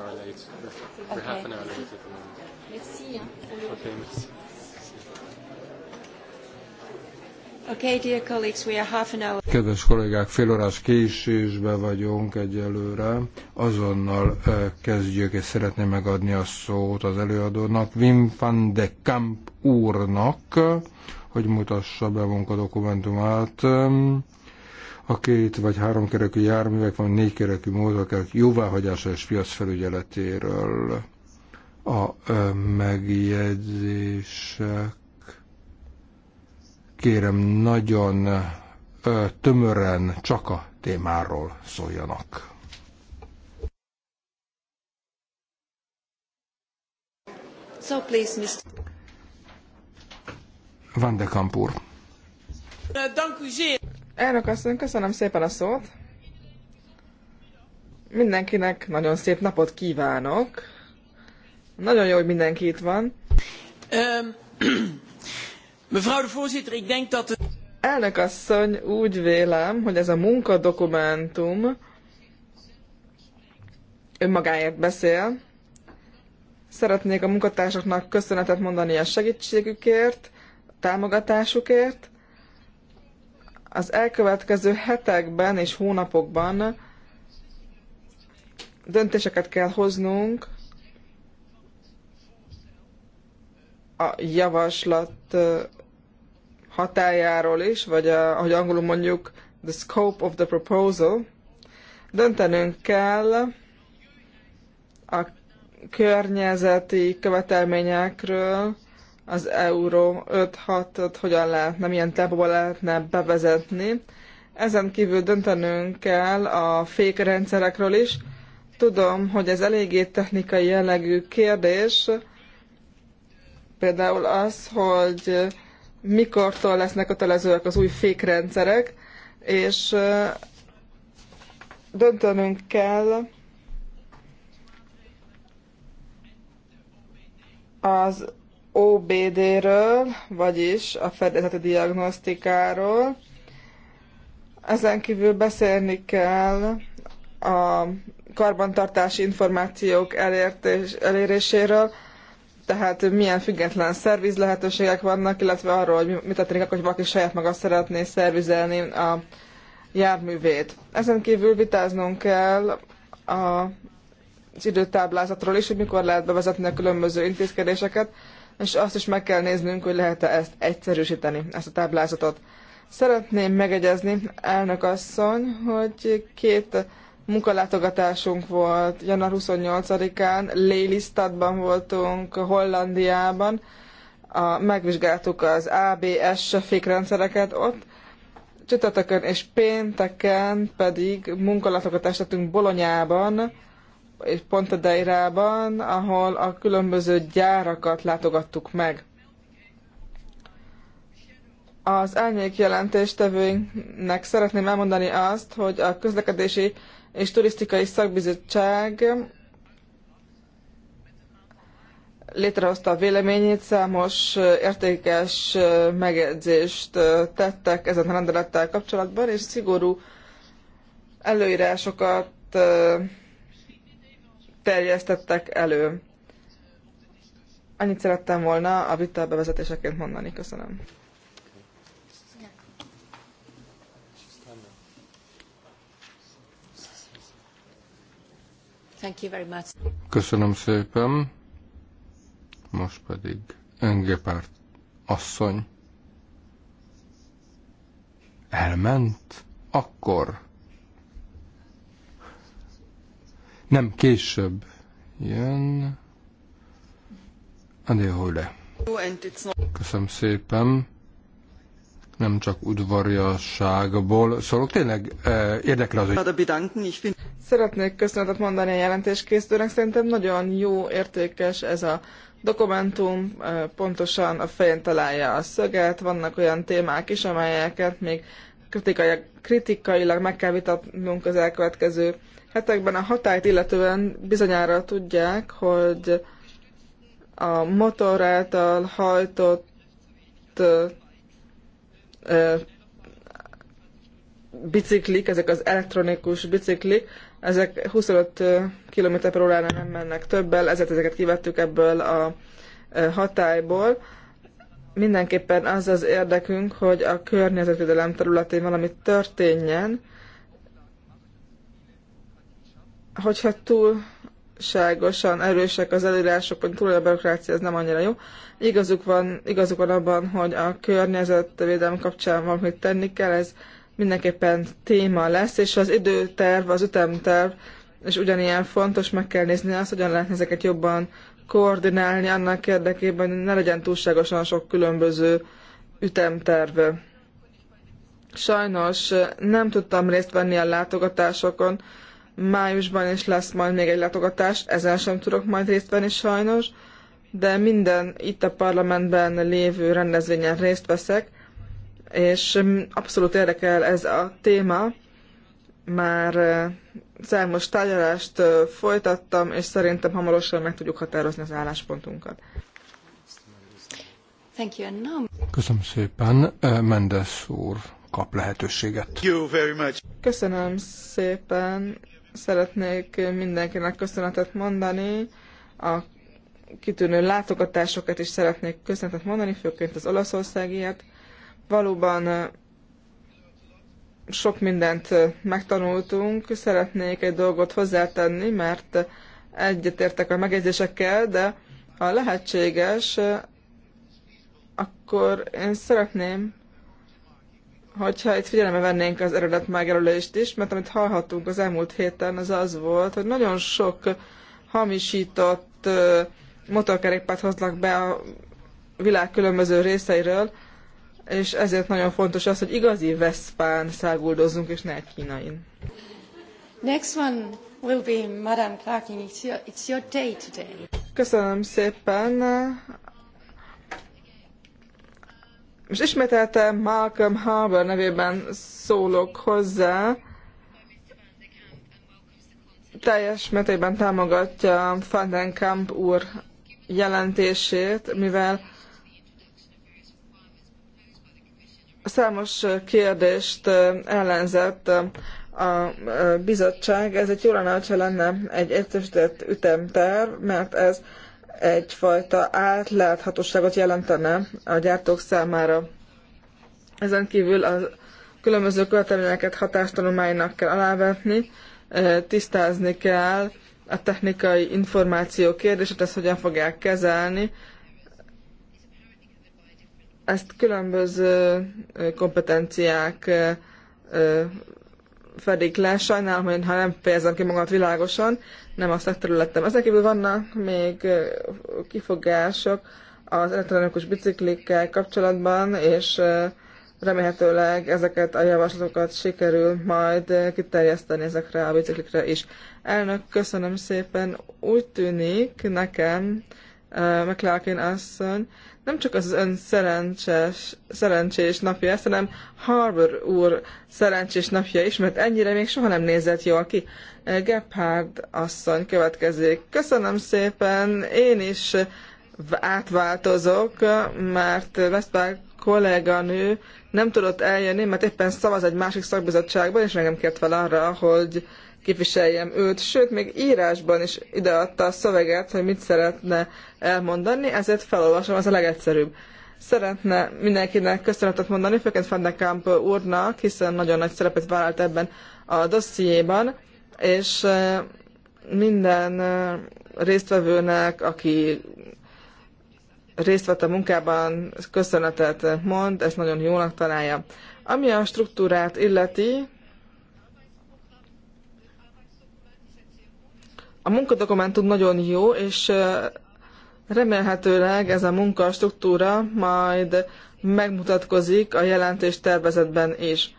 hour late. We're, okay. we're half an hour late at the moment. Merci. Okay, merci. Okay, dear colleagues, we are half an hour. Kedves kollégák, fél órás késésbe vagyunk egyelőre. Azonnal eh, kezdjük, és szeretném megadni a szót az előadónak, Wim van de Kamp úrnak, hogy mutassa be a dokumentumát a két vagy háromkerekű járművek, vagy négykerekű motorkerek jóváhagyása és piacfelügyeletéről a megjegyzések. Kérem, nagyon tömören csak a témáról szóljanak. So please, Mr. Van de Kampur. Elnök asszony, köszönöm szépen a szót. Mindenkinek nagyon szép napot kívánok. Nagyon jó, hogy mindenki itt van. Ehm, mevrouw de voorzitter, ik denk dat... Elnök asszony, úgy vélem, hogy ez a munkadokumentum önmagáért beszél. Szeretnék a munkatársaknak köszönetet mondani a segítségükért, a támogatásukért, az elkövetkező hetekben és hónapokban döntéseket kell hoznunk a javaslat hatájáról is, vagy a, ahogy angolul mondjuk, the scope of the proposal. Döntenünk kell a környezeti követelményekről, az euró 5-6-ot hogyan lehetne, milyen tempóban lehetne bevezetni. Ezen kívül döntenünk kell a fékrendszerekről is. Tudom, hogy ez eléggé technikai jellegű kérdés, például az, hogy mikortól lesznek kötelezőek az új fékrendszerek, és döntenünk kell az OBD-ről, vagyis a fedezeti diagnosztikáról. Ezen kívül beszélni kell a karbantartási információk elértés, eléréséről, tehát milyen független szerviz lehetőségek vannak, illetve arról, hogy mit történik hogy valaki saját maga szeretné szervizelni a járművét. Ezen kívül vitáznunk kell a, az időtáblázatról is, hogy mikor lehet bevezetni a különböző intézkedéseket, és azt is meg kell néznünk, hogy lehet-e ezt egyszerűsíteni, ezt a táblázatot. Szeretném megegyezni, elnök asszony, hogy két munkalátogatásunk volt. Január 28-án Lélistadban voltunk, Hollandiában. A, megvizsgáltuk az ABS fékrendszereket ott. Csütörtökön és pénteken pedig munkalátogatást tettünk Bolonyában, és pont a Deirában, ahol a különböző gyárakat látogattuk meg. Az árnyék jelentéstevőinknek szeretném elmondani azt, hogy a közlekedési és turisztikai szakbizottság létrehozta a véleményét, számos értékes megjegyzést tettek ezen a rendelettel kapcsolatban, és szigorú előírásokat terjesztettek elő. Annyit szerettem volna a vita bevezetéseként mondani. Köszönöm. Thank you very much. Köszönöm szépen. Most pedig Engepárt asszony elment, akkor Nem, később jön. Adél Hole. Köszönöm szépen. Nem csak udvariasságból szólok, tényleg eh, érdekel az, hogy... Szeretnék köszönetet mondani a jelentéskészítőnek, szerintem nagyon jó, értékes ez a dokumentum, eh, pontosan a fején találja a szöget, vannak olyan témák is, amelyeket még kritikailag meg kell vitatnunk az elkövetkező hetekben a hatályt illetően bizonyára tudják, hogy a motor által hajtott biciklik, ezek az elektronikus biciklik, ezek 25 km per órára nem mennek többel, ezért ezeket kivettük ebből a hatályból. Mindenképpen az az érdekünk, hogy a környezetvédelem területén valami történjen, hogyha túlságosan erősek az előírások, vagy túl a bürokrácia, ez nem annyira jó. Igazuk van, igazuk van abban, hogy a környezetvédelem kapcsán valamit tenni kell, ez mindenképpen téma lesz, és az időterv, az ütemterv, és ugyanilyen fontos, meg kell nézni azt, hogyan lehetne ezeket jobban koordinálni annak érdekében, hogy ne legyen túlságosan sok különböző ütemterv. Sajnos nem tudtam részt venni a látogatásokon, Májusban is lesz majd még egy látogatás, ezen sem tudok majd részt venni sajnos, de minden itt a parlamentben lévő rendezvényen részt veszek, és mm, abszolút érdekel ez a téma. Már számos tárgyalást folytattam, és szerintem hamarosan meg tudjuk határozni az álláspontunkat. Köszönöm szépen. Mendes úr kap lehetőséget. Köszönöm szépen. Szeretnék mindenkinek köszönetet mondani. A kitűnő látogatásokat is szeretnék köszönetet mondani, főként az olaszországiért. Valóban sok mindent megtanultunk, szeretnék egy dolgot hozzátenni, mert egyetértek a megjegyzésekkel, de ha lehetséges, akkor én szeretném hogyha itt figyelembe vennénk az eredet megjelölést is, mert amit hallhattunk az elmúlt héten, az az volt, hogy nagyon sok hamisított motorkerékpárt hoznak be a világ különböző részeiről, és ezért nagyon fontos az, hogy igazi Veszpán száguldozzunk, és ne egy kínain. Next one will be Madame Clarkin. It's your, it's your day today. Köszönöm szépen. És ismételte Malcolm Harbour nevében szólok hozzá, teljes mértékben támogatja Fandenkamp úr jelentését, mivel számos kérdést ellenzett a bizottság. Ez egy jó lenne, ha lenne egy egyszerűsített ütemterv, mert ez egyfajta átláthatóságot jelentene a gyártók számára. Ezen kívül a különböző követelményeket hatástanulmánynak kell alávetni, tisztázni kell a technikai információ kérdését, ezt hogyan fogják kezelni. Ezt különböző kompetenciák fedik le. Sajnálom, hogy ha nem fejezem ki magamat világosan, nem azt szakterületem. Ezek kívül vannak még kifogások az elektronikus biciklikkel kapcsolatban, és remélhetőleg ezeket a javaslatokat sikerül majd kiterjeszteni ezekre a biciklikre is. Elnök, köszönöm szépen. Úgy tűnik nekem, Eh, McClarkin asszony, nem csak az ön szerencsés, szerencsés napja hanem Harbour úr szerencsés napja is, mert ennyire még soha nem nézett jól ki. Eh, Gephard asszony következik. Köszönöm szépen, én is átváltozok, mert Westphal kolléganő nem tudott eljönni, mert éppen szavaz egy másik szakbizottságban, és engem kért fel arra, hogy képviseljem őt, sőt, még írásban is ideadta a szöveget, hogy mit szeretne elmondani, ezért felolvasom, az a legegyszerűbb. Szeretne mindenkinek köszönetet mondani, főként Fennekamp úrnak, hiszen nagyon nagy szerepet vállalt ebben a dossziéban, és minden résztvevőnek, aki részt vett a munkában, köszönetet mond, ezt nagyon jónak találja. Ami a struktúrát illeti, A munkadokumentum nagyon jó, és remélhetőleg ez a munkastruktúra majd megmutatkozik a jelentés tervezetben is.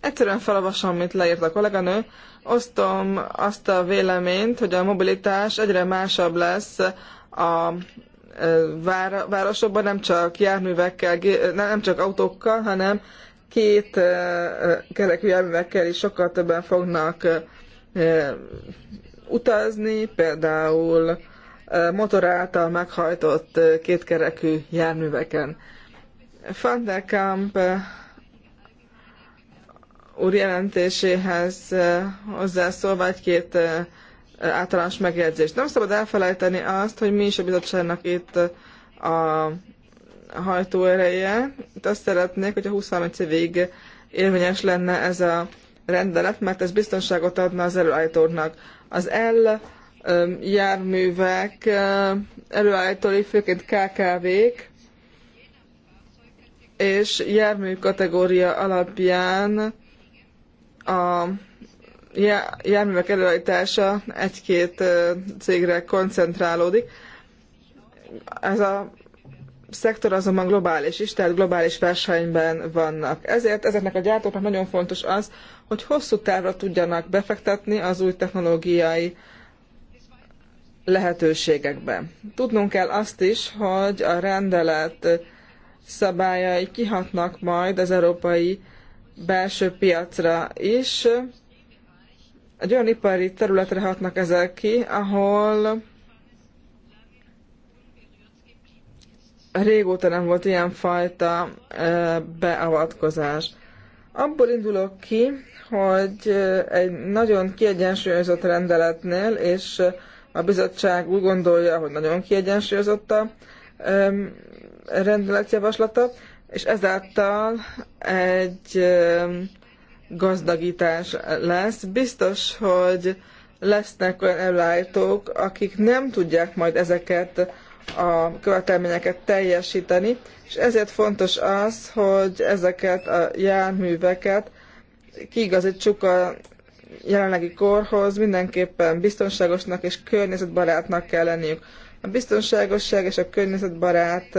Egyszerűen felolvasom, mint leírt a kolléganő. Osztom azt a véleményt, hogy a mobilitás egyre másabb lesz a városokban, nem csak járművekkel, nem csak autókkal, hanem két kerekű járművekkel is sokkal többen fognak utazni, például motor által meghajtott kétkerekű járműveken. Van der Kamp úr jelentéséhez hozzászólva egy-két általános megjegyzést. Nem szabad elfelejteni azt, hogy mi is a bizottságnak itt a hajtóereje. Itt azt szeretnék, hogy a 23 évig érvényes lenne ez a rendelet, mert ez biztonságot adna az előállítónak. Az L járművek előállítói főként KKV-k, és jármű kategória alapján a járművek előállítása egy-két cégre koncentrálódik. Ez a szektor azonban globális is, tehát globális versenyben vannak. Ezért ezeknek a gyártóknak nagyon fontos az, hogy hosszú távra tudjanak befektetni az új technológiai lehetőségekbe. Tudnunk kell azt is, hogy a rendelet szabályai kihatnak majd az európai belső piacra is. Egy olyan ipari területre hatnak ezek ki, ahol régóta nem volt fajta beavatkozás. Abból indulok ki, hogy egy nagyon kiegyensúlyozott rendeletnél, és a bizottság úgy gondolja, hogy nagyon kiegyensúlyozott a rendeletjavaslata, és ezáltal egy gazdagítás lesz. Biztos, hogy lesznek olyan előállítók, akik nem tudják majd ezeket a követelményeket teljesíteni, és ezért fontos az, hogy ezeket a járműveket kiigazítsuk a jelenlegi korhoz, mindenképpen biztonságosnak és környezetbarátnak kell lenniük. A biztonságosság és a környezetbarát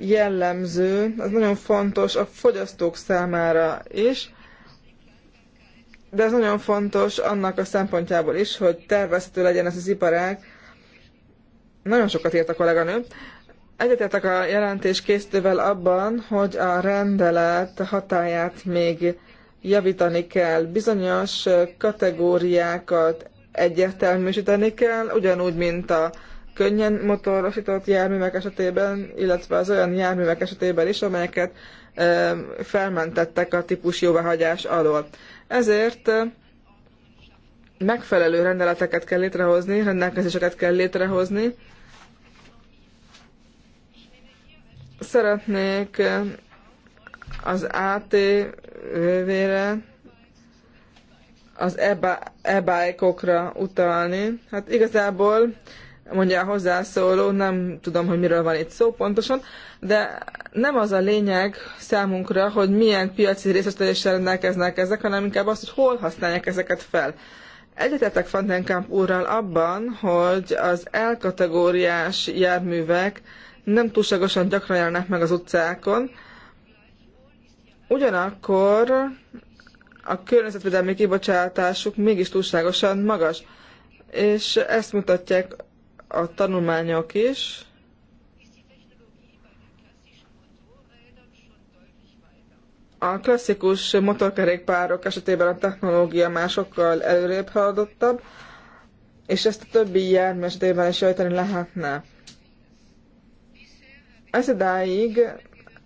jellemző, az nagyon fontos a fogyasztók számára is, de ez nagyon fontos annak a szempontjából is, hogy tervezhető legyen ez az iparág nagyon sokat írt a kolléganő. Egyetértek a jelentés készítővel abban, hogy a rendelet hatáját még javítani kell, bizonyos kategóriákat egyértelműsíteni kell, ugyanúgy, mint a könnyen motorosított járművek esetében, illetve az olyan járművek esetében is, amelyeket felmentettek a típus jóváhagyás alól. Ezért megfelelő rendeleteket kell létrehozni, rendelkezéseket kell létrehozni, Szeretnék eh, az ATV-re, az e-bike-okra e utalni. Hát igazából mondja a hozzászóló, nem tudom, hogy miről van itt szó pontosan, de nem az a lényeg számunkra, hogy milyen piaci részesedéssel rendelkeznek ezek, hanem inkább az, hogy hol használják ezeket fel. Egyetetek Fandenkamp úrral abban, hogy az L-kategóriás járművek nem túlságosan gyakran jelennek meg az utcákon. Ugyanakkor a környezetvédelmi kibocsátásuk mégis túlságosan magas, és ezt mutatják a tanulmányok is. A klasszikus motorkerékpárok esetében a technológia másokkal előrébb haladottabb, és ezt a többi jármű esetében is javítani lehetne. Ez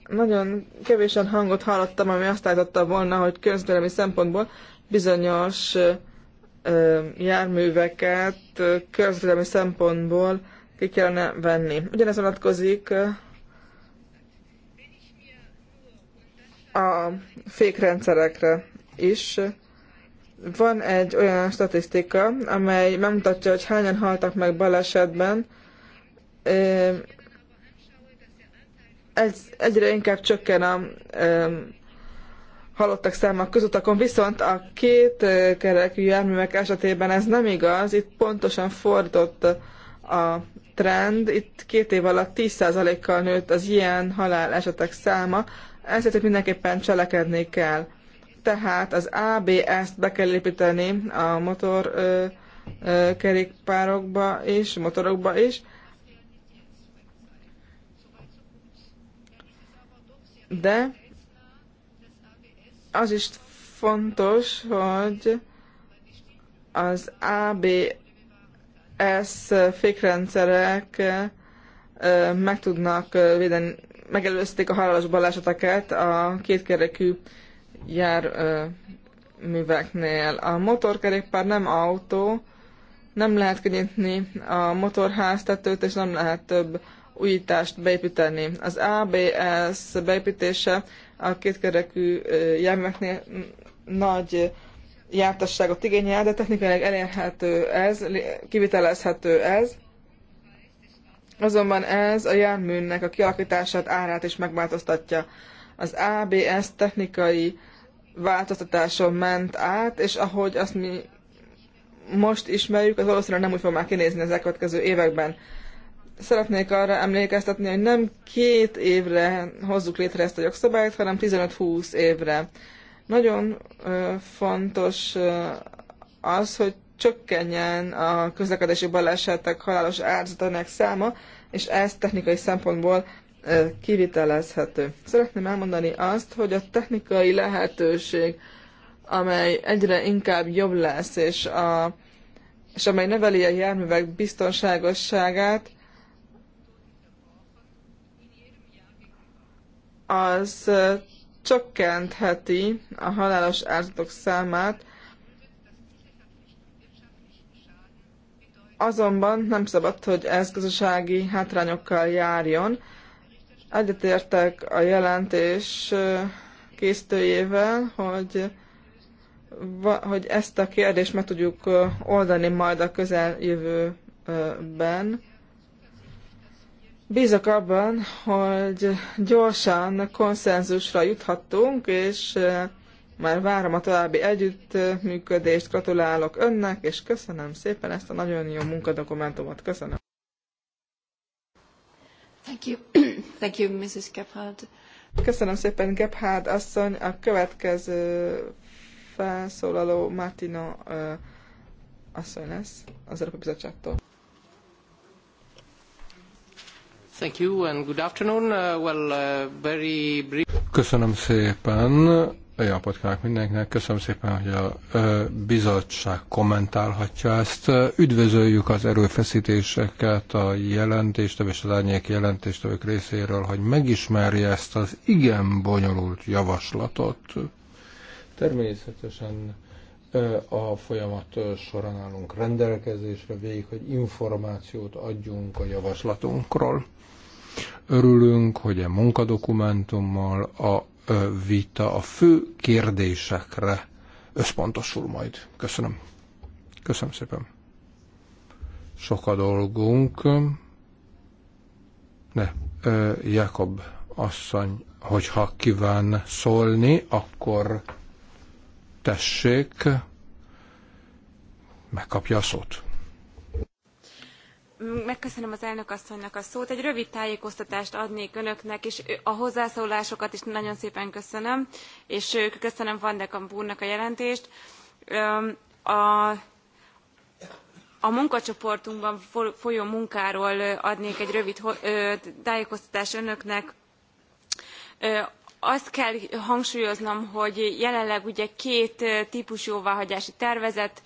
nagyon kevésen hangot hallottam, ami azt állította volna, hogy közvélemény szempontból bizonyos járműveket közvélemény szempontból ki kellene venni. Ugyanez vonatkozik a fékrendszerekre is. Van egy olyan statisztika, amely megmutatja, hogy hányan haltak meg balesetben, ez egyre inkább csökken a ö, halottak száma közutakon, viszont a két kerekű járművek esetében ez nem igaz, itt pontosan fordott a trend, itt két év alatt 10%-kal nőtt az ilyen halál esetek száma, ezért hogy mindenképpen cselekedni kell. Tehát az ABS-t be kell építeni a motor ö, ö, kerékpárokba is, motorokba is, de az is fontos, hogy az ABS fékrendszerek meg tudnak védeni, megelőzték a halálos baleseteket a kétkerekű járműveknél. A motorkerékpár nem autó, nem lehet kinyitni a motorháztetőt, és nem lehet több újítást beépíteni. Az ABS beépítése a kétkerekű járműveknél nagy jártasságot igényel, de technikailag elérhető ez, kivitelezhető ez. Azonban ez a járműnek a kialakítását, árát is megváltoztatja. Az ABS technikai változtatáson ment át, és ahogy azt mi most ismerjük, az valószínűleg nem úgy fog már kinézni az elkövetkező években szeretnék arra emlékeztetni, hogy nem két évre hozzuk létre ezt a jogszabályt, hanem 15-20 évre. Nagyon fontos az, hogy csökkenjen a közlekedési balesetek halálos áldozatának száma, és ez technikai szempontból kivitelezhető. Szeretném elmondani azt, hogy a technikai lehetőség, amely egyre inkább jobb lesz, és, a, és amely neveli a járművek biztonságosságát, az csökkentheti a halálos áldozatok számát, azonban nem szabad, hogy ez gazdasági hátrányokkal járjon. Egyetértek a jelentés készítőjével, hogy, hogy ezt a kérdést meg tudjuk oldani majd a közeljövőben. Bízok abban, hogy gyorsan konszenzusra juthattunk, és már várom a további együttműködést, gratulálok önnek, és köszönöm szépen ezt a nagyon jó munkadokumentumot. Köszönöm. Thank you. Thank you, Mrs. Gebhardt. Köszönöm szépen, Gebhard asszony. A következő felszólaló Martino uh, asszony lesz az Európai Bizottságtól. Uh, uh, köszönöm szépen. Jó napot mindenkinek, köszönöm szépen, hogy a uh, bizottság kommentálhatja ezt. Üdvözöljük az erőfeszítéseket, a jelentést, és az árnyék jelentéstevők részéről, hogy megismerje ezt az igen bonyolult javaslatot. Természetesen a folyamat során állunk rendelkezésre végig, hogy információt adjunk a javaslatunkról. Örülünk, hogy a munkadokumentummal a vita a fő kérdésekre összpontosul majd. Köszönöm. Köszönöm szépen. Sok a dolgunk. Ne, Jakob asszony, hogyha kíván szólni, akkor tessék, megkapja a szót. Megköszönöm az elnök asszonynak a szót. Egy rövid tájékoztatást adnék önöknek, és a hozzászólásokat is nagyon szépen köszönöm, és köszönöm Van de úrnak a jelentést. A, a munkacsoportunkban folyó munkáról adnék egy rövid tájékoztatást önöknek azt kell hangsúlyoznom hogy jelenleg ugye két tpusú jóváhagyási tervezet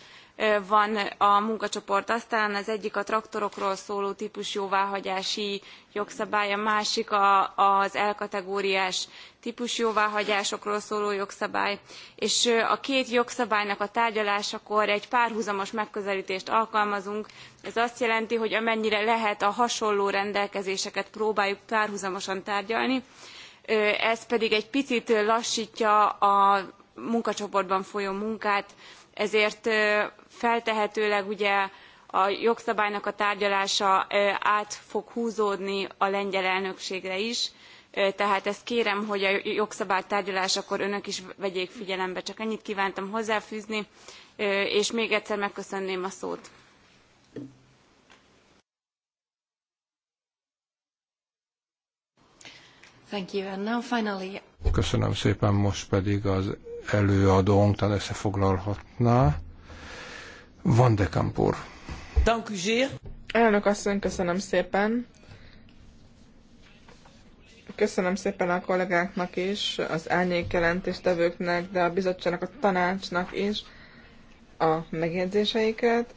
van a munkacsoport asztalán az egyik a traktorokról szóló tpusjóváhagyási jogszabály a másik a, az l kategóriás tpusjóváhagyásokról szóló jogszabály és a két jogszabálynak a tárgyalásakor egy párhuzamos megközeltést alkalmazunk ez azt jelenti hogy amennyire lehet a hasonló rendelkezéseket próbáljuk párhuzamosan tárgyalni ez pedig egy picit lassítja a munkacsoportban folyó munkát ezért feltehetőleg ugye a jogszabálynak a tárgyalása át fog húzódni a lengyel elnökségre is tehát ezt kérem hogy a jogszabály tárgyalásakor önök is vegyék figyelembe. csak ennyit kvántam hozzáfűzni és még egyszer megköszönném a szót. Köszönöm szépen, most pedig az előadónk talán összefoglalhatná. Van de Kampur. Elnök asszony, köszönöm szépen. Köszönöm szépen a kollégáknak is, az árnyék jelentéstevőknek, de a bizottságnak, a tanácsnak is a megjegyzéseiket.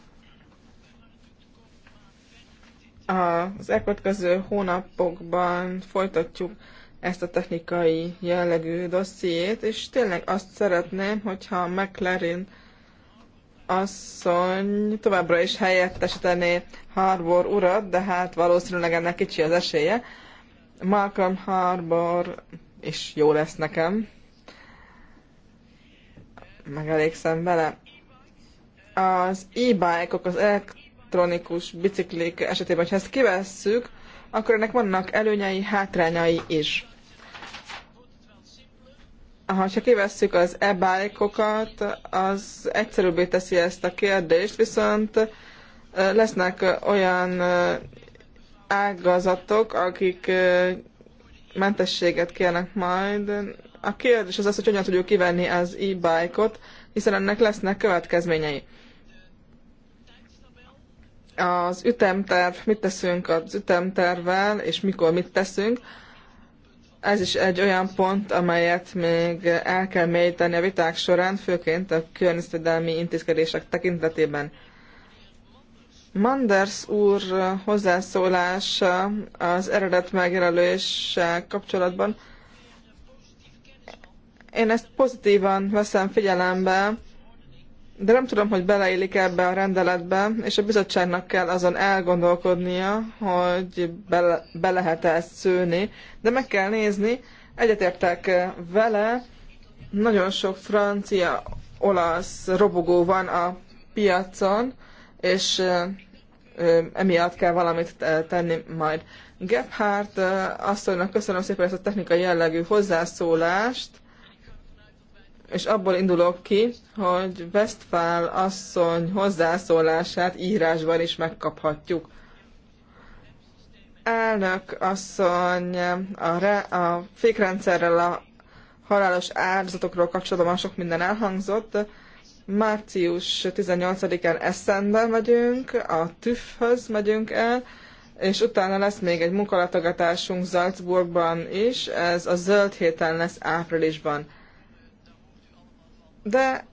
Az elkövetkező hónapokban folytatjuk ezt a technikai jellegű dossziét, és tényleg azt szeretném, hogyha McLaren asszony továbbra is helyettesítené harbor urat, de hát valószínűleg ennek kicsi az esélye. Malcolm harbor is jó lesz nekem. Megelégszem vele. Az e-bike-ok, -ok, az elektronikus biciklik esetében, ha ezt kivesszük, akkor ennek vannak előnyei, hátrányai is ha csak kivesszük az e az egyszerűbbé teszi ezt a kérdést, viszont lesznek olyan ágazatok, akik mentességet kérnek majd. A kérdés az az, hogy hogyan tudjuk kivenni az e ot hiszen ennek lesznek következményei. Az ütemterv, mit teszünk az ütemtervvel, és mikor mit teszünk, ez is egy olyan pont, amelyet még el kell mélyíteni a viták során, főként a környezetvédelmi intézkedések tekintetében. Manders úr hozzászólása az eredet megjelöléssel kapcsolatban. Én ezt pozitívan veszem figyelembe, de nem tudom, hogy beleillik ebbe a rendeletbe, és a bizottságnak kell azon elgondolkodnia, hogy be, be lehet-e ezt szőni, de meg kell nézni, egyetértek vele, nagyon sok francia, olasz robogó van a piacon, és emiatt kell valamit tenni majd. Gebhardt asszonynak köszönöm szépen ezt a technikai jellegű hozzászólást, és abból indulok ki, hogy Westphal asszony hozzászólását írásban is megkaphatjuk. Elnök asszony a, re, a fékrendszerrel a halálos áldozatokról kapcsolatban sok minden elhangzott. Március 18-án Eszenben megyünk, a TÜV-höz megyünk el, és utána lesz még egy munkalatogatásunk Salzburgban is, ez a Zöld héten lesz áprilisban de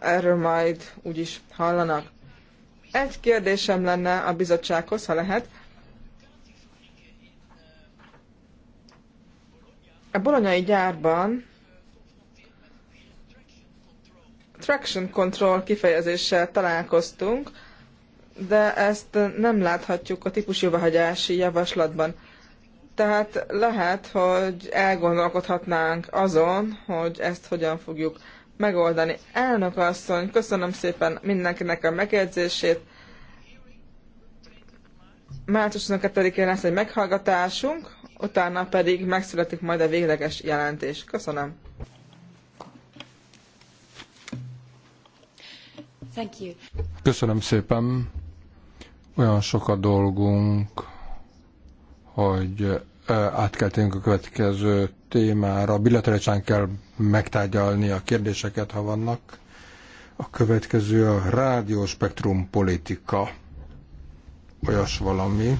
erről majd úgyis hallanak. Egy kérdésem lenne a bizottsághoz, ha lehet. A bolonyai gyárban traction control kifejezéssel találkoztunk, de ezt nem láthatjuk a típusjóvahagyási javaslatban. Tehát lehet, hogy elgondolkodhatnánk azon, hogy ezt hogyan fogjuk megoldani. Elnök asszony, köszönöm szépen mindenkinek a megjegyzését. Március 22-én lesz egy meghallgatásunk, utána pedig megszületik majd a végleges jelentés. Köszönöm. Thank you. Köszönöm szépen. Olyan sok a dolgunk, hogy át kell térnünk a következő témára. Billetelecsán kell megtárgyalni a kérdéseket, ha vannak. A következő a rádióspektrum politika. Olyas valami,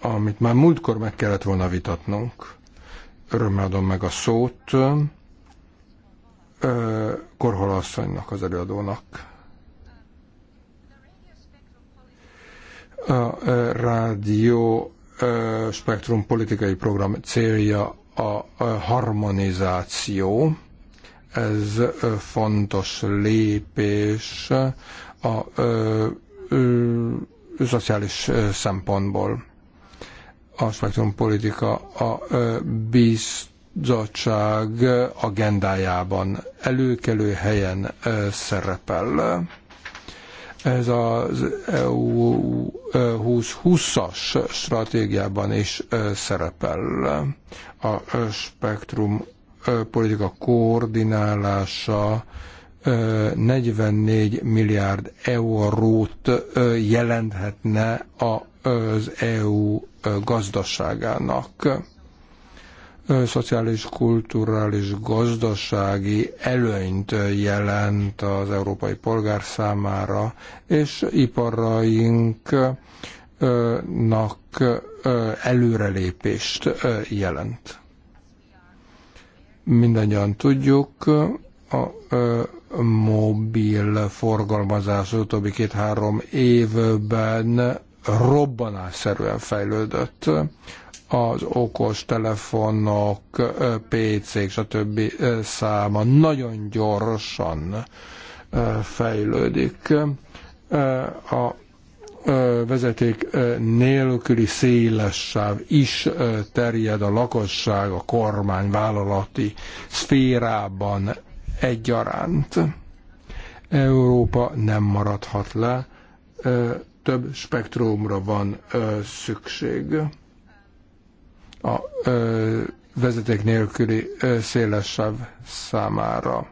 amit már múltkor meg kellett volna vitatnunk. Örömmel adom meg a szót Korhol asszonynak, az előadónak. A rádió spektrum politikai program célja a harmonizáció. Ez fontos lépés a szociális szempontból. A spektrum politika a bizottság agendájában előkelő helyen szerepel ez az EU 2020-as stratégiában is szerepel. A spektrum politika koordinálása 44 milliárd eurót jelenthetne az EU gazdaságának szociális, kulturális, gazdasági előnyt jelent az európai polgár számára, és iparainknak előrelépést jelent. Mindannyian tudjuk, a mobil forgalmazás az utóbbi két-három évben robbanásszerűen fejlődött az okos telefonok, PC-k, stb. száma nagyon gyorsan fejlődik. A vezeték nélküli széles sáv is terjed a lakosság, a kormány vállalati szférában egyaránt. Európa nem maradhat le, több spektrumra van szükség a ö, vezeték nélküli ö, szélesebb számára.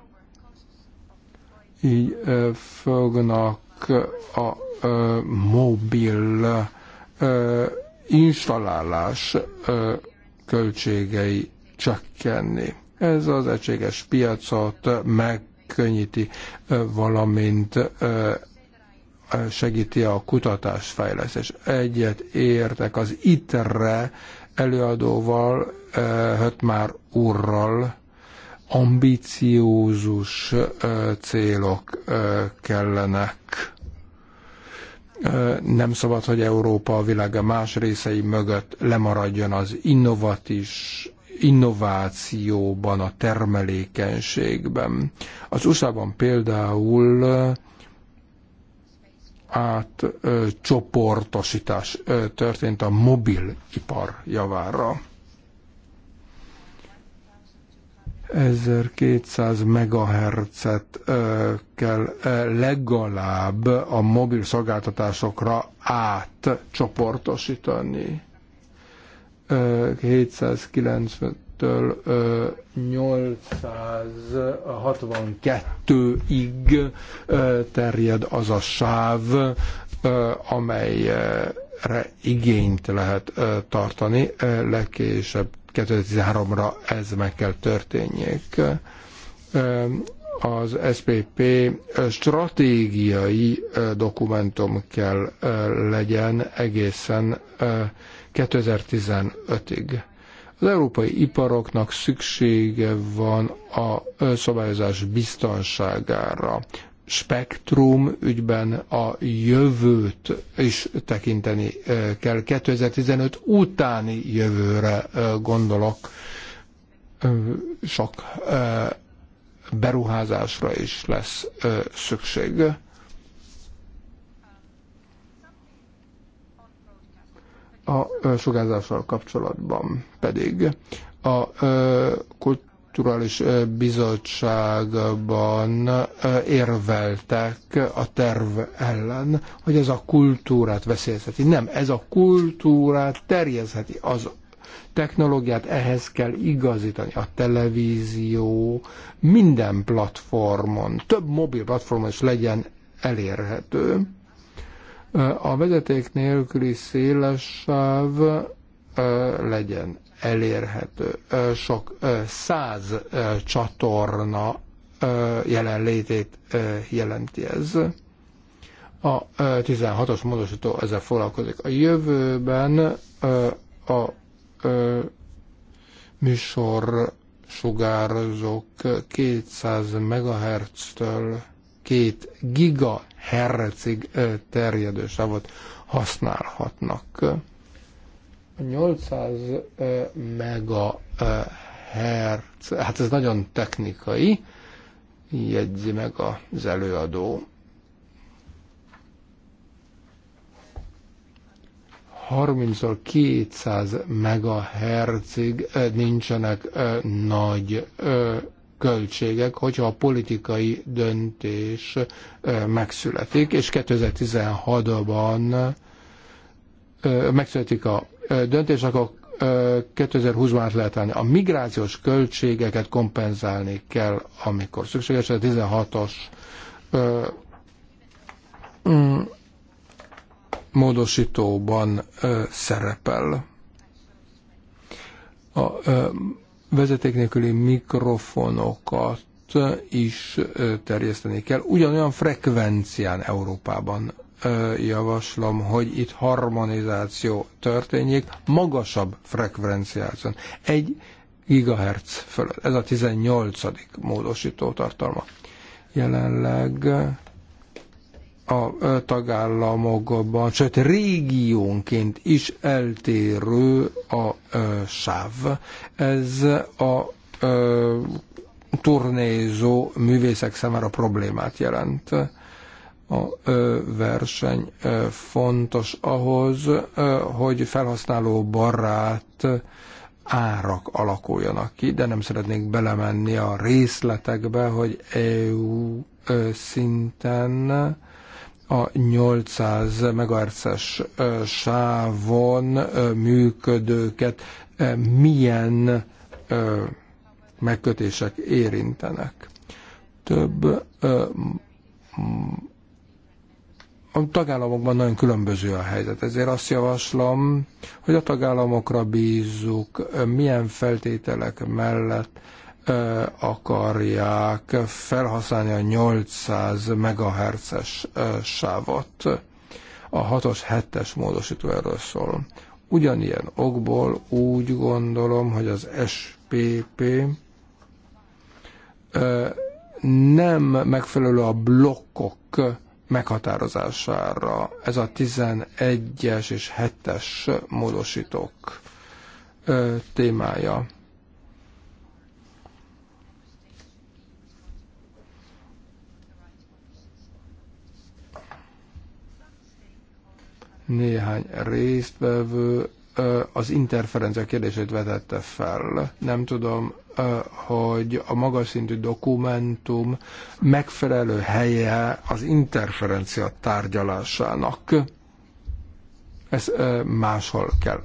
Így ö, fognak a ö, mobil ö, installálás ö, költségei csökkenni. Ez az egységes piacot megkönnyíti, ö, valamint ö, segíti a kutatásfejlesztés. Egyet értek az ITRE előadóval, eh, Hötmár úrral ambiciózus eh, célok eh, kellenek. Nem szabad, hogy Európa a világa más részei mögött lemaradjon az innovatív innovációban, a termelékenységben. Az USA-ban például átcsoportosítás történt a mobilipar javára. 1200 megahertzet kell legalább a mobil szolgáltatásokra átcsoportosítani. 790 től 862-ig terjed az a sáv, amelyre igényt lehet tartani, legkésőbb 2013-ra ez meg kell történjék. Az SPP stratégiai dokumentum kell legyen egészen 2015-ig az európai iparoknak szüksége van a szabályozás biztonságára. Spektrum ügyben a jövőt is tekinteni kell. 2015 utáni jövőre gondolok sok beruházásra is lesz szükség A sugárzással kapcsolatban pedig a kulturális bizottságban érveltek a terv ellen, hogy ez a kultúrát veszélyezheti. Nem, ez a kultúrát terjezheti. Az technológiát ehhez kell igazítani. A televízió minden platformon, több mobil platformon is legyen elérhető a vezeték nélküli széles sáv legyen elérhető. Sok száz csatorna jelenlétét jelenti ez. A 16-os módosító ezzel foglalkozik. A jövőben a műsor sugározók 200 MHz-től 2 GHz hercig terjedő sávot használhatnak. A 800 megahertz, hát ez nagyon technikai, jegyzi meg az előadó. 30 200 megahertzig nincsenek nagy költségek, hogyha a politikai döntés megszületik, és 2016-ban megszületik a döntés, akkor 2020-ban át lehet állni. A migrációs költségeket kompenzálni kell, amikor szükséges, a 16-os mm, módosítóban szerepel. A vezeték nélküli mikrofonokat is terjeszteni kell. Ugyanolyan frekvencián Európában javaslom, hogy itt harmonizáció történjék, magasabb frekvenciáson. Egy gigahertz fölött. Ez a 18. módosító tartalma. Jelenleg a tagállamokban, sőt régiónként is eltérő a sáv. Ez a turnézó művészek számára problémát jelent. A verseny fontos ahhoz, hogy felhasználó barát árak alakuljanak ki, de nem szeretnék belemenni a részletekbe, hogy EU szinten a 800 megarcás sávon működőket milyen megkötések érintenek. Több a tagállamokban nagyon különböző a helyzet, ezért azt javaslom, hogy a tagállamokra bízzuk, milyen feltételek mellett Eh, akarják felhasználni a 800 MHz-es eh, sávot. A 6-os, 7-es módosító erről szól. Ugyanilyen okból úgy gondolom, hogy az SPP eh, nem megfelelő a blokkok meghatározására. Ez a 11-es és 7-es módosítók témája. Néhány résztvevő az interferencia kérdését vetette fel. Nem tudom, hogy a magas szintű dokumentum megfelelő helye az interferencia tárgyalásának. Ezt máshol kell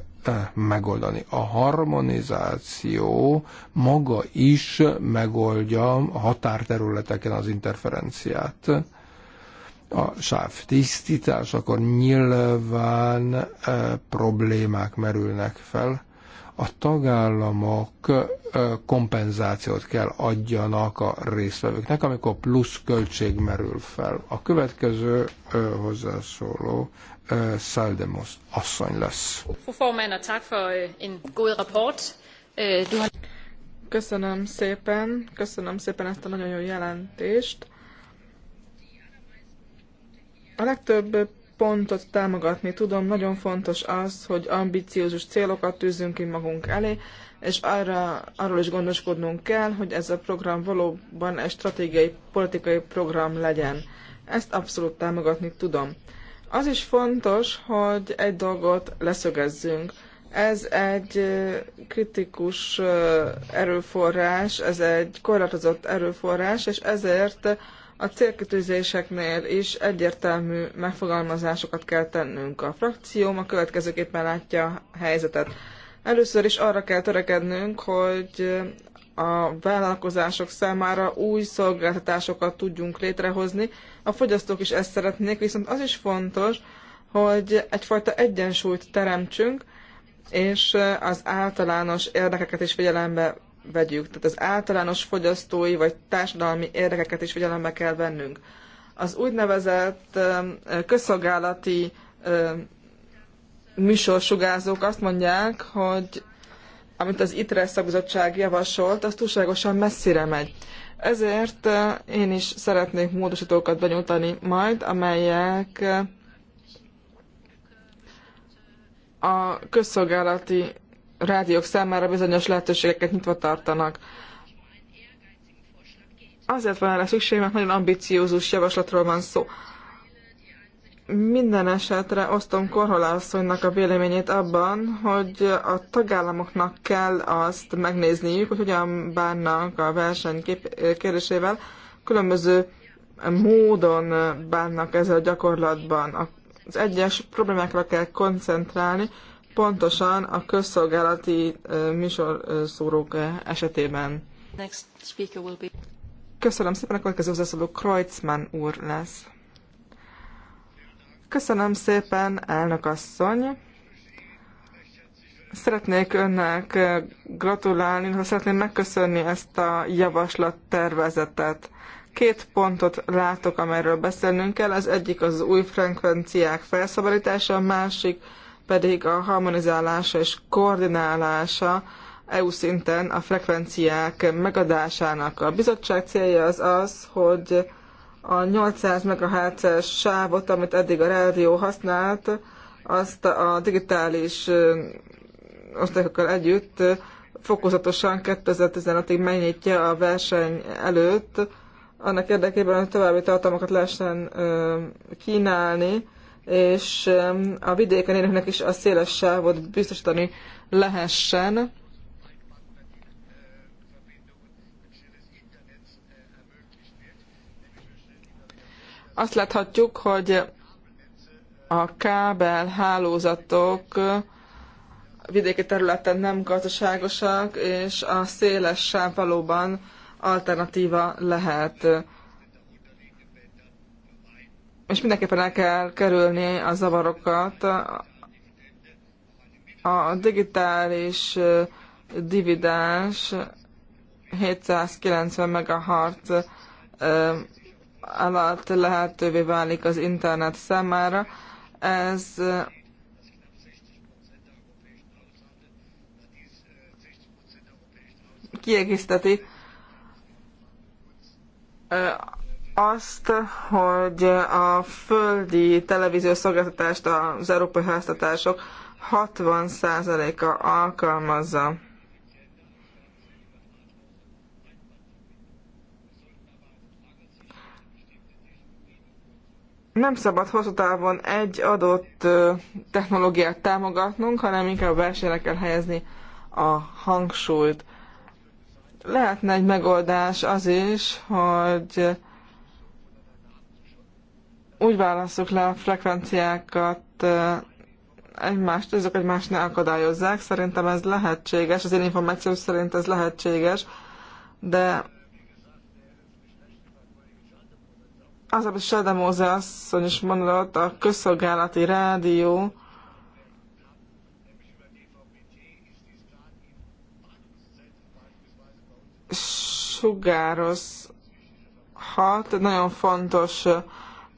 megoldani. A harmonizáció maga is megoldja a határterületeken az interferenciát a sáv tisztítás, akkor nyilván e, problémák merülnek fel. A tagállamok e, kompenzációt kell adjanak a résztvevőknek, amikor plusz költség merül fel. A következő e, hozzászóló e, Saldemos asszony lesz. Köszönöm szépen, köszönöm szépen ezt a nagyon jó jelentést a legtöbb pontot támogatni tudom, nagyon fontos az, hogy ambiciózus célokat tűzünk ki magunk elé, és arra, arról is gondoskodnunk kell, hogy ez a program valóban egy stratégiai, politikai program legyen. Ezt abszolút támogatni tudom. Az is fontos, hogy egy dolgot leszögezzünk. Ez egy kritikus erőforrás, ez egy korlátozott erőforrás, és ezért a célkitűzéseknél is egyértelmű megfogalmazásokat kell tennünk. A frakcióm a következőképpen látja a helyzetet. Először is arra kell törekednünk, hogy a vállalkozások számára új szolgáltatásokat tudjunk létrehozni. A fogyasztók is ezt szeretnék, viszont az is fontos, hogy egyfajta egyensúlyt teremtsünk, és az általános érdekeket is figyelembe vegyük. Tehát az általános fogyasztói vagy társadalmi érdekeket is figyelembe kell vennünk. Az úgynevezett um, közszolgálati um, műsorsugázók azt mondják, hogy amit az ITRE szakbizottság javasolt, az túlságosan messzire megy. Ezért uh, én is szeretnék módosítókat benyújtani majd, amelyek uh, a közszolgálati rádiók számára bizonyos lehetőségeket nyitva tartanak. Azért van erre szükség, mert nagyon ambiciózus javaslatról van szó. Minden esetre osztom korholászonynak a véleményét abban, hogy a tagállamoknak kell azt megnézniük, hogy hogyan bánnak a verseny kérdésével, különböző módon bánnak ezzel a gyakorlatban. Az egyes problémákra kell koncentrálni, pontosan a közszolgálati műsorszórók esetében. Next speaker will be... Köszönöm szépen, a következő hozzászóló Kreutzmann úr lesz. Köszönöm szépen, elnök asszony. Szeretnék önnek gratulálni, ha szeretném megköszönni ezt a javaslattervezetet. Két pontot látok, amelyről beszélnünk kell. Az egyik az új frekvenciák felszabadítása, a másik pedig a harmonizálása és koordinálása EU szinten a frekvenciák megadásának. A bizottság célja az az, hogy a 800 mhz sávot, amit eddig a rádió használt, azt a digitális osztályokkal együtt fokozatosan 2015-ig megnyitja a verseny előtt, annak érdekében, hogy további tartalmakat lehessen kínálni, és a vidéken élőknek is a széles sávot biztosítani lehessen. Azt láthatjuk, hogy a kábel hálózatok vidéki területen nem gazdaságosak, és a széles sáv valóban alternatíva lehet és mindenképpen el kell kerülni a zavarokat. A digitális dividens 790 megahertz alatt lehetővé válik az internet számára. Ez kiegészteti azt, hogy a földi televíziós szolgáltatást az európai háztatások 60%-a alkalmazza. Nem szabad hosszú távon egy adott technológiát támogatnunk, hanem inkább versenyre kell helyezni a hangsúlyt. Lehetne egy megoldás az is, hogy úgy válaszok le a frekvenciákat egymást, ezek egymást ne akadályozzák. Szerintem ez lehetséges, az én információ szerint ez lehetséges, de az, amit Sademóze asszony is mondott, a közszolgálati rádió, sugározhat, nagyon fontos uh,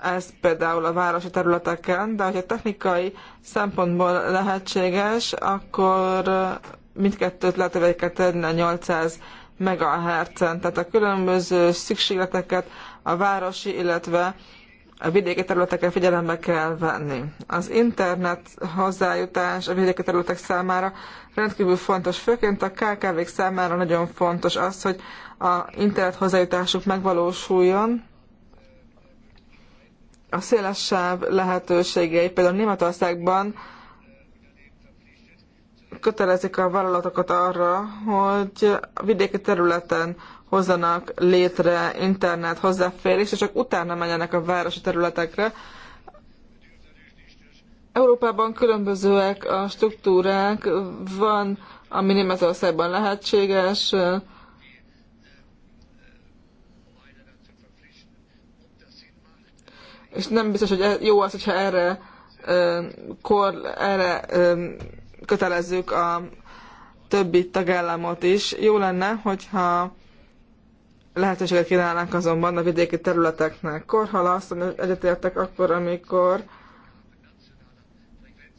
ez például a városi területeken, de hogyha technikai szempontból lehetséges, akkor mindkettőt lehetővé kell tenni a 800 megahertzen, tehát a különböző szükségleteket a városi, illetve a vidéki területeken figyelembe kell venni. Az internet hozzájutás a vidéki területek számára rendkívül fontos, főként a KKV-k számára nagyon fontos az, hogy a internet hozzájutásuk megvalósuljon, a széles sáv lehetőségei. Például Németországban kötelezik a vállalatokat arra, hogy a vidéki területen hozzanak létre internet hozzáférés, és csak utána menjenek a városi területekre. Európában különbözőek a struktúrák, van, ami Németországban lehetséges, és nem biztos, hogy e- jó az, hogyha erre, kor, erre kötelezzük a többi tagállamot is. Jó lenne, hogyha lehetőséget kínálnánk azonban a vidéki területeknek. Korhala azt egyetértek akkor, amikor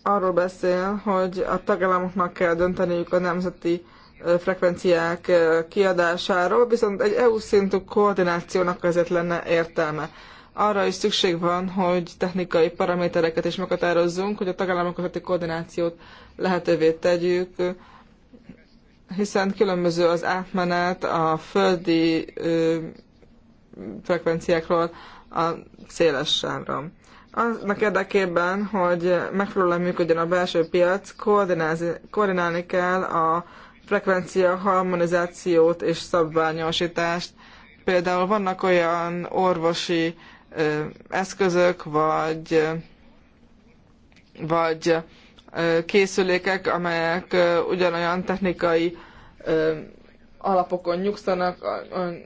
arról beszél, hogy a tagállamoknak kell dönteniük a nemzeti frekvenciák kiadásáról, viszont egy EU szintű koordinációnak ezért lenne értelme arra is szükség van, hogy technikai paramétereket is meghatározzunk, hogy a tagállamok közötti koordinációt lehetővé tegyük, hiszen különböző az átmenet a földi ö, frekvenciákról a széles sávra. Annak érdekében, hogy megfelelően működjön a belső piac, koordinálni kell a frekvencia harmonizációt és szabványosítást. Például vannak olyan orvosi eszközök, vagy, vagy készülékek, amelyek ugyanolyan technikai alapokon nyugszanak,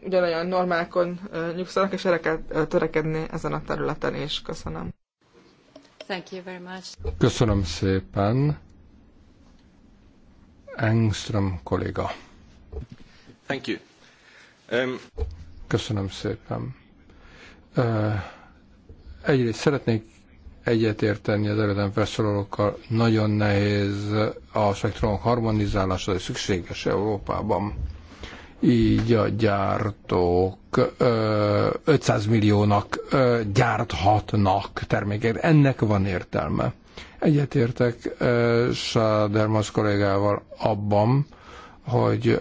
ugyanolyan normákon nyugszanak, és erre kell törekedni ezen a területen is. Köszönöm. Thank you very much. Köszönöm szépen. Engström kolléga. Thank you. Um... Köszönöm szépen. Egyrészt szeretnék egyetérteni az előttem felszólalókkal, nagyon nehéz a spektrum harmonizálása, de szükséges Európában. Így a gyártók 500 milliónak gyárthatnak terméket. Ennek van értelme. Egyetértek Sádermas kollégával abban, hogy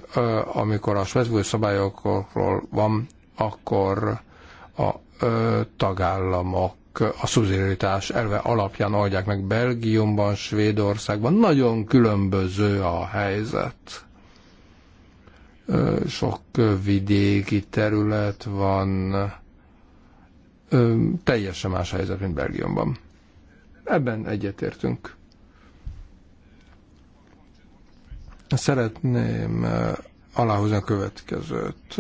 amikor a Svezbúj szabályokról van, akkor a tagállamok a szubszidiaritás elve alapján adják meg Belgiumban, Svédországban. Nagyon különböző a helyzet. Sok vidéki terület van, teljesen más helyzet, mint Belgiumban. Ebben egyetértünk. Szeretném aláhozni a következőt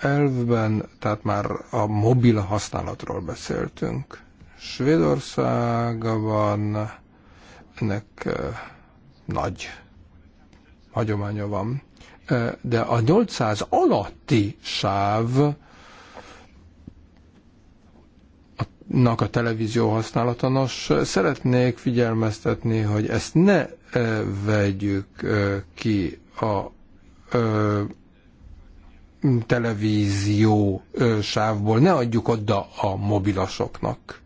elvben, tehát már a mobil használatról beszéltünk. Svédországban ennek nagy hagyománya van, de a 800 alatti sáv a televízió használata. Nos, szeretnék figyelmeztetni, hogy ezt ne vegyük ki a televízió sávból, ne adjuk oda a mobilasoknak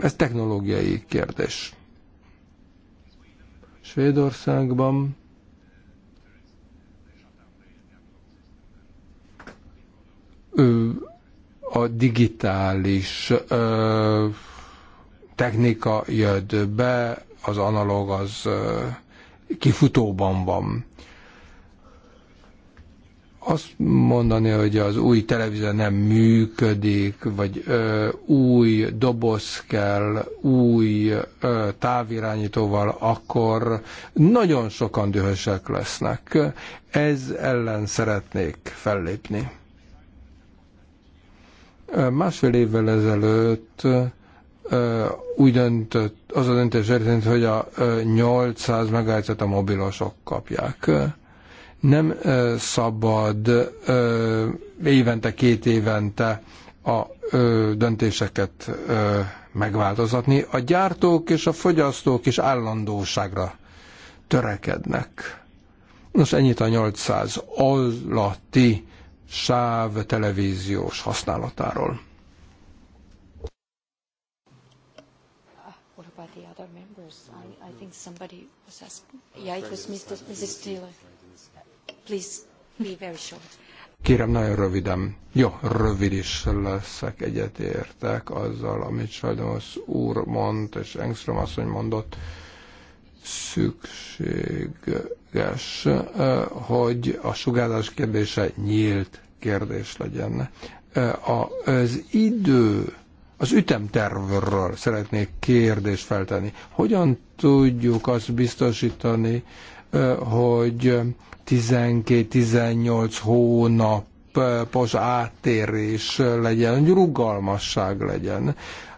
Ez technológiai kérdés. Svédországban a digitális technika jött be, az analóg az kifutóban van azt mondani, hogy az új televízió nem működik, vagy ö, új doboz kell, új ö, távirányítóval, akkor nagyon sokan dühösek lesznek. Ez ellen szeretnék fellépni. Másfél évvel ezelőtt ö, úgy döntött, az a döntés szerint, hogy a ö, 800 megállított a mobilosok kapják. Nem szabad évente, két évente a döntéseket megváltoztatni. A gyártók és a fogyasztók is állandóságra törekednek. Nos, ennyit a 800 alatti sáv televíziós használatáról. Ah, what about the other members? I, I think somebody was asking. Yeah, it was Mr. Mrs. Taylor. Kérem, nagyon röviden. Jó, rövid is leszek, egyetértek azzal, amit Sajdonosz úr mond, és Engström asszony mondott, szükséges, eh, hogy a sugárzás kérdése nyílt kérdés legyen. Eh, az idő, az ütemtervről szeretnék kérdést feltenni. Hogyan tudjuk azt biztosítani, eh, hogy 12-18 hónapos eh, áttérés legyen, hogy rugalmasság legyen.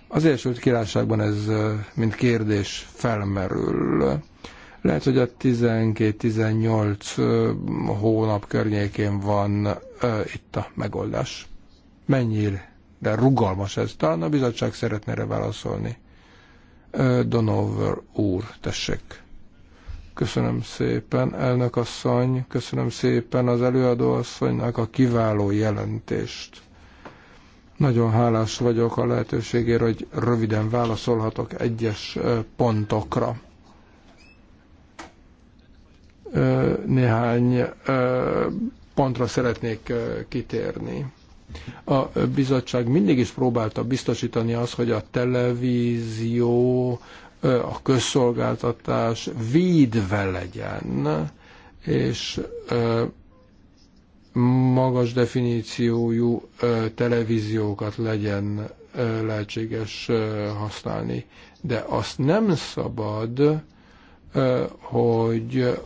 Az Egyesült Királyságban ez, eh, mint kérdés, felmerül. Lehet, hogy a 12-18 eh, hónap környékén van itt a megoldás. Mennyire de rugalmas ez. Talán a bizottság szeretne erre válaszolni. Donover úr, tessék. Köszönöm szépen, elnök asszony, köszönöm szépen az előadó asszonynak a kiváló jelentést. Nagyon hálás vagyok a lehetőségért, hogy röviden válaszolhatok egyes pontokra. Néhány pontra szeretnék kitérni. A bizottság mindig is próbálta biztosítani azt, hogy a televízió a közszolgáltatás védve legyen, és magas definíciójú televíziókat legyen lehetséges használni. De azt nem szabad, hogy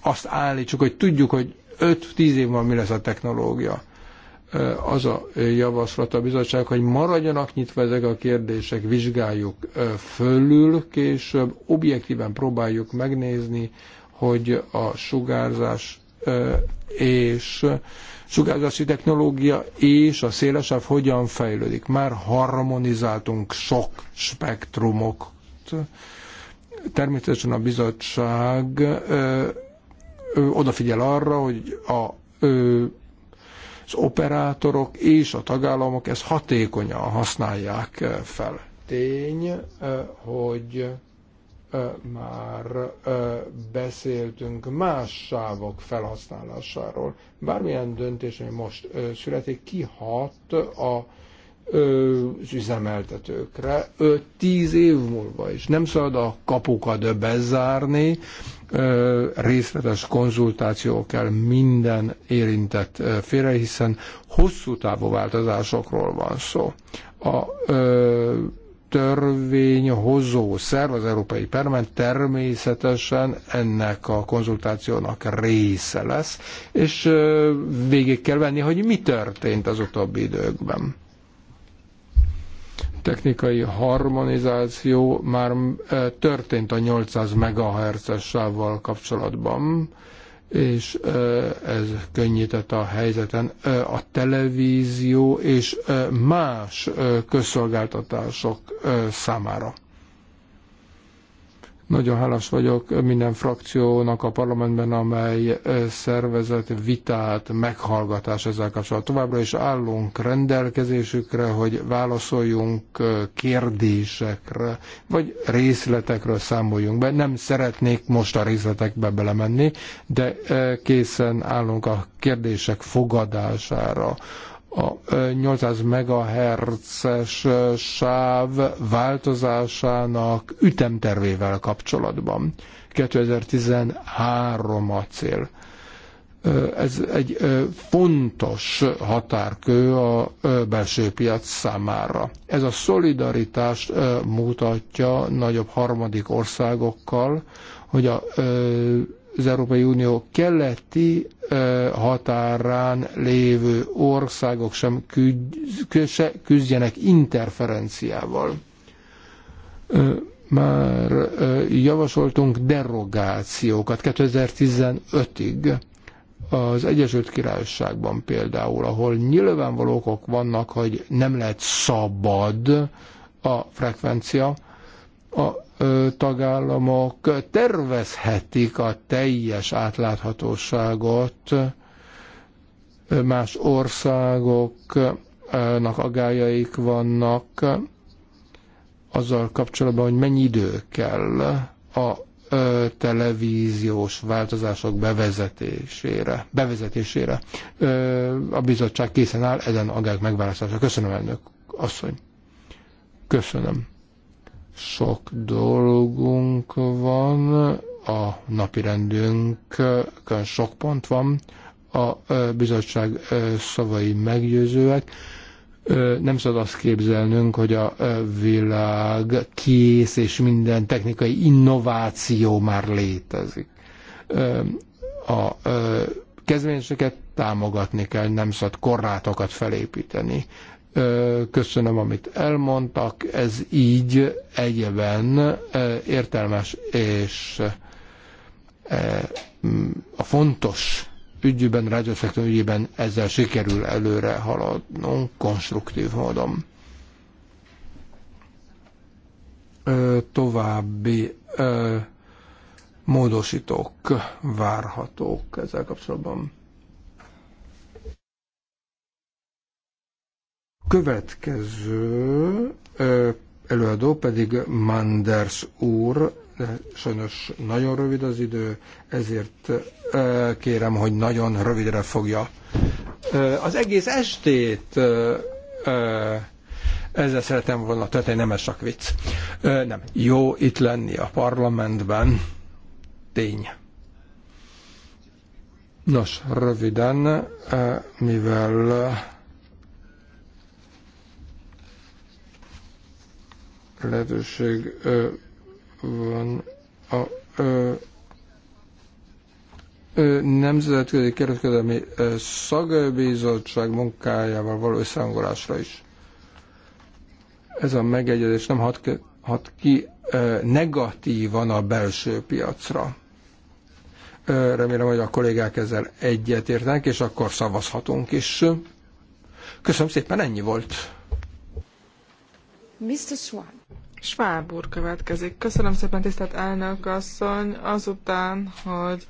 azt állítsuk, hogy tudjuk, hogy 5-10 év van mi lesz a technológia az a javaslat a bizottság, hogy maradjanak nyitva ezek a kérdések, vizsgáljuk fölül, később objektíven próbáljuk megnézni, hogy a sugárzás és sugárzási technológia és a szélesebb hogyan fejlődik. Már harmonizáltunk sok spektrumot. Természetesen a bizottság ö, ö, odafigyel arra, hogy a ö, az operátorok és a tagállamok ezt hatékonyan használják eh, fel. Tény, eh, hogy eh, már beszéltünk más sávok felhasználásáról. Bármilyen döntés, ami most születik, kihat a az üzemeltetőkre 5-10 év múlva is. Nem szabad a kapukat bezárni, részletes konzultáció kell minden érintett félre, hiszen hosszú távú változásokról van szó. A ö, törvényhozó szerv, az Európai Parlament természetesen ennek a konzultációnak része lesz, és végig kell venni, hogy mi történt az utóbbi időkben technikai harmonizáció már e, történt a 800 MHz-es sávval kapcsolatban, és e, ez könnyített a helyzeten. E, a televízió és más közszolgáltatások számára. Nagyon hálás vagyok minden frakciónak a parlamentben, amely eh, szervezett vitát, meghallgatás ezzel kapcsolatban. Továbbra is állunk rendelkezésükre, hogy válaszoljunk eh, kérdésekre, vagy részletekről számoljunk be. Nem szeretnék most a részletekbe belemenni, de eh, készen állunk a kérdések fogadására a 800 MHz-es sáv változásának ütemtervével kapcsolatban. 2013 a cél. Ez egy fontos határkő a belső piac számára. Ez a szolidaritást mutatja nagyobb harmadik országokkal, hogy a az Európai Unió keleti határán lévő országok sem küzdjenek interferenciával. Már javasoltunk derogációkat 2015-ig az Egyesült Királyságban például, ahol nyilvánvalókok vannak, hogy nem lehet szabad a frekvencia, a tagállamok tervezhetik a teljes átláthatóságot, más országoknak agájaik vannak azzal kapcsolatban, hogy mennyi idő kell a televíziós változások bevezetésére. bevezetésére. A bizottság készen áll ezen agák megválasztása. Köszönöm, elnök asszony. Köszönöm. Sok dolgunk van, a napirendünkön sok pont van, a bizottság szavai meggyőzőek. Nem szabad azt képzelnünk, hogy a világ kész, és minden technikai innováció már létezik. A kezdeményeseket támogatni kell, nem szabad korlátokat felépíteni. Köszönöm, amit elmondtak. Ez így egyben értelmes és a fontos ügyben, rádiószektor ügyében ezzel sikerül előre haladnunk konstruktív módon. További módosítók várhatók ezzel kapcsolatban. Következő előadó pedig Manders úr, de sajnos nagyon rövid az idő, ezért kérem, hogy nagyon rövidre fogja az egész estét ezzel szeretem volna történni, nem ez csak vicc. Nem, jó itt lenni a parlamentben. Tény. Nos, röviden, mivel lehetőség van a Nemzetközi Kereskedelmi Szakbizottság munkájával való összehangolásra is. Ez a megegyezés nem hat ki, hat ki negatívan a belső piacra. Remélem, hogy a kollégák ezzel egyetértenek, és akkor szavazhatunk is. Köszönöm szépen, ennyi volt. Mr. Swan. Schwab úr következik. Köszönöm szépen, tisztelt elnök asszony. Azután, hogy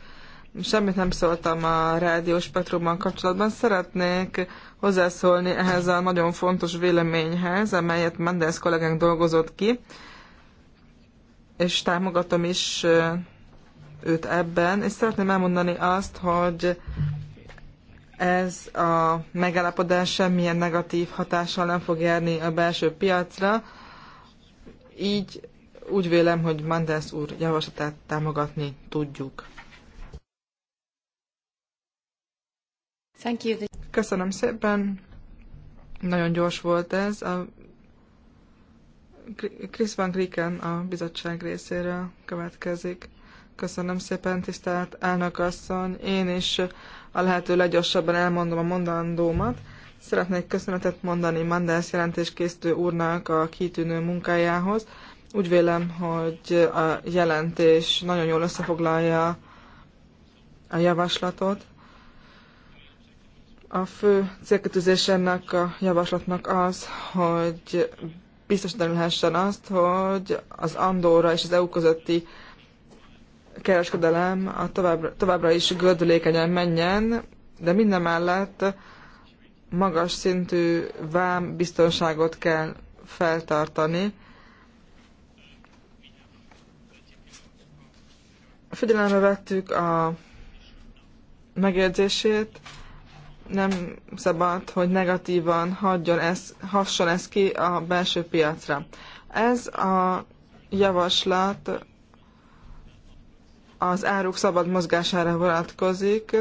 semmit nem szóltam a rádió spektrumban kapcsolatban, szeretnék hozzászólni ehhez a nagyon fontos véleményhez, amelyet Mendes kollégánk dolgozott ki, és támogatom is őt ebben, és szeretném elmondani azt, hogy ez a megállapodás semmilyen negatív hatással nem fog járni a belső piacra, így úgy vélem, hogy Mandels úr javaslatát támogatni tudjuk. Thank you. Köszönöm szépen. Nagyon gyors volt ez. A Chris Van Grieken a bizottság részéről következik. Köszönöm szépen, tisztelt elnök asszony. Én is a lehető leggyorsabban elmondom a mondandómat. Szeretnék köszönetet mondani Mandels jelentéskészítő úrnak a kitűnő munkájához. Úgy vélem, hogy a jelentés nagyon jól összefoglalja a javaslatot. A fő célkötőzés ennek a javaslatnak az, hogy biztosítani lehessen azt, hogy az Andorra és az EU közötti kereskedelem a továbbra, továbbra is gördülékenyen menjen, de minden mellett magas szintű vám biztonságot kell feltartani. Figyelembe vettük a megérzését, nem szabad, hogy negatívan hagyjon ez, hasson ez ki a belső piacra. Ez a javaslat az áruk szabad mozgására vonatkozik,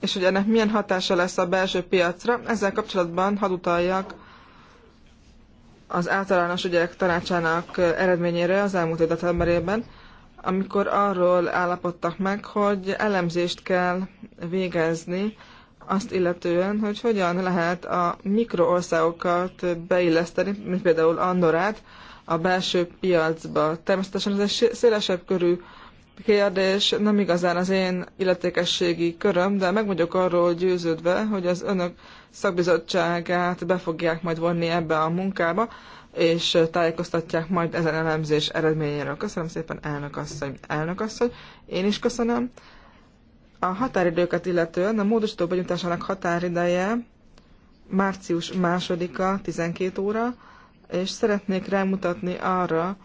és hogy ennek milyen hatása lesz a belső piacra. Ezzel kapcsolatban hadd utaljak az általános ügyek tanácsának eredményére az elmúlt év amikor arról állapodtak meg, hogy elemzést kell végezni azt illetően, hogy hogyan lehet a mikroországokat beilleszteni, mint például Andorát, a belső piacba. Természetesen ez egy szélesebb körű kérdés, nem igazán az én illetékességi köröm, de meg vagyok arról győződve, hogy az önök szakbizottságát be fogják majd vonni ebbe a munkába, és tájékoztatják majd ezen elemzés eredményéről. Köszönöm szépen, elnök asszony. Elnök asszony, én is köszönöm. A határidőket illetően a módosító benyújtásának határideje március 2-a 12 óra, és szeretnék rámutatni arra,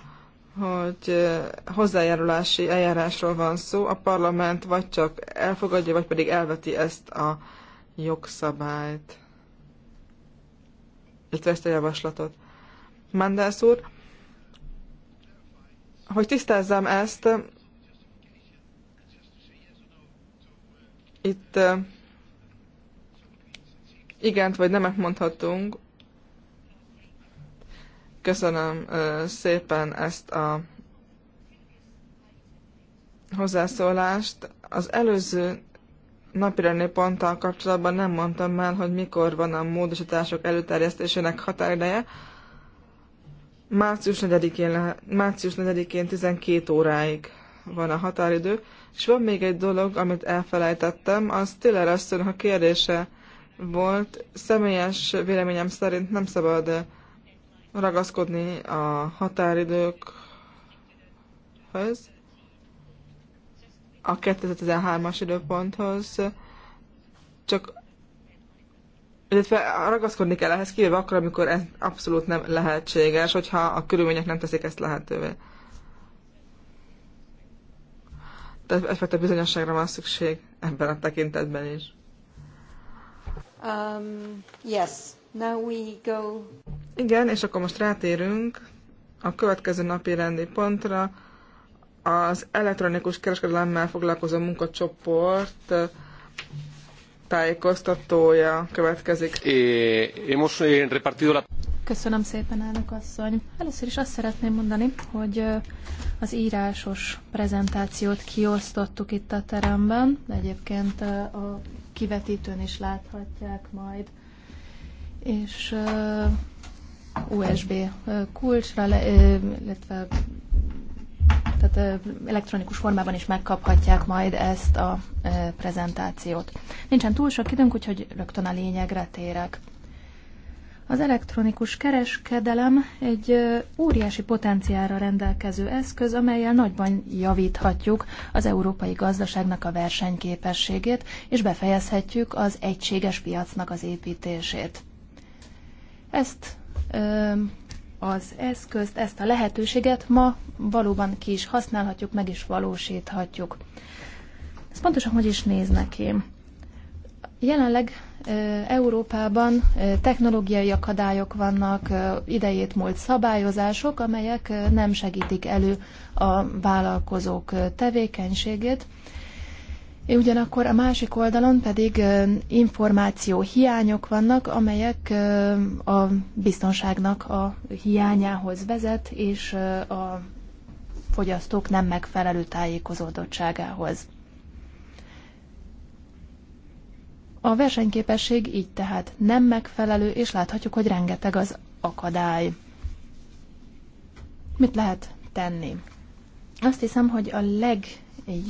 hogy hozzájárulási eljárásról van szó, a parlament vagy csak elfogadja, vagy pedig elveti ezt a jogszabályt, illetve ezt a javaslatot. Mandelsz úr, hogy tisztázzam ezt, itt igent vagy nemet mondhatunk Köszönöm szépen ezt a hozzászólást. Az előző napirendi ponttal kapcsolatban nem mondtam el, hogy mikor van a módosítások előterjesztésének határideje. Március 4-én, március 4-én 12 óráig van a határidő, és van még egy dolog, amit elfelejtettem, az Tiller asszony, ha kérdése volt, személyes véleményem szerint nem szabad ragaszkodni a határidőkhöz, a 2013-as időponthoz, csak illetve ragaszkodni kell ehhez, kivéve akkor, amikor ez abszolút nem lehetséges, hogyha a körülmények nem teszik ezt lehetővé. Tehát egyfajta bizonyosságra van szükség ebben a tekintetben is. Um, yes. Now we go. Igen, és akkor most rátérünk a következő napi rendi pontra. Az elektronikus kereskedelemmel foglalkozó munkacsoport tájékoztatója következik. Eh, Köszönöm szépen, elnök asszony. Először is azt szeretném mondani, hogy az írásos prezentációt kiosztottuk itt a teremben. Egyébként a kivetítőn is láthatják majd. És USB kulcsra, illetve tehát elektronikus formában is megkaphatják majd ezt a prezentációt. Nincsen túl sok időnk, úgyhogy rögtön a lényegre térek. Az elektronikus kereskedelem egy óriási potenciálra rendelkező eszköz, amelyel nagyban javíthatjuk az európai gazdaságnak a versenyképességét, és befejezhetjük az egységes piacnak az építését. Ezt az eszközt, ezt a lehetőséget ma valóban ki is használhatjuk, meg is valósíthatjuk. Ez pontosan hogy is néz neki? Jelenleg Európában technológiai akadályok vannak, idejét múlt szabályozások, amelyek nem segítik elő a vállalkozók tevékenységét, Ugyanakkor a másik oldalon pedig információ hiányok vannak, amelyek a biztonságnak a hiányához vezet, és a fogyasztók nem megfelelő tájékozódottságához. A versenyképesség így tehát nem megfelelő, és láthatjuk, hogy rengeteg az akadály. Mit lehet tenni? Azt hiszem, hogy a leg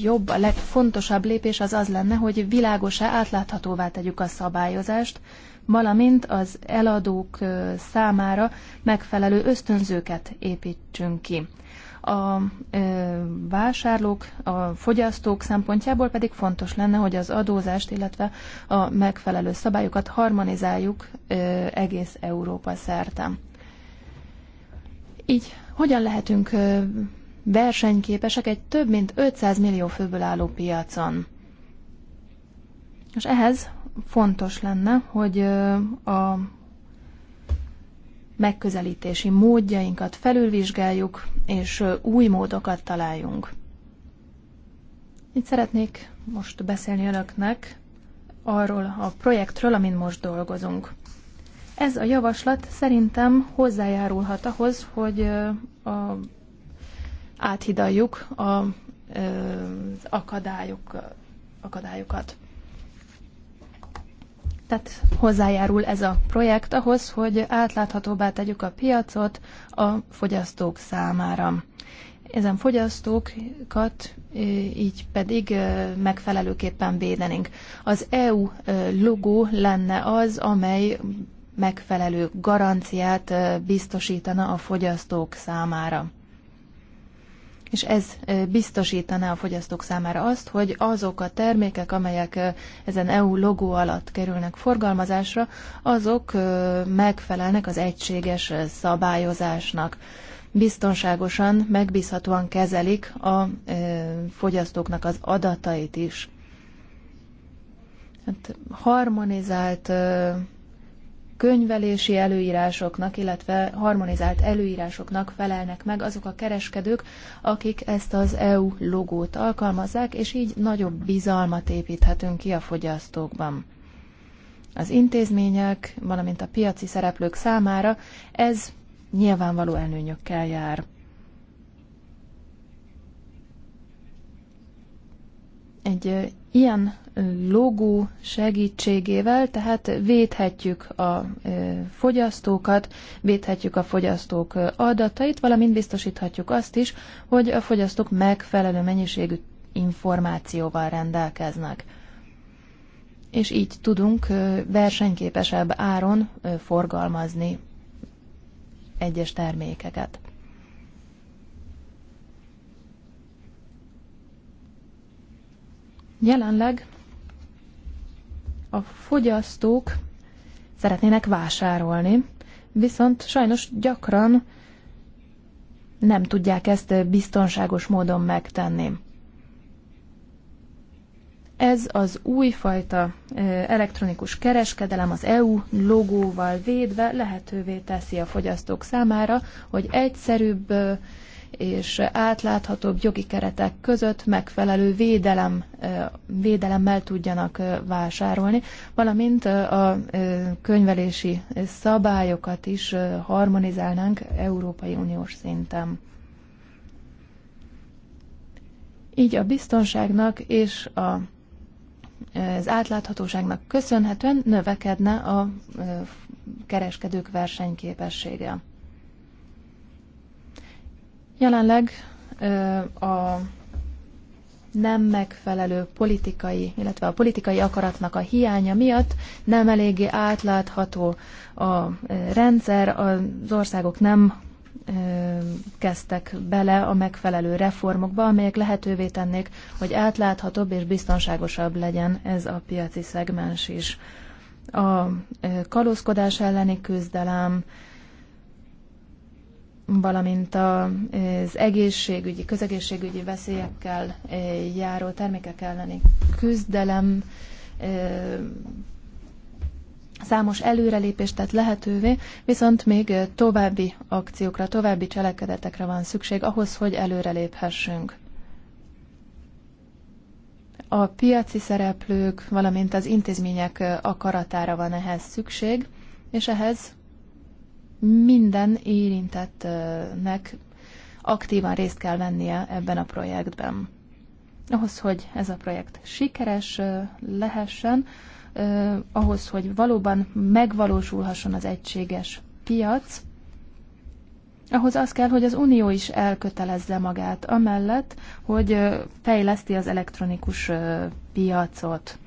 jobb a legfontosabb lépés az az lenne, hogy világosá, átláthatóvá tegyük a szabályozást, valamint az eladók számára megfelelő ösztönzőket építsünk ki. A vásárlók, a fogyasztók szempontjából pedig fontos lenne, hogy az adózást, illetve a megfelelő szabályokat harmonizáljuk egész Európa szerte. Így hogyan lehetünk versenyképesek egy több mint 500 millió főből álló piacon. És ehhez fontos lenne, hogy a megközelítési módjainkat felülvizsgáljuk, és új módokat találjunk. Itt szeretnék most beszélni önöknek arról a projektről, amin most dolgozunk. Ez a javaslat szerintem hozzájárulhat ahhoz, hogy a áthidaljuk a, az akadályok, akadályokat. Tehát hozzájárul ez a projekt ahhoz, hogy átláthatóbbá tegyük a piacot a fogyasztók számára. Ezen fogyasztókat így pedig megfelelőképpen védenénk. Az EU logó lenne az, amely megfelelő garanciát biztosítana a fogyasztók számára és ez biztosítaná a fogyasztók számára azt, hogy azok a termékek, amelyek ezen EU logó alatt kerülnek forgalmazásra, azok megfelelnek az egységes szabályozásnak. Biztonságosan, megbízhatóan kezelik a fogyasztóknak az adatait is. Hát harmonizált könyvelési előírásoknak, illetve harmonizált előírásoknak felelnek meg azok a kereskedők, akik ezt az EU logót alkalmazzák, és így nagyobb bizalmat építhetünk ki a fogyasztókban. Az intézmények, valamint a piaci szereplők számára ez nyilvánvaló előnyökkel jár. Egy Ilyen logó segítségével tehát védhetjük a fogyasztókat, védhetjük a fogyasztók adatait, valamint biztosíthatjuk azt is, hogy a fogyasztók megfelelő mennyiségű információval rendelkeznek. És így tudunk versenyképesebb áron forgalmazni egyes termékeket. Jelenleg a fogyasztók szeretnének vásárolni, viszont sajnos gyakran nem tudják ezt biztonságos módon megtenni. Ez az újfajta elektronikus kereskedelem az EU logóval védve lehetővé teszi a fogyasztók számára, hogy egyszerűbb és átláthatóbb jogi keretek között megfelelő védelem, védelemmel tudjanak vásárolni, valamint a könyvelési szabályokat is harmonizálnánk Európai Uniós szinten. Így a biztonságnak és a az átláthatóságnak köszönhetően növekedne a kereskedők versenyképessége. Jelenleg a nem megfelelő politikai, illetve a politikai akaratnak a hiánya miatt nem eléggé átlátható a rendszer, az országok nem kezdtek bele a megfelelő reformokba, amelyek lehetővé tennék, hogy átláthatóbb és biztonságosabb legyen ez a piaci szegmens is. A kalózkodás elleni küzdelem, valamint az egészségügyi, közegészségügyi veszélyekkel eh, járó termékek elleni küzdelem eh, számos előrelépést tett lehetővé, viszont még további akciókra, további cselekedetekre van szükség ahhoz, hogy előreléphessünk. A piaci szereplők, valamint az intézmények akaratára van ehhez szükség, és ehhez minden érintettnek aktívan részt kell vennie ebben a projektben. Ahhoz, hogy ez a projekt sikeres lehessen, ahhoz, hogy valóban megvalósulhasson az egységes piac, ahhoz az kell, hogy az Unió is elkötelezze magát amellett, hogy fejleszti az elektronikus piacot.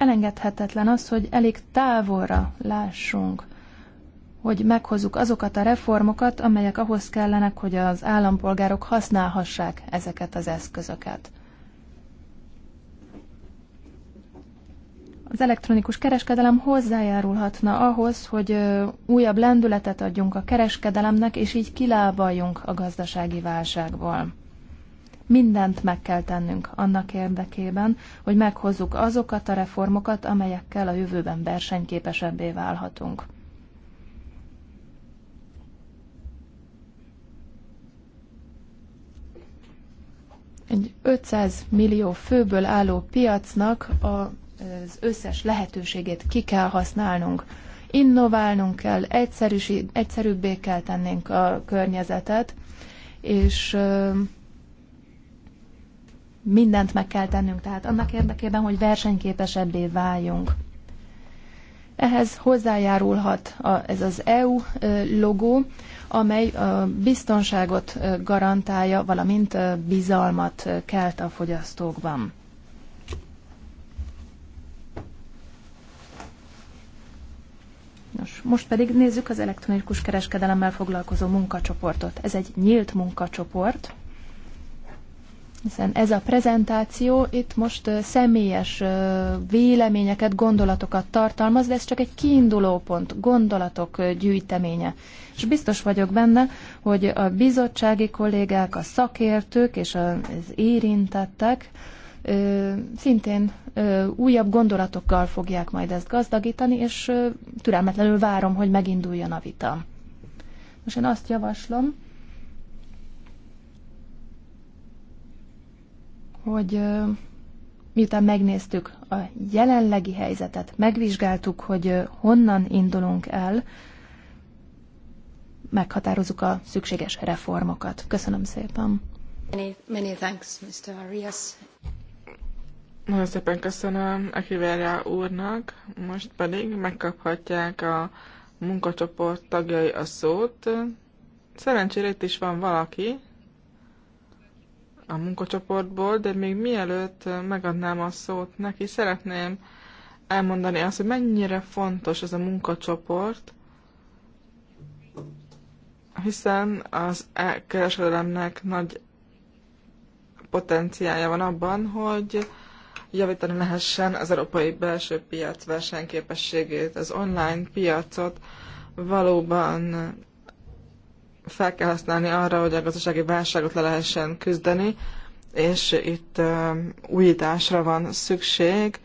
elengedhetetlen az, hogy elég távolra lássunk, hogy meghozzuk azokat a reformokat, amelyek ahhoz kellenek, hogy az állampolgárok használhassák ezeket az eszközöket. Az elektronikus kereskedelem hozzájárulhatna ahhoz, hogy újabb lendületet adjunk a kereskedelemnek, és így kilábaljunk a gazdasági válságból. Mindent meg kell tennünk annak érdekében, hogy meghozzuk azokat a reformokat, amelyekkel a jövőben versenyképesebbé válhatunk. egy 500 millió főből álló piacnak az összes lehetőségét ki kell használnunk. Innoválnunk kell, egyszerűbbé kell tennünk a környezetet, és mindent meg kell tennünk, tehát annak érdekében, hogy versenyképesebbé váljunk. Ehhez hozzájárulhat a, ez az EU logó, amely a biztonságot garantálja, valamint bizalmat kelt a fogyasztókban. Nos, most pedig nézzük az elektronikus kereskedelemmel foglalkozó munkacsoportot. Ez egy nyílt munkacsoport, hiszen ez a prezentáció itt most személyes véleményeket, gondolatokat tartalmaz, de ez csak egy kiinduló pont, gondolatok gyűjteménye. És biztos vagyok benne, hogy a bizottsági kollégák, a szakértők és az érintettek szintén újabb gondolatokkal fogják majd ezt gazdagítani, és türelmetlenül várom, hogy meginduljon a vita. Most én azt javaslom, hogy miután megnéztük a jelenlegi helyzetet, megvizsgáltuk, hogy honnan indulunk el, meghatározzuk a szükséges reformokat. Köszönöm szépen. Many, many thanks, Mr. Arias. Nagyon szépen köszönöm Kiverja úrnak, most pedig megkaphatják a munkacsoport tagjai a szót. Szerencsére itt is van valaki, a munkacsoportból, de még mielőtt megadnám a szót neki, szeretném elmondani azt, hogy mennyire fontos ez a munkacsoport, hiszen az e kereskedelemnek nagy potenciája van abban, hogy javítani lehessen az európai belső piac versenyképességét, az online piacot valóban fel kell használni arra, hogy a gazdasági válságot le lehessen küzdeni, és itt újításra van szükség.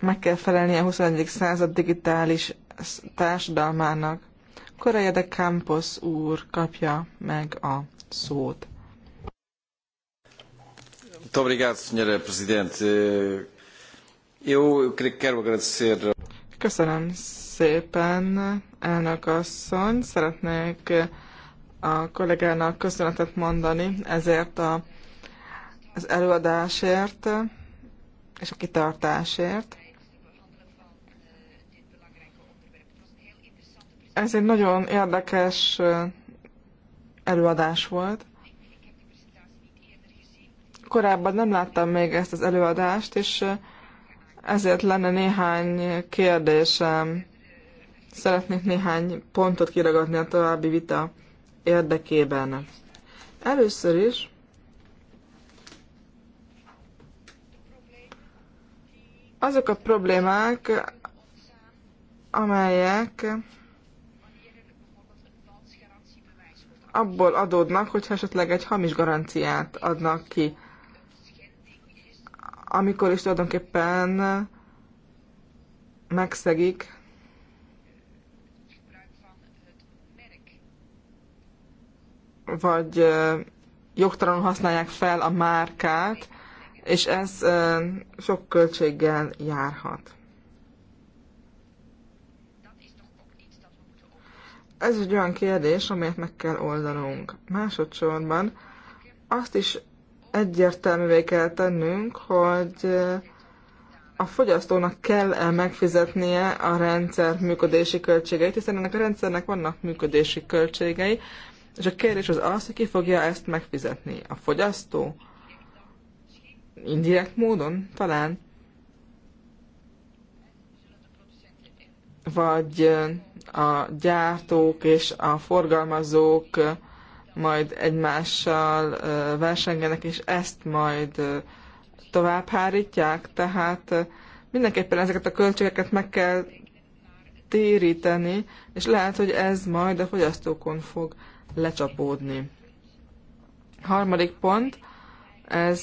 Meg kell felelni a 21. század digitális társadalmának. Koreje de Campos úr kapja meg a szót. Köszönöm szépen, elnök asszony. Szeretnék a kollégának köszönetet mondani ezért a, az előadásért és a kitartásért. Ez egy nagyon érdekes előadás volt. Korábban nem láttam még ezt az előadást, és ezért lenne néhány kérdésem szeretnék néhány pontot kiragadni a további vita érdekében. Először is azok a problémák, amelyek abból adódnak, hogyha esetleg egy hamis garanciát adnak ki, amikor is tulajdonképpen megszegik vagy jogtalanul használják fel a márkát, és ez sok költséggel járhat. Ez egy olyan kérdés, amelyet meg kell oldanunk. Másodszorban azt is egyértelművé kell tennünk, hogy a fogyasztónak kell -e megfizetnie a rendszer működési költségeit, hiszen ennek a rendszernek vannak működési költségei, és a kérdés az az, hogy ki fogja ezt megfizetni. A fogyasztó? Indirekt módon? Talán. Vagy a gyártók és a forgalmazók majd egymással versengenek, és ezt majd tovább hárítják, tehát mindenképpen ezeket a költségeket meg kell téríteni, és lehet, hogy ez majd a fogyasztókon fog lecsapódni. Harmadik pont, ez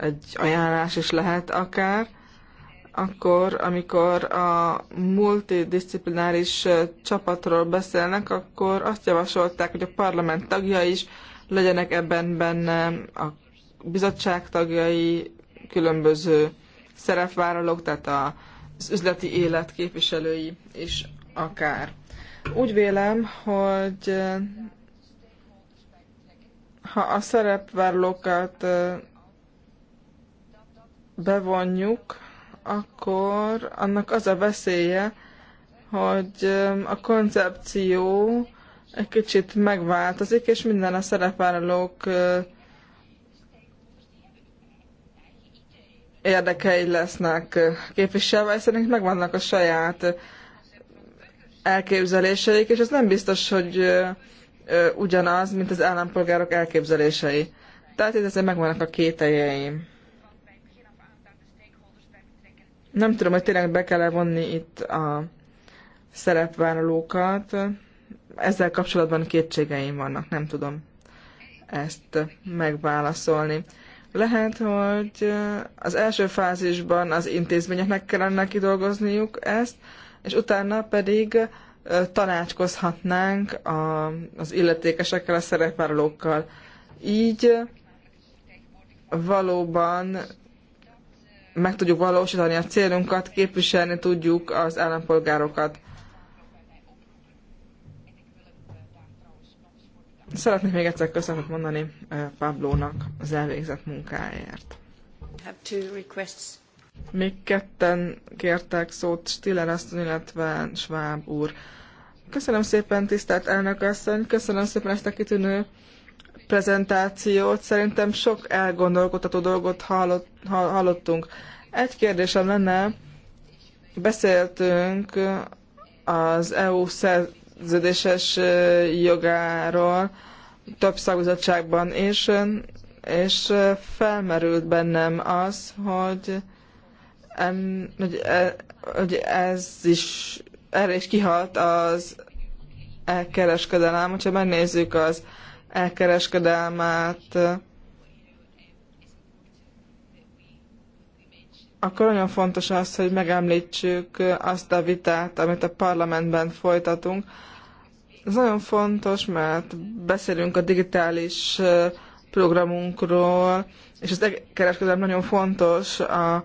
egy ajánlás is lehet akár, akkor, amikor a multidisciplináris csapatról beszélnek, akkor azt javasolták, hogy a parlament tagja is legyenek ebben benne a bizottság tagjai, különböző szerepvállalók, tehát az üzleti élet képviselői is akár. Úgy vélem, hogy ha a szerepvállalókat bevonjuk, akkor annak az a veszélye, hogy a koncepció egy kicsit megváltozik, és minden a szerepvállalók érdekei lesznek képviselve, és szerint megvannak a saját elképzeléseik, és ez nem biztos, hogy ugyanaz, mint az állampolgárok elképzelései. Tehát itt ezzel megvannak a kételjeim. Nem tudom, hogy tényleg be kell -e vonni itt a szerepvállalókat. Ezzel kapcsolatban kétségeim vannak, nem tudom ezt megválaszolni. Lehet, hogy az első fázisban az intézményeknek kellene kidolgozniuk ezt, és utána pedig tanácskozhatnánk a, az illetékesekkel, a szerepvállalókkal. Így valóban meg tudjuk valósítani a célunkat, képviselni tudjuk az állampolgárokat. Szeretnék még egyszer köszönetet mondani Pablónak az elvégzett munkáért. Have two requests még ketten kértek szót, Stiller asszony, illetve Schwab úr. Köszönöm szépen, tisztelt elnök asszony, köszönöm szépen ezt a kitűnő prezentációt. Szerintem sok elgondolkodható dolgot hallott, hallottunk. Egy kérdésem lenne, beszéltünk az EU szerződéses jogáról több szakbizottságban, és, és felmerült bennem az, hogy en, hogy, e, hogy ez is erre is kihalt az elkereskedelem, hogyha megnézzük az elkereskedelmet, akkor nagyon fontos az, hogy megemlítsük azt a vitát, amit a parlamentben folytatunk. Ez nagyon fontos, mert beszélünk a digitális e, programunkról, és az kereskedelem nagyon fontos a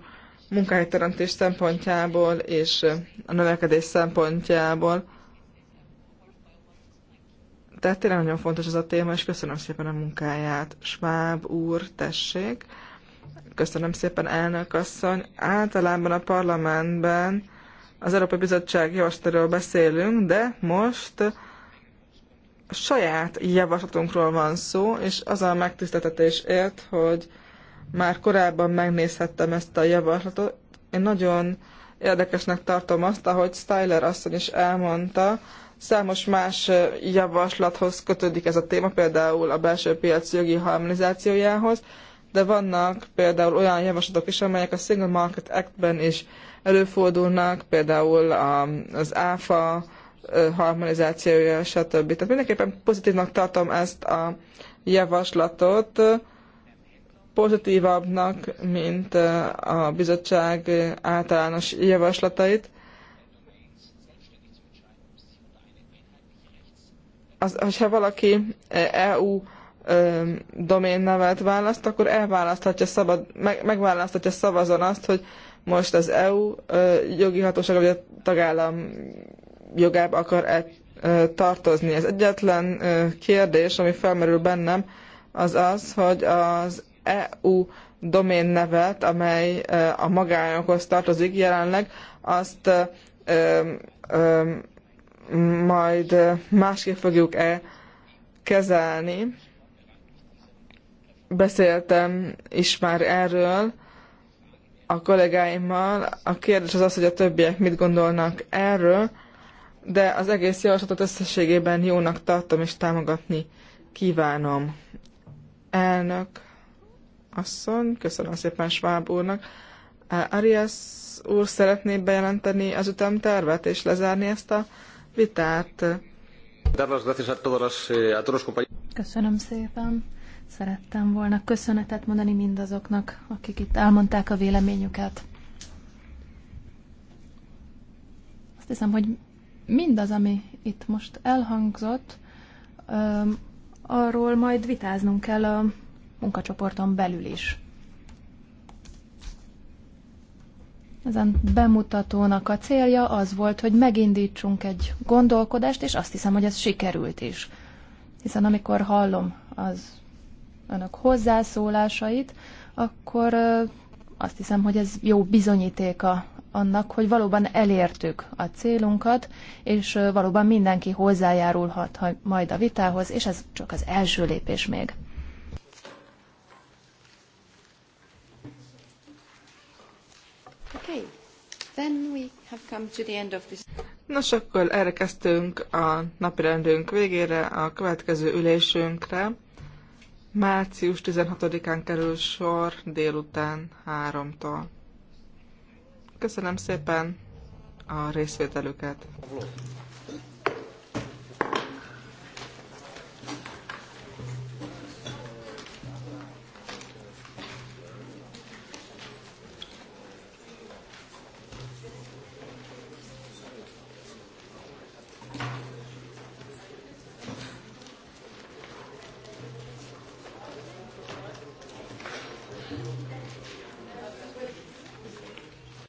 munkahelyteremtés szempontjából és a növekedés szempontjából. Tehát tényleg nagyon fontos ez a téma, és köszönöm szépen a munkáját. Schwab úr, tessék. Köszönöm szépen, elnök asszony. Általában a parlamentben az Európai Bizottság javaslatról beszélünk, de most saját javaslatunkról van szó, és az a megtiszteltetés ért, hogy már korábban megnézhettem ezt a javaslatot. Én nagyon érdekesnek tartom azt, ahogy Styler asszony is elmondta, számos más javaslathoz kötődik ez a téma, például a belső piac jogi harmonizációjához, de vannak például olyan javaslatok is, amelyek a Single Market Act-ben is előfordulnak, például az ÁFA harmonizációja, stb. Tehát mindenképpen pozitívnak tartom ezt a javaslatot, pozitívabbnak, mint a bizottság általános javaslatait. Az, ha valaki EU nevet választ, akkor elválaszthatja szabad, meg, megválaszthatja szavazon azt, hogy most az EU jogi hatóság vagy a tagállam jogába akar -e tartozni. Ez egyetlen kérdés, ami felmerül bennem, az az, hogy az EU doménnevet, amely e, a magányokhoz tartozik jelenleg, azt ö, e, ö, e, majd másképp fogjuk-e kezelni. Beszéltem is már erről a kollégáimmal. A kérdés az az, hogy a többiek mit gondolnak erről, de az egész javaslatot összességében jónak tartom és támogatni kívánom. Elnök asszony, köszönöm szépen Schwab úrnak. Arias úr szeretné bejelenteni az ütemtervet és lezárni ezt a vitát. Eh, köszönöm szépen. Szerettem volna köszönetet mondani mindazoknak, akik itt elmondták a véleményüket. Azt hiszem, hogy mindaz, ami itt most elhangzott, arról majd vitáznunk kell a munkacsoporton belül is. Ezen bemutatónak a célja az volt, hogy megindítsunk egy gondolkodást, és azt hiszem, hogy ez sikerült is. Hiszen amikor hallom az önök hozzászólásait, akkor azt hiszem, hogy ez jó bizonyítéka annak, hogy valóban elértük a célunkat, és valóban mindenki hozzájárulhat majd a vitához, és ez csak az első lépés még. Then we have come to the end of this. Nos, akkor erre kezdtünk a napirendünk végére, a következő ülésünkre. Március 16-án kerül sor délután 3-tól. Köszönöm szépen a részvételüket.